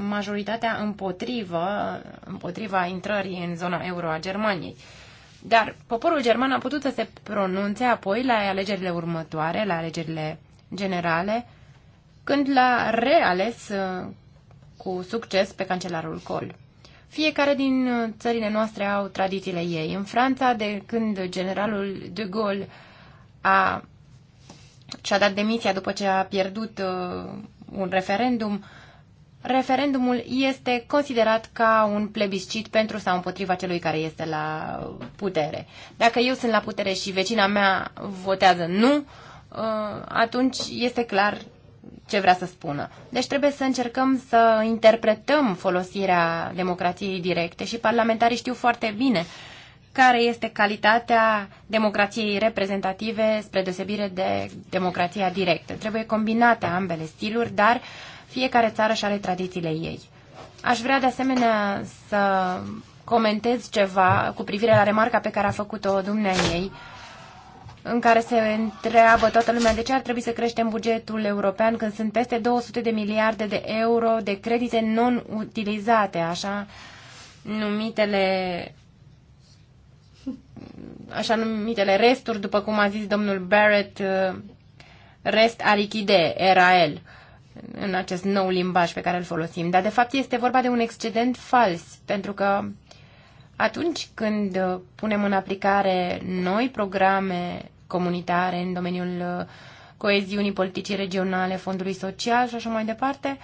A: majoritatea împotrivă, împotriva intrării în zona euro a Germaniei. Dar poporul german a putut să se pronunțe apoi la alegerile următoare, la alegerile generale, când l-a reales uh, cu succes pe cancelarul Kohl. Fiecare din uh, țările noastre au tradițiile ei. În Franța, de când generalul de Gaulle a, și-a dat demisia după ce a pierdut uh, un referendum, referendumul este considerat ca un plebiscit pentru sau împotriva celui care este la putere. Dacă eu sunt la putere și vecina mea votează nu, uh, atunci este clar ce vrea să spună. Deci trebuie să încercăm să interpretăm folosirea democrației directe și parlamentarii știu foarte bine uh, care este calitatea democrației reprezentative spre deosebire de democrația directă. Trebuie combinate ambele stiluri, dar fiecare țară și are tradițiile ei. Aș vrea de asemenea să comentez ceva cu privire la remarca pe care a făcut-o dumnea ei, în care se întreabă toată lumea de ce ar trebui să creștem bugetul european când sunt peste 200 de miliarde de euro de credite non-utilizate, așa numitele așa numitele resturi, după cum a zis domnul Barrett, uh, rest arichide, RAL, în acest nou limbaj pe care îl folosim. Dar, de fapt, este vorba de un excedent fals, pentru că atunci când uh, punem în aplicare noi programe comunitare în domeniul uh, coeziunii politicii regionale, fondului social și așa mai departe,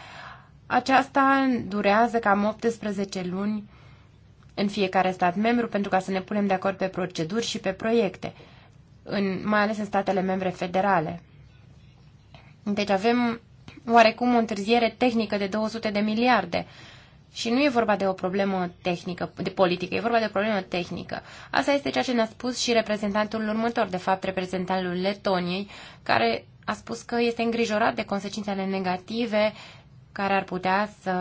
A: aceasta durează cam 18 luni în fiecare stat membru pentru ca să ne punem de acord pe proceduri și pe proiecte, în, mai ales în statele membre federale. Deci avem oarecum o întârziere tehnică de 200 de miliarde. Și nu e vorba de o problemă tehnică, de politică, e vorba de o problemă tehnică. Asta este ceea ce ne-a spus și reprezentantul următor, de fapt reprezentantul Letoniei, care a spus că este îngrijorat de consecințele negative care ar putea să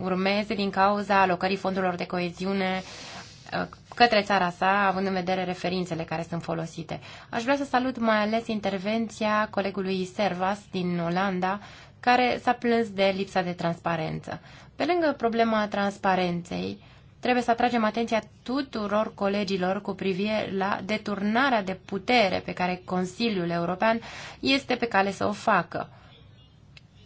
A: urmeze din cauza alocării fondurilor de coeziune uh, către țara sa, având în vedere referințele care sunt folosite. Aș vrea să salut mai ales intervenția colegului Servas din Olanda, care s-a plâns de lipsa de transparență. Pe lângă problema transparenței, trebuie să atragem atenția tuturor colegilor cu privire la deturnarea de putere pe care Consiliul European este pe cale să o facă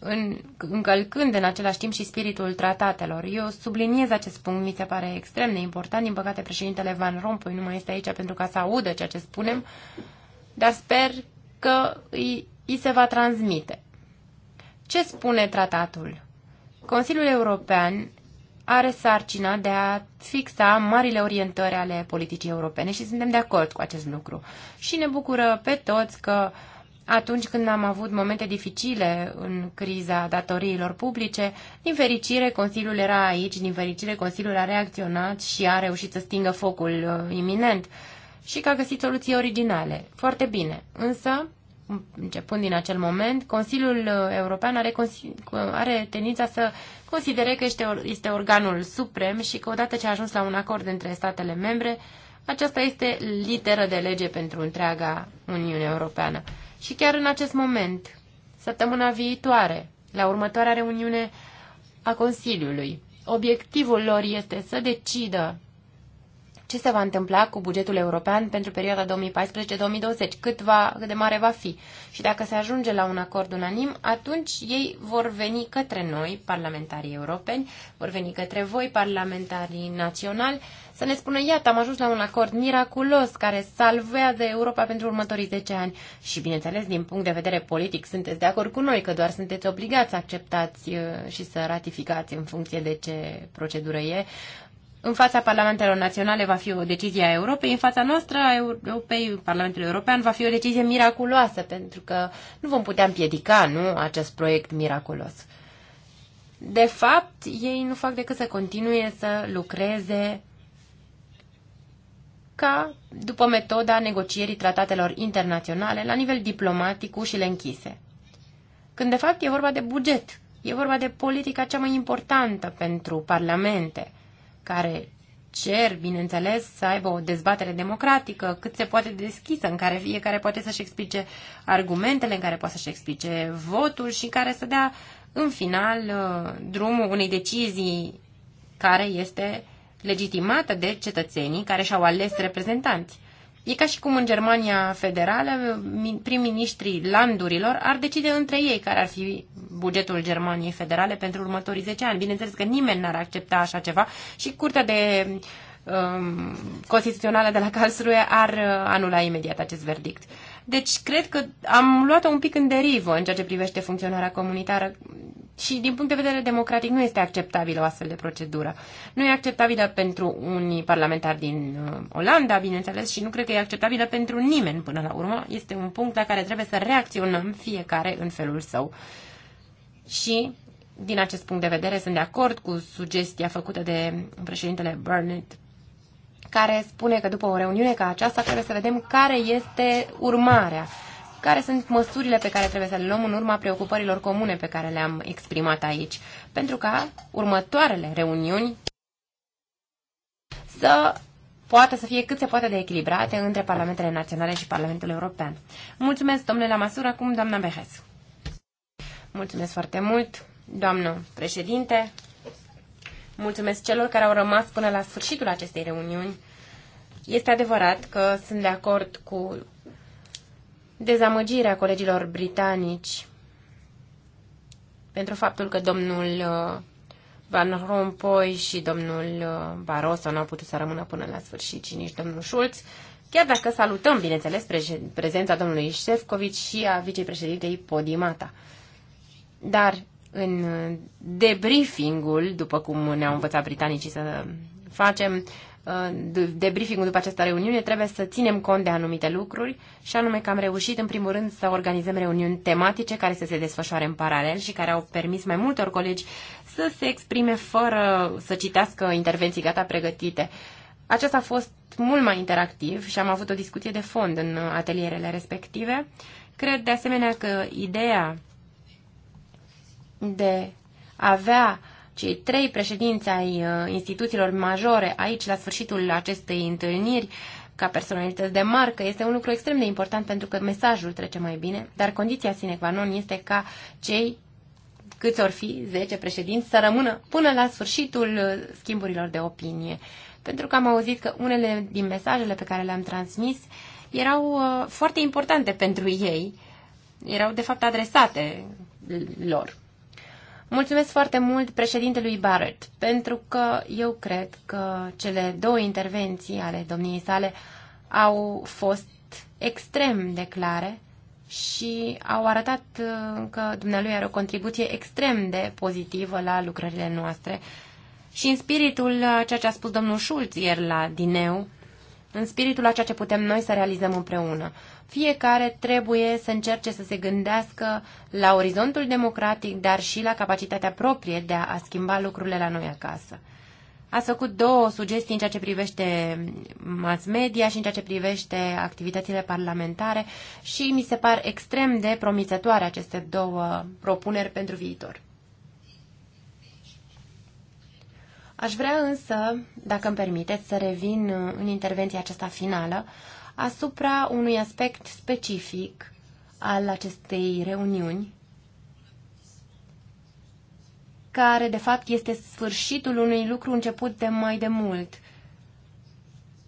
A: în, încălcând în același timp și spiritul tratatelor. Eu subliniez acest punct, mi se pare extrem de important. Din păcate, președintele Van Rompuy nu mai este aici pentru ca să audă ceea ce spunem, dar sper că îi, îi se va transmite. Ce spune tratatul? Consiliul European are sarcina de a fixa marile orientări ale politicii europene și suntem de acord cu acest lucru. Și ne bucură pe toți că uh, atunci când am avut momente dificile în criza datoriilor publice, din fericire Consiliul era aici, din fericire Consiliul a reacționat și a reușit să stingă focul uh, iminent și că a găsit soluții originale. Foarte bine. Însă, începând din acel moment, Consiliul uh, European are, are tendința să considere că este, este organul suprem și că odată ce a ajuns la un acord între statele membre, aceasta este literă de lege pentru întreaga Uniune Europeană. Și chiar în acest moment, săptămâna viitoare, la următoarea reuniune a Consiliului, obiectivul lor este să decidă ce se va întâmpla cu bugetul european pentru perioada 2014-2020, cât, va, cât de mare va fi. Și dacă se ajunge la un acord unanim, atunci ei vor veni către noi, parlamentarii europeni, vor veni către voi, parlamentarii naționali, să ne spună, iată, am ajuns la un acord miraculos care salvează Europa pentru următorii 10 ani. Și, bineînțeles, din punct de vedere politic, sunteți de acord cu noi, că doar sunteți obligați să acceptați uh, și să ratificați în funcție de ce procedură e în fața parlamentelor naționale va fi o decizie a Europei, în fața noastră a Europei, Parlamentul European, va fi o decizie miraculoasă, pentru că nu vom putea împiedica, nu, acest proiect miraculos. De fapt, ei nu fac decât să continue să lucreze ca după metoda negocierii tratatelor internaționale la nivel diplomatic, ușile închise. Când de fapt e vorba de buget, e vorba de politica cea mai importantă pentru parlamente – care cer, bineînțeles, să aibă o dezbatere democratică cât se poate deschisă, în care fiecare poate să-și explice argumentele, în care poate să-și explice votul și în care să dea, în final, uh, drumul unei decizii care este legitimată de cetățenii care și-au ales reprezentanți. E ca și cum în Germania federală prim-ministrii landurilor ar decide între ei care ar fi bugetul Germaniei federale pentru următorii 10 ani. Bineînțeles că nimeni n-ar accepta așa ceva și Curtea de um, Constituțională de la Karlsruhe ar uh, anula imediat acest verdict. Deci cred că am luat-o un pic în derivă în ceea ce privește funcționarea comunitară și din punct de vedere democratic nu este acceptabilă o astfel de procedură. Nu e acceptabilă pentru unii parlamentari din uh, Olanda, bineînțeles, și nu cred că e acceptabilă pentru nimeni până la urmă. Este un punct la care trebuie să reacționăm fiecare în felul său. Și din acest punct de vedere sunt de acord cu sugestia făcută de președintele Burnett care spune că după o reuniune ca aceasta trebuie să vedem care este urmarea care sunt măsurile pe care trebuie să le luăm în urma preocupărilor comune pe care le-am exprimat aici, pentru ca următoarele reuniuni să poată să fie cât se poate de echilibrate între Parlamentele Naționale și Parlamentul European. Mulțumesc, domnule Lamasur, acum doamna Behes. Mulțumesc foarte mult, doamnă președinte. Mulțumesc celor care au rămas până la sfârșitul acestei reuniuni. Este adevărat că sunt de acord cu dezamăgirea colegilor britanici pentru faptul că domnul uh, Van Rompuy și domnul uh, Barroso nu au putut să rămână până la sfârșit și nici domnul Schulz, chiar dacă salutăm, bineînțeles, prezența domnului Șefcovici și a vicepreședintei Podimata. Dar în debriefingul, după cum ne-au învățat britanicii să facem, debriefing după această reuniune, trebuie să ținem cont de anumite lucruri și anume că am reușit în primul rând să organizăm reuniuni tematice care să se desfășoare în paralel și care au permis mai multor colegi să se exprime fără să citească intervenții gata pregătite. Aceasta a fost mult mai interactiv și am avut o discuție de fond în atelierele respective. Cred de asemenea că ideea de a avea cei trei președinți ai uh, instituțiilor majore aici la sfârșitul acestei întâlniri ca personalități de marcă este un lucru extrem de important pentru că mesajul trece mai bine, dar condiția sine qua non este ca cei câți or fi 10 președinți să rămână până la sfârșitul uh, schimburilor de opinie. Pentru că am auzit că unele din mesajele pe care le-am transmis erau uh, foarte importante pentru ei, erau de fapt adresate lor. Mulțumesc foarte mult președintelui Barrett, pentru că eu cred că cele două intervenții ale domniei sale au fost extrem de clare și au arătat uh, că dumnealui are o contribuție extrem de pozitivă la lucrările noastre. Și în spiritul uh, ceea ce a spus domnul Schulz ieri la Dineu, în spiritul a ceea ce putem noi să realizăm împreună. Fiecare trebuie să încerce să se gândească la orizontul democratic, dar și la capacitatea proprie de a schimba lucrurile la noi acasă. A făcut două sugestii în ceea ce privește mass media și în ceea ce privește activitățile parlamentare și mi se par extrem de promițătoare aceste două propuneri pentru viitor. Aș vrea însă, dacă îmi permiteți, să revin uh, în intervenția aceasta finală asupra unui aspect specific al acestei reuniuni, care de fapt este sfârșitul unui lucru început de mai de mult –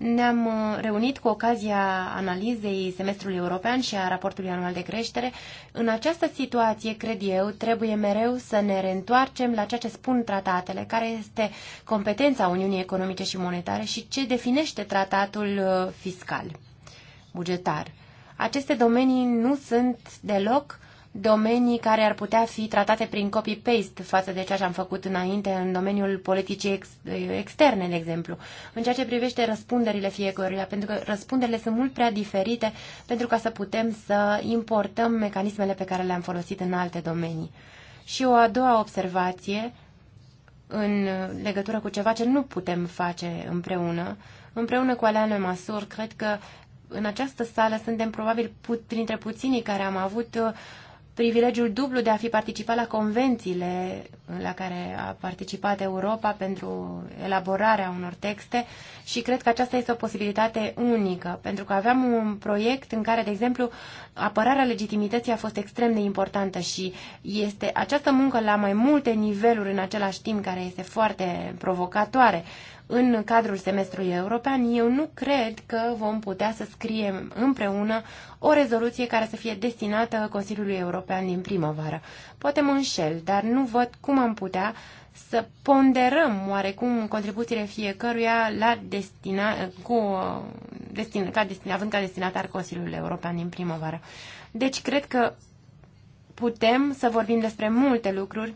A: ne-am uh, reunit cu ocazia analizei semestrului european și a raportului anual de creștere. În această situație, cred eu, trebuie mereu să ne reîntoarcem la ceea ce spun tratatele, care este competența Uniunii Economice și Monetare și ce definește tratatul uh, fiscal, bugetar. Aceste domenii nu sunt deloc domenii care ar putea fi tratate prin copy-paste față de ceea ce am făcut înainte în domeniul politicii ex- externe, de exemplu, în ceea ce privește răspunderile fiecăruia, pentru că răspunderile sunt mult prea diferite pentru ca să putem să importăm mecanismele pe care le-am folosit în alte domenii. Și o a doua observație în legătură cu ceva ce nu putem face împreună, împreună cu Alain Masur, cred că în această sală suntem probabil put, printre puținii care am avut uh, privilegiul dublu de a fi participat la convențiile la care a participat Europa pentru elaborarea unor texte și cred că aceasta este o posibilitate unică, pentru că aveam un proiect în care, de exemplu, apărarea legitimității a fost extrem de importantă și este această muncă la mai multe niveluri în același timp care este foarte provocatoare în cadrul semestrului european, eu nu cred că vom putea să scriem împreună o rezoluție care să fie destinată Consiliului European din primăvară. Poate mă înșel, dar nu văd cum am putea să ponderăm oarecum contribuțiile fiecăruia la destina, cu, destin, ca destin, având ca destinatar Consiliul European din primăvară. Deci cred că putem să vorbim despre multe lucruri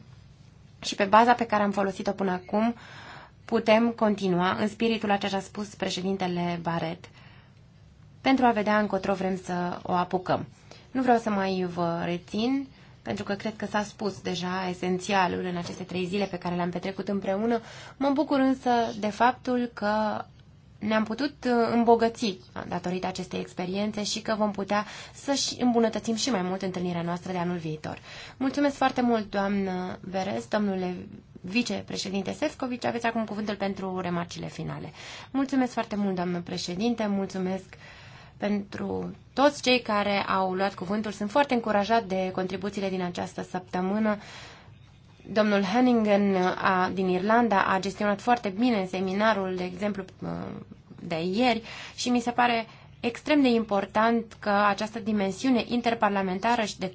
A: și pe baza pe care am folosit-o până acum, uh, putem continua în spiritul a ceea ce a spus președintele Baret pentru a vedea încotro vrem să o apucăm. Nu vreau să mai vă rețin, pentru că cred că s-a spus deja esențialul în aceste trei zile pe care le-am petrecut împreună. Mă bucur însă de faptul că ne-am putut uh, îmbogăți datorită acestei experiențe și că vom putea să-și îmbunătățim și mai mult întâlnirea noastră de anul viitor. Mulțumesc foarte mult, doamnă Veres, domnule vicepreședinte Sefcovic. Aveți acum cuvântul pentru remarcile finale. Mulțumesc foarte mult, doamnă președinte, mulțumesc pentru toți cei care au luat cuvântul. Sunt foarte încurajat de contribuțiile din această săptămână. Domnul Henningen a, din Irlanda a gestionat foarte bine seminarul, de exemplu, de ieri și mi se pare extrem de important că această dimensiune interparlamentară și de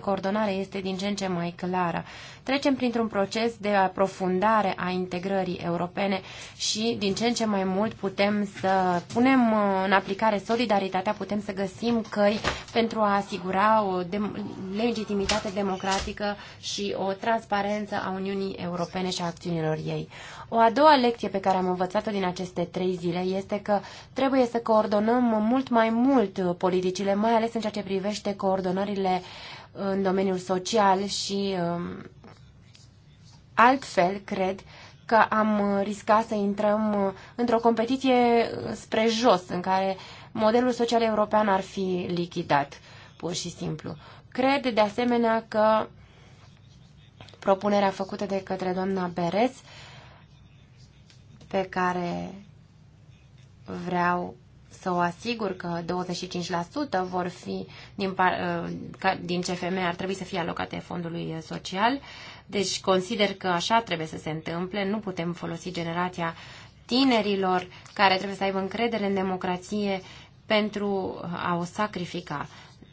A: coordonare este din ce în ce mai clară. Trecem printr-un proces de aprofundare a integrării europene și din ce în ce mai mult putem să punem în aplicare solidaritatea, putem să găsim căi pentru a asigura o dem- legitimitate democratică și o transparență a Uniunii Europene și a acțiunilor ei. O a doua lecție pe care am învățat-o din aceste trei zile este că trebuie să coordonăm mult mai mult politicile, mai ales în ceea ce privește coordonările în domeniul social și um, altfel, cred, că am riscat să intrăm uh, într-o competiție spre jos, în care modelul social european ar fi lichidat, pur și simplu. Cred, de asemenea, că propunerea făcută de către doamna Beres pe care vreau să o asigur că 25% vor fi din, ă, din CFM ar trebui să fie alocate fondului social. Deci consider că așa trebuie să se întâmple. Nu putem folosi generația tinerilor care trebuie să aibă încredere în democrație pentru a o sacrifica.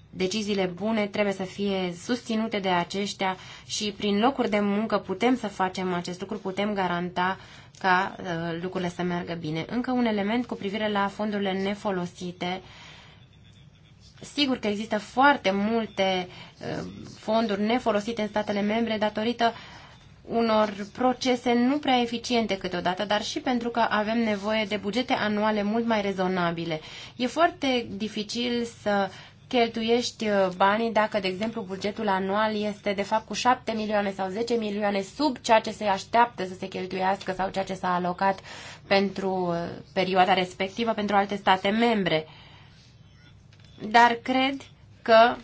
A: Deciziile bune trebuie să fie susținute de aceștia și prin locuri de muncă putem să facem acest lucru, putem garanta ca uh, lucrurile să meargă bine. Încă un element cu privire la fondurile nefolosite. Sigur că există foarte multe uh, fonduri nefolosite în statele membre datorită unor procese nu prea eficiente câteodată, dar și pentru că avem nevoie de bugete anuale mult mai rezonabile. E foarte dificil să uh, cheltuiești uh, banii dacă, de exemplu, bugetul anual este de fapt cu 7 milioane sau 10 milioane sub ceea ce se așteaptă să se cheltuiască sau ceea ce s-a alocat pentru uh, perioada respectivă pentru alte state membre. Dar cred că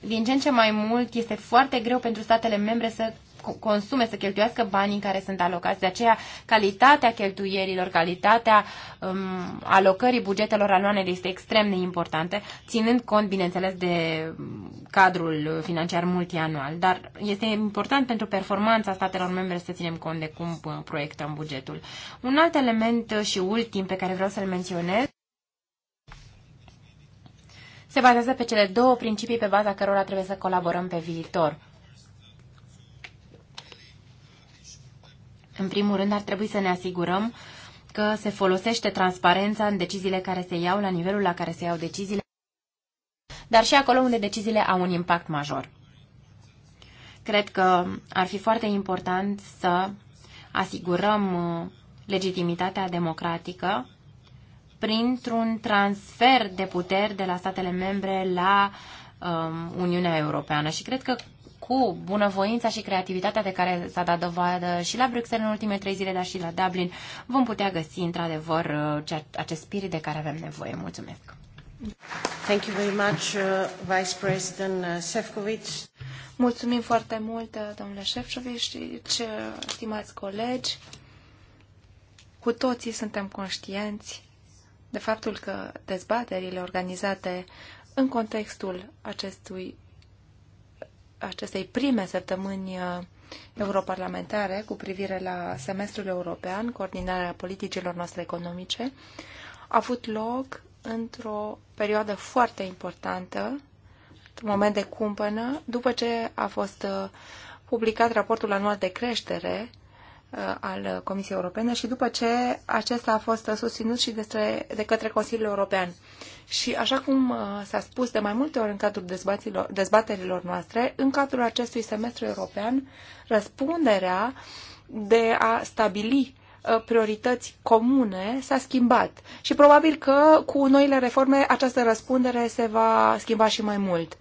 A: din ce în ce mai mult este foarte greu pentru statele membre să consume, să cheltuiască banii care sunt alocați. De aceea, calitatea cheltuierilor, calitatea um, alocării bugetelor anuale este extrem de importantă, ținând cont, bineînțeles, de um, cadrul financiar multianual. Dar este important pentru performanța statelor membre să ținem cont de cum uh, proiectăm bugetul. Un alt element uh, și ultim pe care vreau să-l menționez se bazează pe cele două principii pe baza cărora trebuie să colaborăm pe viitor. În primul rând, ar trebui să ne asigurăm că se folosește transparența în deciziile care se iau, la nivelul la care se iau deciziile, dar și acolo unde deciziile au un impact major. Cred că ar fi foarte important să asigurăm uh, legitimitatea democratică printr-un transfer de puteri de la statele membre la um, Uniunea Europeană. Și cred că cu bunăvoința și creativitatea de care s-a dat dovadă și la Bruxelles în ultimele trei zile, dar și la Dublin, vom putea găsi într-adevăr uh, acest spirit de care avem nevoie. Mulțumesc! Thank you very much, uh, Vice President uh, Sefcovic.
B: Mulțumim foarte mult, domnule Șefcovic, stimați colegi. Cu toții suntem conștienți de faptul că dezbaterile organizate în contextul acestui acestei prime săptămâni uh, europarlamentare cu privire la semestrul european, coordinarea politicilor noastre economice, a avut loc într-o perioadă foarte importantă, într-un moment de cumpănă, după ce a fost uh, publicat raportul anual de creștere Uh, al Comisiei Europene și după ce acesta a fost susținut și de, de către Consiliul European. Și așa cum uh, s-a spus de mai multe ori în cadrul dezbaterilor noastre, în cadrul acestui semestru european, răspunderea de a stabili uh, priorități comune s-a schimbat și probabil că cu noile reforme această răspundere se va schimba și mai mult.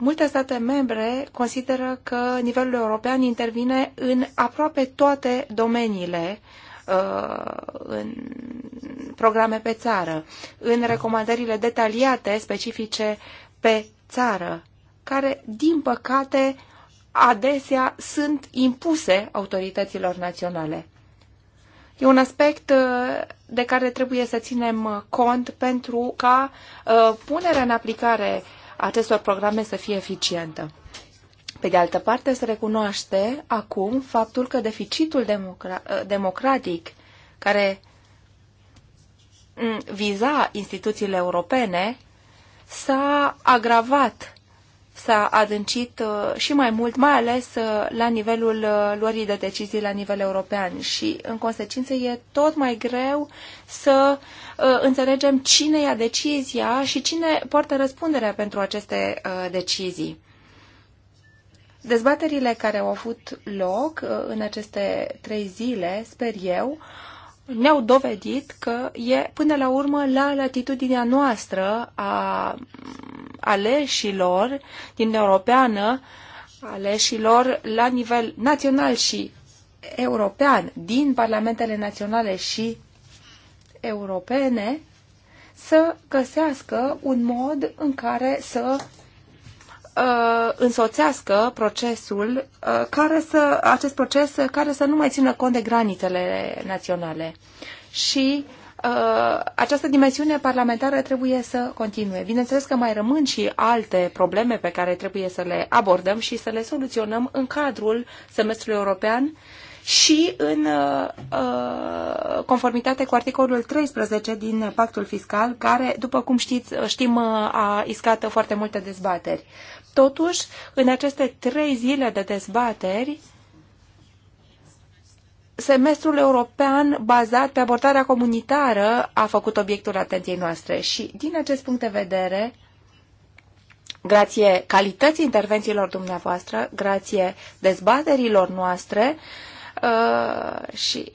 B: Multe state membre consideră că nivelul european intervine în aproape toate domeniile uh, în programe pe țară, în recomandările detaliate specifice pe țară, care, din păcate, adesea sunt impuse autorităților naționale. E un aspect uh, de care trebuie să ținem cont pentru ca uh, punerea în aplicare acestor programe să fie eficientă. Pe de altă parte, se recunoaște acum faptul că deficitul democra- uh, democratic care mm, viza instituțiile europene s-a agravat s-a adâncit uh, și mai mult, mai ales uh, la nivelul uh, luării de decizii la nivel european și, în consecință, e tot mai greu să înțelegem cine ia decizia și cine poartă răspunderea pentru aceste decizii. Dezbaterile care au avut loc în aceste trei zile, sper eu, ne-au dovedit că e până la urmă la latitudinea noastră a aleșilor din Europeană, aleșilor la nivel național și european, din parlamentele naționale și europene, să găsească un mod în care să uh, însoțească procesul uh, care să, acest proces uh, care să nu mai țină cont de granițele naționale. Și uh, această dimensiune parlamentară trebuie să continue. Bineînțeles că mai rămân și alte probleme pe care trebuie să le abordăm și să le soluționăm în cadrul semestrului european și în uh, uh conformitate cu articolul 13 din pactul fiscal, care, după cum știți, știm, uh, a iscat foarte multe dezbateri. Totuși, în aceste trei zile de dezbateri, semestrul european bazat pe abordarea comunitară a făcut obiectul atenției noastre și, din acest punct de vedere, grație calității intervențiilor dumneavoastră, grație dezbaterilor noastre uh, și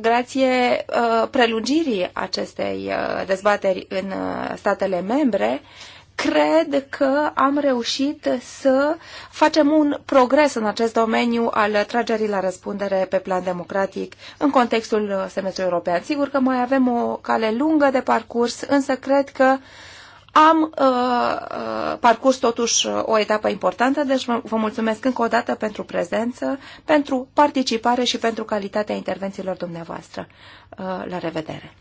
B: grație uh, prelungirii acestei uh, dezbateri în uh, statele membre, uh, cred că am reușit să facem un progres în acest domeniu al tragerii la răspundere pe plan democratic în contextul semestrului european. Sigur că mai avem o cale lungă de parcurs, însă cred că am uh, uh parcurs totuși uh, o etapă importantă, deci vă mulțumesc încă o dată pentru prezență, pentru participare și pentru calitatea intervențiilor dumneavoastră. Uh, la revedere!